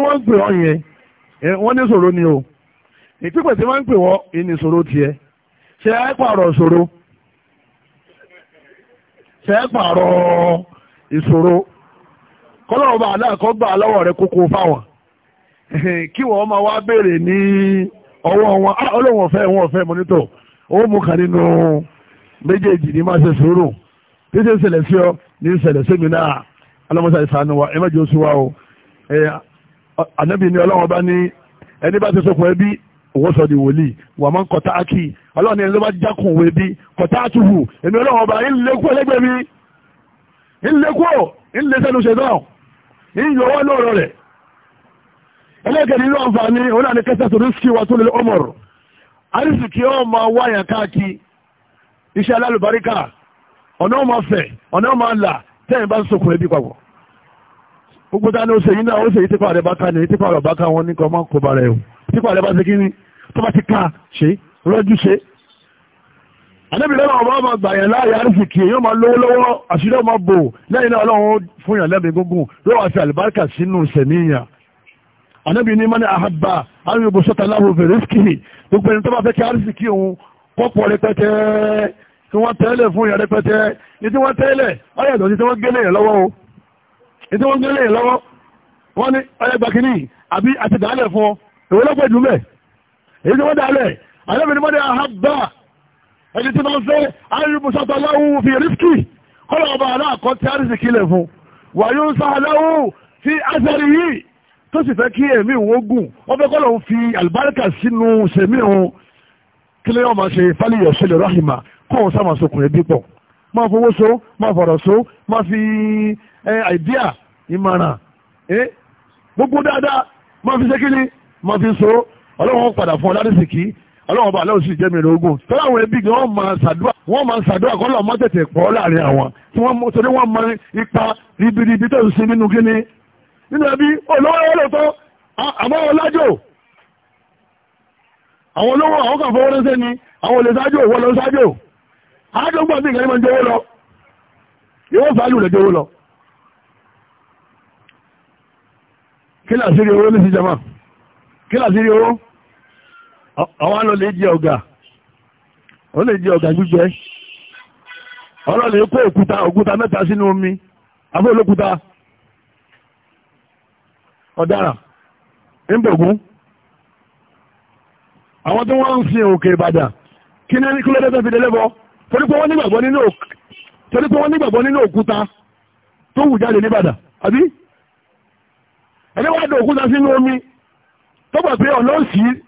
wọ́n ń pè ọ yẹn wọ́n ní ṣòro ni o. ìpínpẹ̀ tí wọ́n ń pè wọ́ ìní ìṣòro tiẹ̀ ṣe é pààrọ̀ ìṣòro ṣe é pààrọ̀ ìṣòro ọba aláàkọ́ gbà lọ́wọ́ rẹ kókó fáwọn kí wọ́n máa wá béèrè ní ọwọ́ wọn ah, ọlọ́wọ́n ọ̀fẹ́ wọn ọ̀fẹ́ mọ́nítọ̀ ó mú kan nínú méjèèjì ní máa ṣe sùúrù tí ṣe ń ṣẹlẹ̀ sí ọ ní sẹ́mi náà alámọ́sá wa ẹ wa o ànábì ni ọlọ́wọ́n bá ní ẹni bá ti sọkùn òun sọ di wòlíì wà máa ń kọta ákì ọlọ́ọ̀ni ẹni tó bá jákùn òwe bí kọta àtúhù èmi ọlọ́wọ́ ọba ńlẹ́kú ẹlẹ́gbẹ́ mi ńlẹ́kú ńlẹ́sẹ̀nu ṣẹ̀dán ńyọwọ́ lóòrọ̀ rẹ̀ ẹlẹ́gẹ̀ẹ́ nínú àǹfààní òun náà ni kẹsẹ̀ tó ní sí wa tó lè ọmọrọ̀ àrísìkí ọ̀ máa wáyà káàkiri iṣẹ́ alálùbáríkà ọ̀nà ọmọ fẹ̀ ọ̀nà ọmọ àlà tẹ́yìn bá ń sokùn ẹbí papọ̀ gbogbo táwọn ó ṣèyí náà ó ṣèyí tó bá ti ká ṣe rọ́jú ṣe àdébìlẹ́ náà wọ́n máa gbà yẹn láàyè àrísìkì èèyàn máa lówó lọ́wọ́ àṣírí ọmọ bò lẹ́yìn náà ọlọ́run fún yàn lẹ́mìí gúngùn yóò wá sí àlùbáríkà sínú sẹ̀míyàn ànábì ní mọ́ni àhàbà àwọn yòókù sọ́tà láàbò fèrèsìkì gbogbo ẹni tó bá fẹ́ kí àrísìkì òun kọ́pọ̀ rẹpẹtẹ tí wọ́n tẹ́lẹ̀ fún yàn rẹpẹtẹ ní tí wọ́n tẹ́lẹ̀ ọ̀yàtọ̀ ní tí wọ́n gélé yàn lọ́wọ́ o ní tí wọ́n gélé yàn lọ́wọ́ wọ́n ní ọ̀yàgbàkínì àbí àtìdálẹ̀ fún ọ èyí tí wọ́n dálẹ̀ àlẹ́bìnrin mọ́ni àhábà ẹni tí wọ́n fẹ́ ayélujára aláwù fi rìsíkì kọ́lọ̀ ọba aláàkọ́ tí àrísìkì lẹ̀ fún wàyó sáàláwù fi àṣàrí yìí tó sì fẹ́ kí ẹ̀mí ìwógùn wọ́n fẹ́ kọ́lọ̀ fi àlùbáríkà sínú sẹ̀mí òun kí lè ọmọ ṣe fáliyọ̀ sílẹ̀ rahima kọ́ọ̀ sáà máa sokùn ẹbí pọ̀ máa fowó so máa fi so ọlọ́run padà fún ọ ládìsíkì ọlọ́run ọba aláwọ̀ sì jẹ́ mi lógún tọ́lá àwọn ẹbí gan wọ́n máa ṣàdúrà wọ́n máa ṣàdúrà kọ́ lọ́ọ́ mọ́tẹ̀tẹ̀ pọ̀ láàrin àwọn tí wọ́n mọ torí wọ́n mọ ipa ribiribi tó ń sin nínú kíni nínú ẹbí olówó ọlọ́tọ́ àmọ́ ọlájò àwọn olówó àwọn kan fọwọ́ ránṣẹ́ ni àwọn olè ṣáájò wọ́n lọ ṣáájò àádọ́ gbọ́ bí ìkànnì máa ń jowó lọ ìwọ́n fàálù rẹ̀ jowó lọ kí làṣírí owó ní sí jama kí làṣírí owó ọwọ́ ló lè jẹ ọ̀gà ó lè jẹ ọ̀gà gbígbẹ ọlọ́lẹ̀ kó òkúta òkúta mẹ́ta sínú omi abó olókúta ọ̀daràn ńbẹ̀gún àwọn tí wọ́n ń sin òkè Ìbàdàn kí ní kí ló dé tó fi délé bọ́ torí pé wọ́n nígbàgbọ́ nínú òkúta tó wù jáde níbàdàn àbí ẹni wá dé òkúta sínú omi tó gbà pé ọ̀nà òsì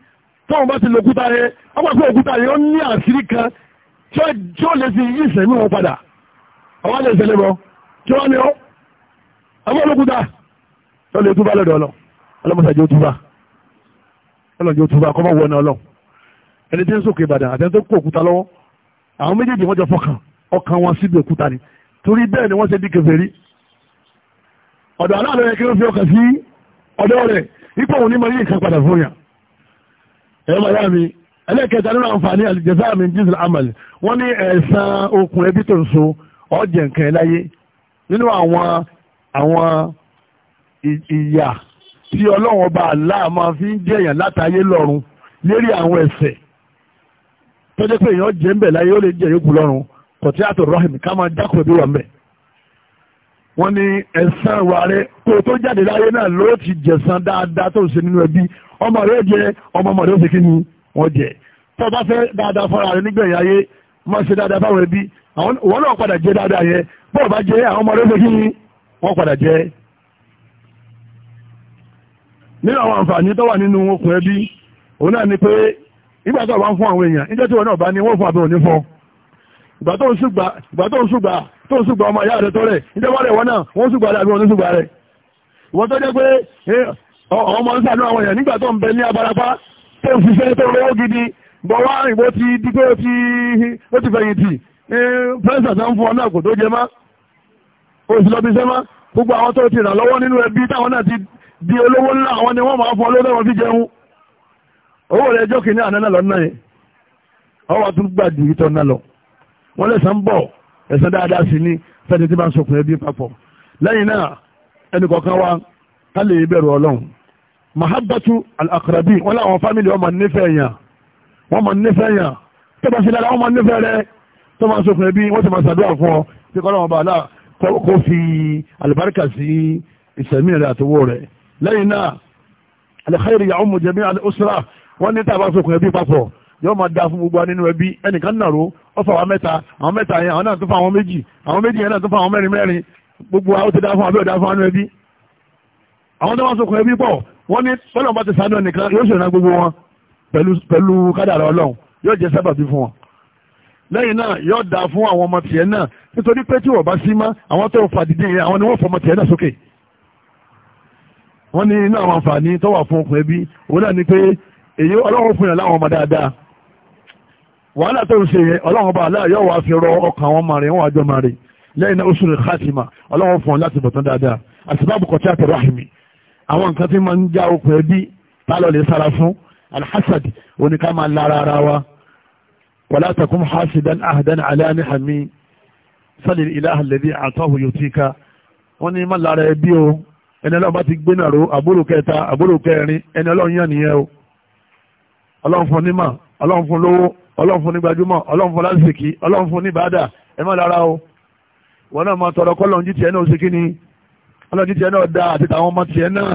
tóun bá ti lo òkúta ọ wọ́n gbà pé òkúta yẹn ó ní àṣírí kan tí ó lè fi yí ìsẹ̀mí wọn padà ọwọ́ lè ṣẹlẹ̀ bọ́ tí wọ́n ní ọ́ okuta olókúta tó lè túbá lọ́dọ̀ ọlọ́ ọlọ́mọsàjẹ́ òtúbá ọlọ́jẹ́ òtúbá kọ́mọ wọ náà lọ kí fi ẹ̀rọ màdá mi ẹlẹ́kẹta nínú àǹfààní àlìjẹsà mi jíjìn àmàlì wọ́n ní ẹ̀sán okùn ẹbí tó ń so ọ̀jẹ̀ nǹkan ẹ̀ láyé nínú àwọn àwọn ìyà tí ọlọ́run ọba Allah máa fi ń jẹ́ èèyàn látàyé lọ́run lérí àwọn ẹ̀ṣẹ̀ tọ́jú pé èèyàn jẹ́ ń bẹ̀ láyé ó lè jẹ́ yókù lọ́run kọ̀tí àtọ̀ rọ́hìn ká máa dákùn ẹbí wà ń wọ́n ní ẹ̀san ìwà rẹ̀ kó tó jáde láyé náà ló ti jẹ̀san dáadáa tó ṣe nínú ẹbí ọmọ rẹ̀ jẹ ọmọ ọmọ rẹ̀ ó kí ni wọ́n jẹ tó o bá fẹ́ dáadáa fọ́ra rẹ̀ nígbẹ̀yìn ayé máa ṣe dáadáa fáwọn ẹbí wọ́n náà padà jẹ dáadáa yẹn bó o bá jẹ àwọn ọmọ rẹ̀ ó kí ni wọ́n padà jẹ. nínú àwọn àǹfààní tó wà nínú okùn ẹbí òun náà ni pé ìgbà tó o bá ń fún àwọn èèyàn ìgbà tó ń ṣùgbà ìgbà tó ń ṣùgbà tó ń ṣùgbà ọmọ ìyá rẹ̀ tó rẹ̀ ìjọba rẹ̀ wọ́n náà wọ́n ṣùgbà rẹ̀ àbí wọ́n ṣùgbà rẹ̀ ìwọ́n tó jẹ́ pé ọmọ ń sànú àwọn èèyàn nígbà tó ń bẹ ní abarapá tó ń ṣiṣẹ́ tó lọ́wọ́ gidi bọ̀ wá ìbò ti di pé ó ti fẹ̀yìntì pẹ́sà tó ń fún ọ náà kò tó jẹ má oṣù ti ràn lọ́wọ́ nínú ẹbí táwọn náà ti di olówó ńlá ni wọ́n máa fún olówó náà fi jẹun owó ìtọ́ náà lọ wọ́n lẹ́sàn bọ̀ ẹ̀sán dáadáa sí ní fẹ́ni tí máa ń sọkùn ẹbí papọ̀ lẹ́yìn náà ẹnì kọ̀ọ̀kan wa ká lè bẹ̀rù ọlọ́run mahabbatu al-aqrabi wọn làwọn fámìlì wọn máa nífẹ̀ẹ́ yàn wọn máa nífẹ̀ẹ́ yàn tó bá ṣe dáadáa wọn máa nífẹ̀ẹ́ rẹ tó máa sọkùn ẹbí wọn sì máa ṣàdúrà fún ọ tí kọ́ lọ́wọ́ bá aláà kó fi àlùbáríkà sí ìsẹ̀mí rẹ àtọwọ́ rẹ lẹ́yìn náà al-khayru ya'ummu jami'a usra wọn ní tàbá sọkùn ẹbí papọ̀ yóò máa da fún gbogbo nínú ẹbí ẹnìkan nàró ó fà wá mẹ́ta àwọn mẹ́ta yẹn àwọn náà tó fà àwọn méjì àwọn méjì yẹn náà tó fà àwọn mẹ́rin mẹ́rin gbogbo àwọn ti dá fún àbí ọ̀dá fún àánú ẹbí àwọn tó wá sókun ẹbí pọ̀ wọ́n ní tọ́lọ̀ bá ti sànú ẹnìkan yóò ṣèrànà gbogbo wọn pẹ̀lú kádàrà ọlọ́run yóò jẹ́ sábàbí fún wọn lẹ́yìn náà yóò dáa fún àwọn ọmọ tiẹ̀ wọ́n ni wọ́n fọmọ tiẹ̀ náà sókè wọ́n ní inú àwọn àǹfààní tó wà fún ọkùnrin ẹbí òun náà ni pé èyí ọlọ́run fún yàn láwọn ọmọ dáadáa wàhálà tó ń ṣe yẹn ọlọ́run bá aláà yóò wá fi rọ ọkàn wọn màrin wọn àjọ màrin lẹ́yìn náà oṣù rẹ̀ kásìmà ọlọ́run fún ọ láti bọ̀tán dáadáa àtibábù kọ̀tí àtẹ̀rọ àhìmì àwọn nǹkan tí máa ń já okùn ẹbí tálọ̀ lè sára fún alhassad oníká máa lára ara wa wàlá takun hasidan ahadan aláàní hami sálì ilaha lẹ́bí àtọ́hù yòtíka wọ́n ní máa lára ẹbí o ẹni ọlọ́run bá ti gbé náà ro ọlọ́run fún ní gbajúmọ̀ ọlọ́run fún lásìkí ọlọ́run fún ní bàdà ẹ má lára o wọn náà máa tọrọ kọlọ́run jí tiẹ̀ náà ṣe kí ni ọlọ́run jí tiẹ̀ náà da àti tàwọn ọmọ tiẹ̀ náà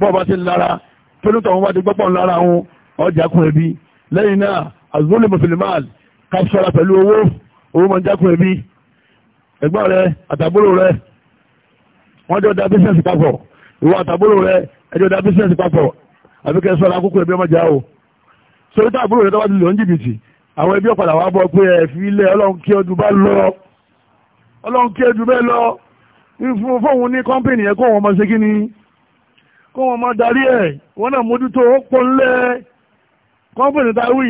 bọ́ọ̀ bá ti ń lára tolútọ̀ wọn bá ti gbọ́pọ̀ ń lára wọn ọjà kun ẹbí lẹ́yìn náà azúlù mùsùlùmáàl ká ṣọ́ra pẹ̀lú owó owó máa ń jákun ẹbí ẹ̀gbọ́n rẹ àtàbúrò rẹ wọ́n jọ da bísíǹsì papọ̀ ìwọ àtàbúrò rẹ ẹjọ́ da bísíǹsì papọ̀ àbíkẹ́ ṣọ́ra kókó ẹbí ọmọ jà o sórí táàbúrò rẹ tó bá ti lò ń jìbìtì àwọn ẹbí ọ̀padà wà bọ̀ pé ẹ̀fí ilẹ̀ ọlọ́run kí ọdún bá lọ ọlọ́run kí ọdún bẹ́ẹ̀ lọ fún fóun ní kọ́mpìnì yẹn kó wọn máa ṣe kí ni kó wọn máa darí ẹ̀ wọn náà mójútó ó pọ́n lẹ́ kọ́mpìnì tá àwọn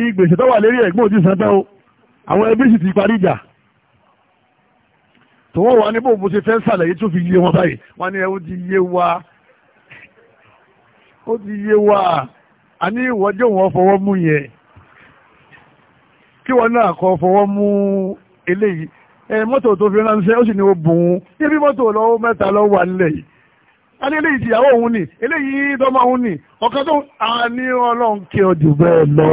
ẹbí sì ti parí ìjà tòun wà ní bò ṣe fẹ́ sàlàyé tó fi yé wọn báyìí wọn ni ẹ ti yé wa ó ti yé wa àní ìwọ́jọ́ wọn fọwọ́ mú yẹn kí wọ́n náà kọ́ fọwọ́ mú eléyìí ẹ mọ́tò tó fi ránṣẹ́ ó sì ní obùn níbi mọ́tò lọ́wọ́ mẹ́ta lọ́wọ́ wà nílẹ̀ yìí a ní eléyìí tìyàwó òun nì eléyìí tọ́mọ òun nì ọ̀kan tó a ní ọlọ́run kí ọ jù bẹ́ẹ̀ lọ.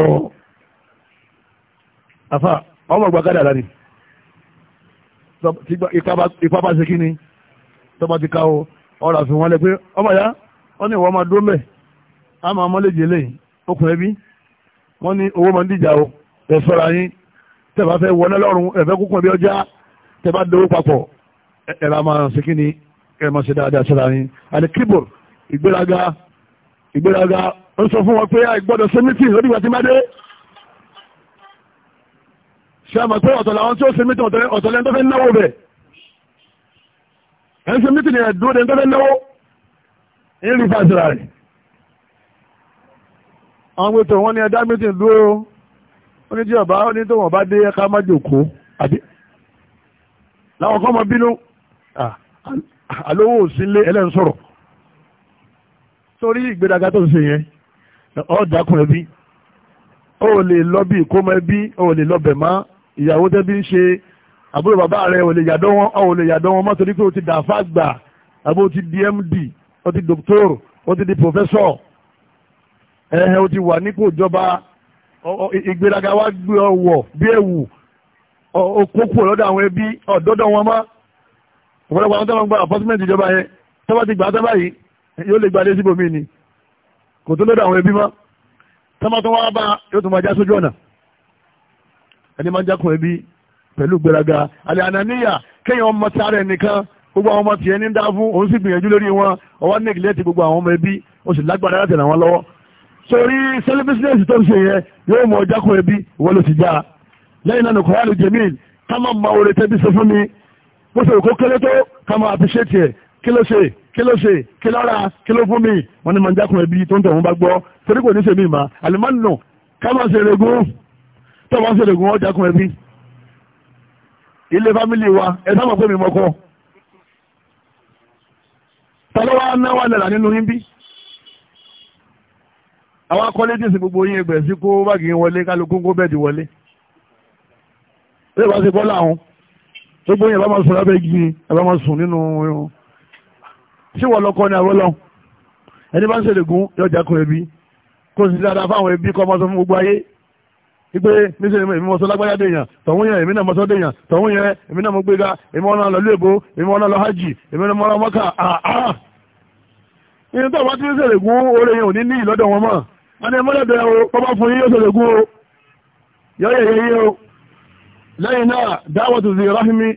àfa ọmọ ìgbà kádà lára ni ìpa bá ṣe kí ni tọ́ba ti ká o ọ̀rọ̀ àfihàn wọn lẹ pé ọmọ ya wọ́n ní ìwọ ọmọ dúró mẹ́ a máa mọ́lẹ́jì eléyìí okùn ẹbí wọ́n ní owó máa ẹ ṣọ́ra yín tẹ́bà fẹ́ wọlé lọ́rùn ẹ̀fẹ́ kúkùn bí ọjà tẹ́bà dowó papọ̀ ẹ̀rà máa ṣe kí ni ẹ̀rà máa ṣe dáadáa ṣọ́ra yín alikibor ìgbéraga ìgbéraga ó sọ fún wọn pé àìgbọ́dọ̀ ṣe mítìn lórí ìgbà tí má dé ṣe àmọ̀ pé ọ̀tọ̀ làwọn tí ó ṣe mítìn ọ̀tọ̀ lẹ́ni tó fẹ́ náwó bẹ̀ ẹ̀ ń ṣe mítìn ẹ̀ dúró ó ní tí ọba ó ní tó wọn bá dé ká má jòkó àbí láwọn kọ́ mọ bínú àlówó òsínlé ẹlẹ́nu sọ̀rọ̀ sórí ìgbéraga tó ń ṣe yẹn ọ̀dàkùnrin bí ó lè lọ bí ìkómọ ẹbí ó lè lọ bẹ̀ má ìyàwó tẹ́bí ń ṣe àbúrò bàbá rẹ̀ ò lè yàdọ́ wọn ò lè yàdọ́ wọn mọ́tò ní pé o ti dàáfà gbà àbó o ti di o ti doctor o ti di professor ẹ̀hẹ̀ o ti wà nípò ìjọba ìgbéraga wá gbé ọ wọ̀ bí ẹ̀wù òkókò lọ́dọ̀ àwọn ẹbí ọ̀dọ́dọ̀ wọn mọ́ ọ̀pọ̀lọpọ̀ àwọn tọ́wọ́n gba apọ́tímẹ́ǹtì ìjọba yẹn tọ́wọ́ ti gbà á tọ́ba yìí yóò lè gbadé síbòmí ni kò tó lọ́dọ̀ àwọn ẹbí mọ́ tọ́wọ́ tó wá bá yóò tó máa já sójú ọ̀nà ẹni máa ń jákun ẹbí pẹ̀lú gbéraga àlẹ́ ànàníyà kéèyàn ọmọ tí ara ẹnìkan gbogbo àwọn ọmọ tiẹ̀ ní ń fún òun sì gbìyànjú lórí wọn ọwọ́ sórí sẹlẹbísínẹsì tó ń ṣe yẹn yóò mọ ọjà kọ ẹbí ìwọ ló ti já lẹ́yìn náà nìkan yàrá jẹmíl ká má ma oore tẹbi ṣe fún mi bó ṣe kó kéré tó ká má àfiṣẹ́tì ẹ̀ kí ló ṣe kí ló ṣe kí lára kí ló fún mi wọn ni mà ń jákun ẹbí tó ń tọ̀ bá gbọ́ torí kò ní ṣe mí mà àlùmánù ká má ṣe rẹ̀gùn tó má ṣe rẹ̀gùn wọn jákun ẹbí ilé fámìlì wa ẹ sábà pé mi mọ́kọ́ ta náwó àlẹ́ àwọn akọ́lé díìsì gbogbo yín ẹgbẹ̀ sí kó báàgì wọlé kálukú kó bẹ́ẹ̀dì wọlé lẹ́yìn bá ti bọ́lá àwọn gbogbo yín ẹ̀bá máa sùn lábẹ́ igi ẹ̀bá máa sùn nínú irun tí wọ́n lọ́kọ́ ní àwọ́lọ́ ẹni bá ń ṣe lègún yọjà kan ẹbí kó sì dáadáa fáwọn ẹbí kọ́ máa sọ fún gbogbo ayé wípé níṣẹ́ èmi mọ̀ sọ lágbájá dèèyàn tọ̀hún yẹn èmi náà mọ̀ sọ dèèyàn tọ̀hún yẹn èmi náà mọ̀ gbéga èmi ọ̀nà lọ léèbó èmi ọ̀nà lọ hajj èmi náà mọ̀ ra mọ́kà àá. ìyẹn tó àwọn tí ń ṣèlè gún oore yẹn ò ní ní ìlọ́dọ̀ wọn mọ̀ wọ́n ní mọ́lẹ̀bẹ̀ o pọ́pọ́ fún yíyó sọ̀rọ̀gún o yọ́yẹ̀ yẹ́ o lẹ́yìn náà dáwọ̀tù sí rahimi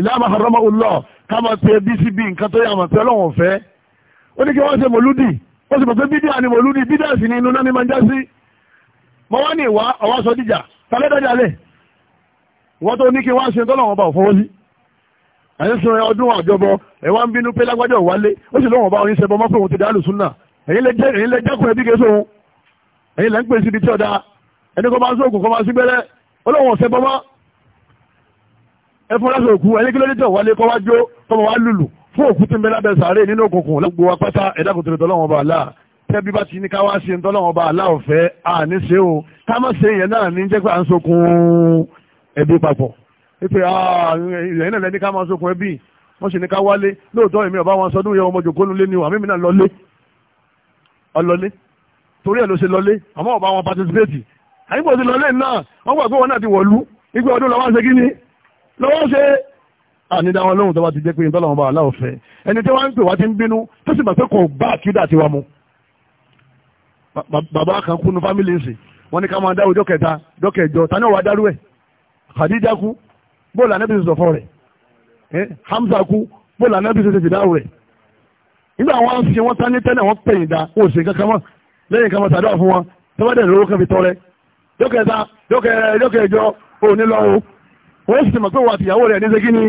ìlàmà harama ulọ́ káàmà tí ẹ bí sí bí nǹkan tó yàmà tí ọlọ́wọ̀n fẹ́ ó ní kí wọ́n ṣe mọ̀lúdì ó sì pẹ̀pẹ́ bídíà ni mọ̀lúdì bídíà sì ni inú náà ni máa ń já sí mọ́ wá ní ìwà ọwá sọ dìjà tàbí ọdún àjọbọ ẹ̀wọ́n bínú pé lágbájọ́ wálé ó sì lọ́wọ́n bá oyin ṣẹbọ òun ti dálù súnà ẹ̀yin lè jẹ́kùn ẹbí kẹsọ̀ òun ẹ̀yin lè ń pè síbi tí ọ̀dà ẹni kọ́ máa ń sóògùn kọ́ máa ń sí gbẹ́rẹ́ ọlọ́wọ̀n ọ̀sẹ̀ bọ́mọ́ ẹ fún lásán òkú ẹni kílódé tó wálé kọ́ wá jó kọ́ máa wá lùlù fún òkú tí ń bẹ lábẹ́ sàárè nínú òkùnkùn lágbo wa pátá ẹ̀dá kòtò tọ́lọ́wọ́n bá àlá tẹ́bí bá ti ní ká wá ṣe tọ́lọ́wọ́n bá àlá ọ̀fẹ́ àní ṣe o ká má ṣe ah, ni àmì mi náà ọlọlé torí ẹ̀ ló ṣe lọlé àmọ́ ọba wọn participate àyíkò ti lọlé náà wọ́n gbà pé wọn náà ti wọ̀lú igbe ọdún lọ́wọ́ ṣe kí ni lọ́wọ́ ṣe ànídá wọn lóhùn tó bá ti jẹ́ pé ìtọ́lọ́wọ́n bá aláwọ̀ fẹ́ ẹni tí wọ́n ń pè wá ti ń bínú tó sì mọ̀ pé kò bá àkídà tiwa mu bàbá kan kú nu fámìlì nsì wọ́n ní ká máa dá ọjọ́ kẹta ọjọ́ kẹjọ tani ọ̀wá dárú ẹ̀ Khadija kú bóòlù anábìsì sọ̀fọ́ rẹ̀ Hamza kú bóòlù anábìsì sọ̀fọ́ rẹ̀ nígbà wọn ṣe wọn tán ní tẹ́lẹ̀ wọn pè yín da wọn ò ṣe kankan mọ́ lẹ́yìn kan mọ́ sàdúrà fún wọn tó bá dẹ̀ lówó kan fi tọrẹ lókèta lókèjọ òní lọ́wọ́ wọ́n sì mọ̀ pé wọ́n àtìyàwó rẹ̀ níṣẹ́ kí ni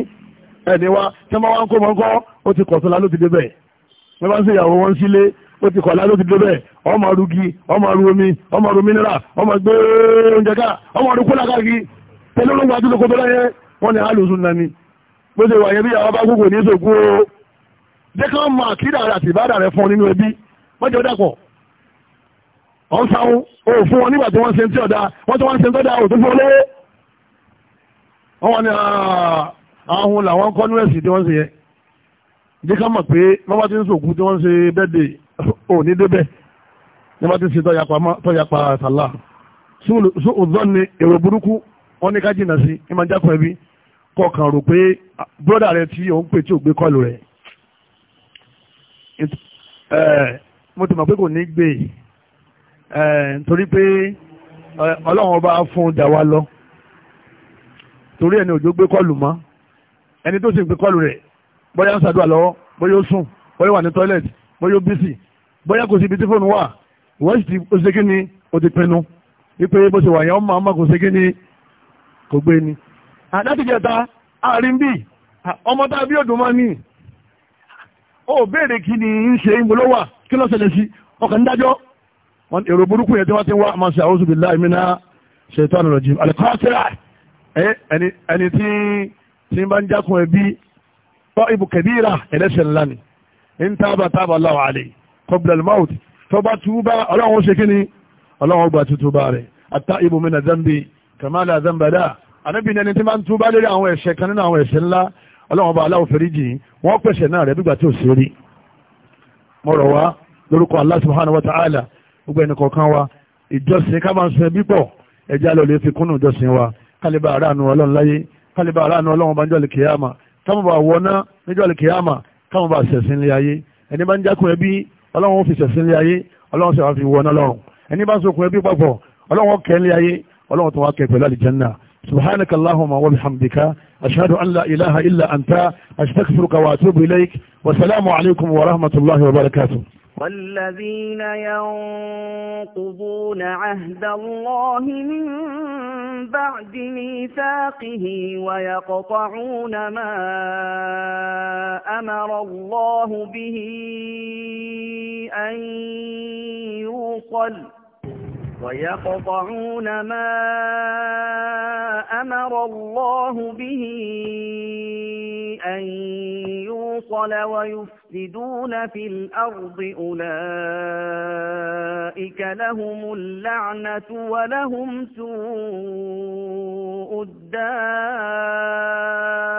ẹni wa tí wọ́n wá ń kó mọ́ kọ́ ó ti kọ̀ sọ́la ló ti débẹ̀ wọ́n bá ń ṣèyàwó wọn sílé ó ti kọ̀ọ̀lá ló ti débẹ̀ ọmọ arugi ọmọ aru omi ọmọ aru mineral ọmọ gbé oúnjẹ ká ọmọ aru kólà káàkiri tẹlifíwọ́n gba àtúntò kó bẹ́ẹ̀ yẹn wọ́n ní alùsùn nani jẹ́ kí wọ́n mọ àkídà rẹ̀ àti ìbádà rẹ̀ fún ọ nínú ẹbí wọ́n jẹ́ dàpọ̀ ọ̀n sáwọn o fún wọn nígbà tí wọ́n ṣe ń tí ọ̀dà wọ́n tí wọ́n ṣe ń tọ́jà ò tó fún olówó wọ́n wọ́n ní àwọn ah, làwọn kọ́ ní ẹ̀sìn tí wọ́n ṣe yẹ jẹ́ ká mọ̀ pé bábá ti ń sòkú tí wọ́n ṣe bẹ́ẹ̀dẹ̀ ò ní débẹ̀ ní bá ti ṣe tọ́yapa àtàlà sóòdán ni èrò burúkú wọ́n ní ká jìnnà sí ní máa jákọ̀ ẹbí kọ̀ọ̀kan rò pé ah, bróda rẹ tí òun pè tí ò gbé kọ́ọ̀lù rẹ̀ Eh, mo ti mọ̀ pé kò ní gbé eh, torí pé eh, ọlọ́run ọba fún un dà wá lọ torí ẹni òjò gbé kọlù mọ́ ẹni tó sì ń gbé kọlù rẹ̀ bóyá ń ṣàdúrà lọ́wọ́ bóyá ó sùn bóyá wà ní tọ́ílẹ̀tì bóyá ó bísì bóyá kò sí ibi tí fóònù wà wọ́n sì ti ó ṣe kí ni ó ti pinnu wípé bó ṣe wà yẹn ọmọ ọmọ kò ṣe kí ni kò gbé ni. àdájọ́ ìjẹta àárín bíi ọmọ tá a bí òdùnmọ́ ni ó béèrè kí ni ń ṣe ń bolówà kí ló ṣẹlẹ̀ sí ọkàn ń dájọ́ èrò burúkú yẹn tí wọ́n ti wá máa ṣe a'udhu billahi mina shaitanir rajim alikọ́síra ẹni tí tí ń bá ń jákun ẹbí tọ́ ibù kabira ẹlẹ́sẹ̀ ńlá ni ń tábà tábà Allahu alayhi qabla al-maut tó bá túbá ọlọ́run ṣe kí ni ọlọ́run gba tútúbá rẹ̀ at-taibu mina dhanbi kama la dhanba lahu ẹni tí máa ń túbá lórí àwọn ọlọ́wọ́n bá aláwọ̀ fẹ́ríjì wọ́n pèsè náà rẹ̀ nígbà tí ò sí rí mọ̀rọ̀ wá lórúkọ Allah subhanahu wa ta'ala gbogbo ẹnì kọ̀ọ̀kan wa ìjọsìn ká máa ń sọ ẹbí pọ̀ ẹjẹ́ alọ́ lè fi kúnnù ìjọsìn wa kálíbà aráàánú ọlọ́run láyé kálíbà aráàánú ọlọ́run bá ń jọ́lì kìyàmà táwọn bá wọná níjọ́lì kìyàmà táwọn bá sẹ̀sìn lé ayé ẹni bá ń jákun ẹbí ọlọ́run fi sẹ̀sìn lé ayé ọlọ́run sì wá fi wọná lọ́run ẹni bá ń sokun ẹbí papọ̀ ọlọ́run kẹ́ lé ayé ọlọ́run tó wá kẹ́ pẹ̀lú àlìjẹ́nà سبحانك اللهم وبحمدك أشهد أن لا إله إلا أنت أستغفرك وأتوب إليك والسلام عليكم ورحمة الله وبركاته والذين ينقضون عهد الله من بعد ميثاقه ويقطعون ما أمر الله به أن يوصل ويقطعون ما أمر الله به أن يوصل ويفسدون في الأرض أولئك لهم اللعنة ولهم سوء الدار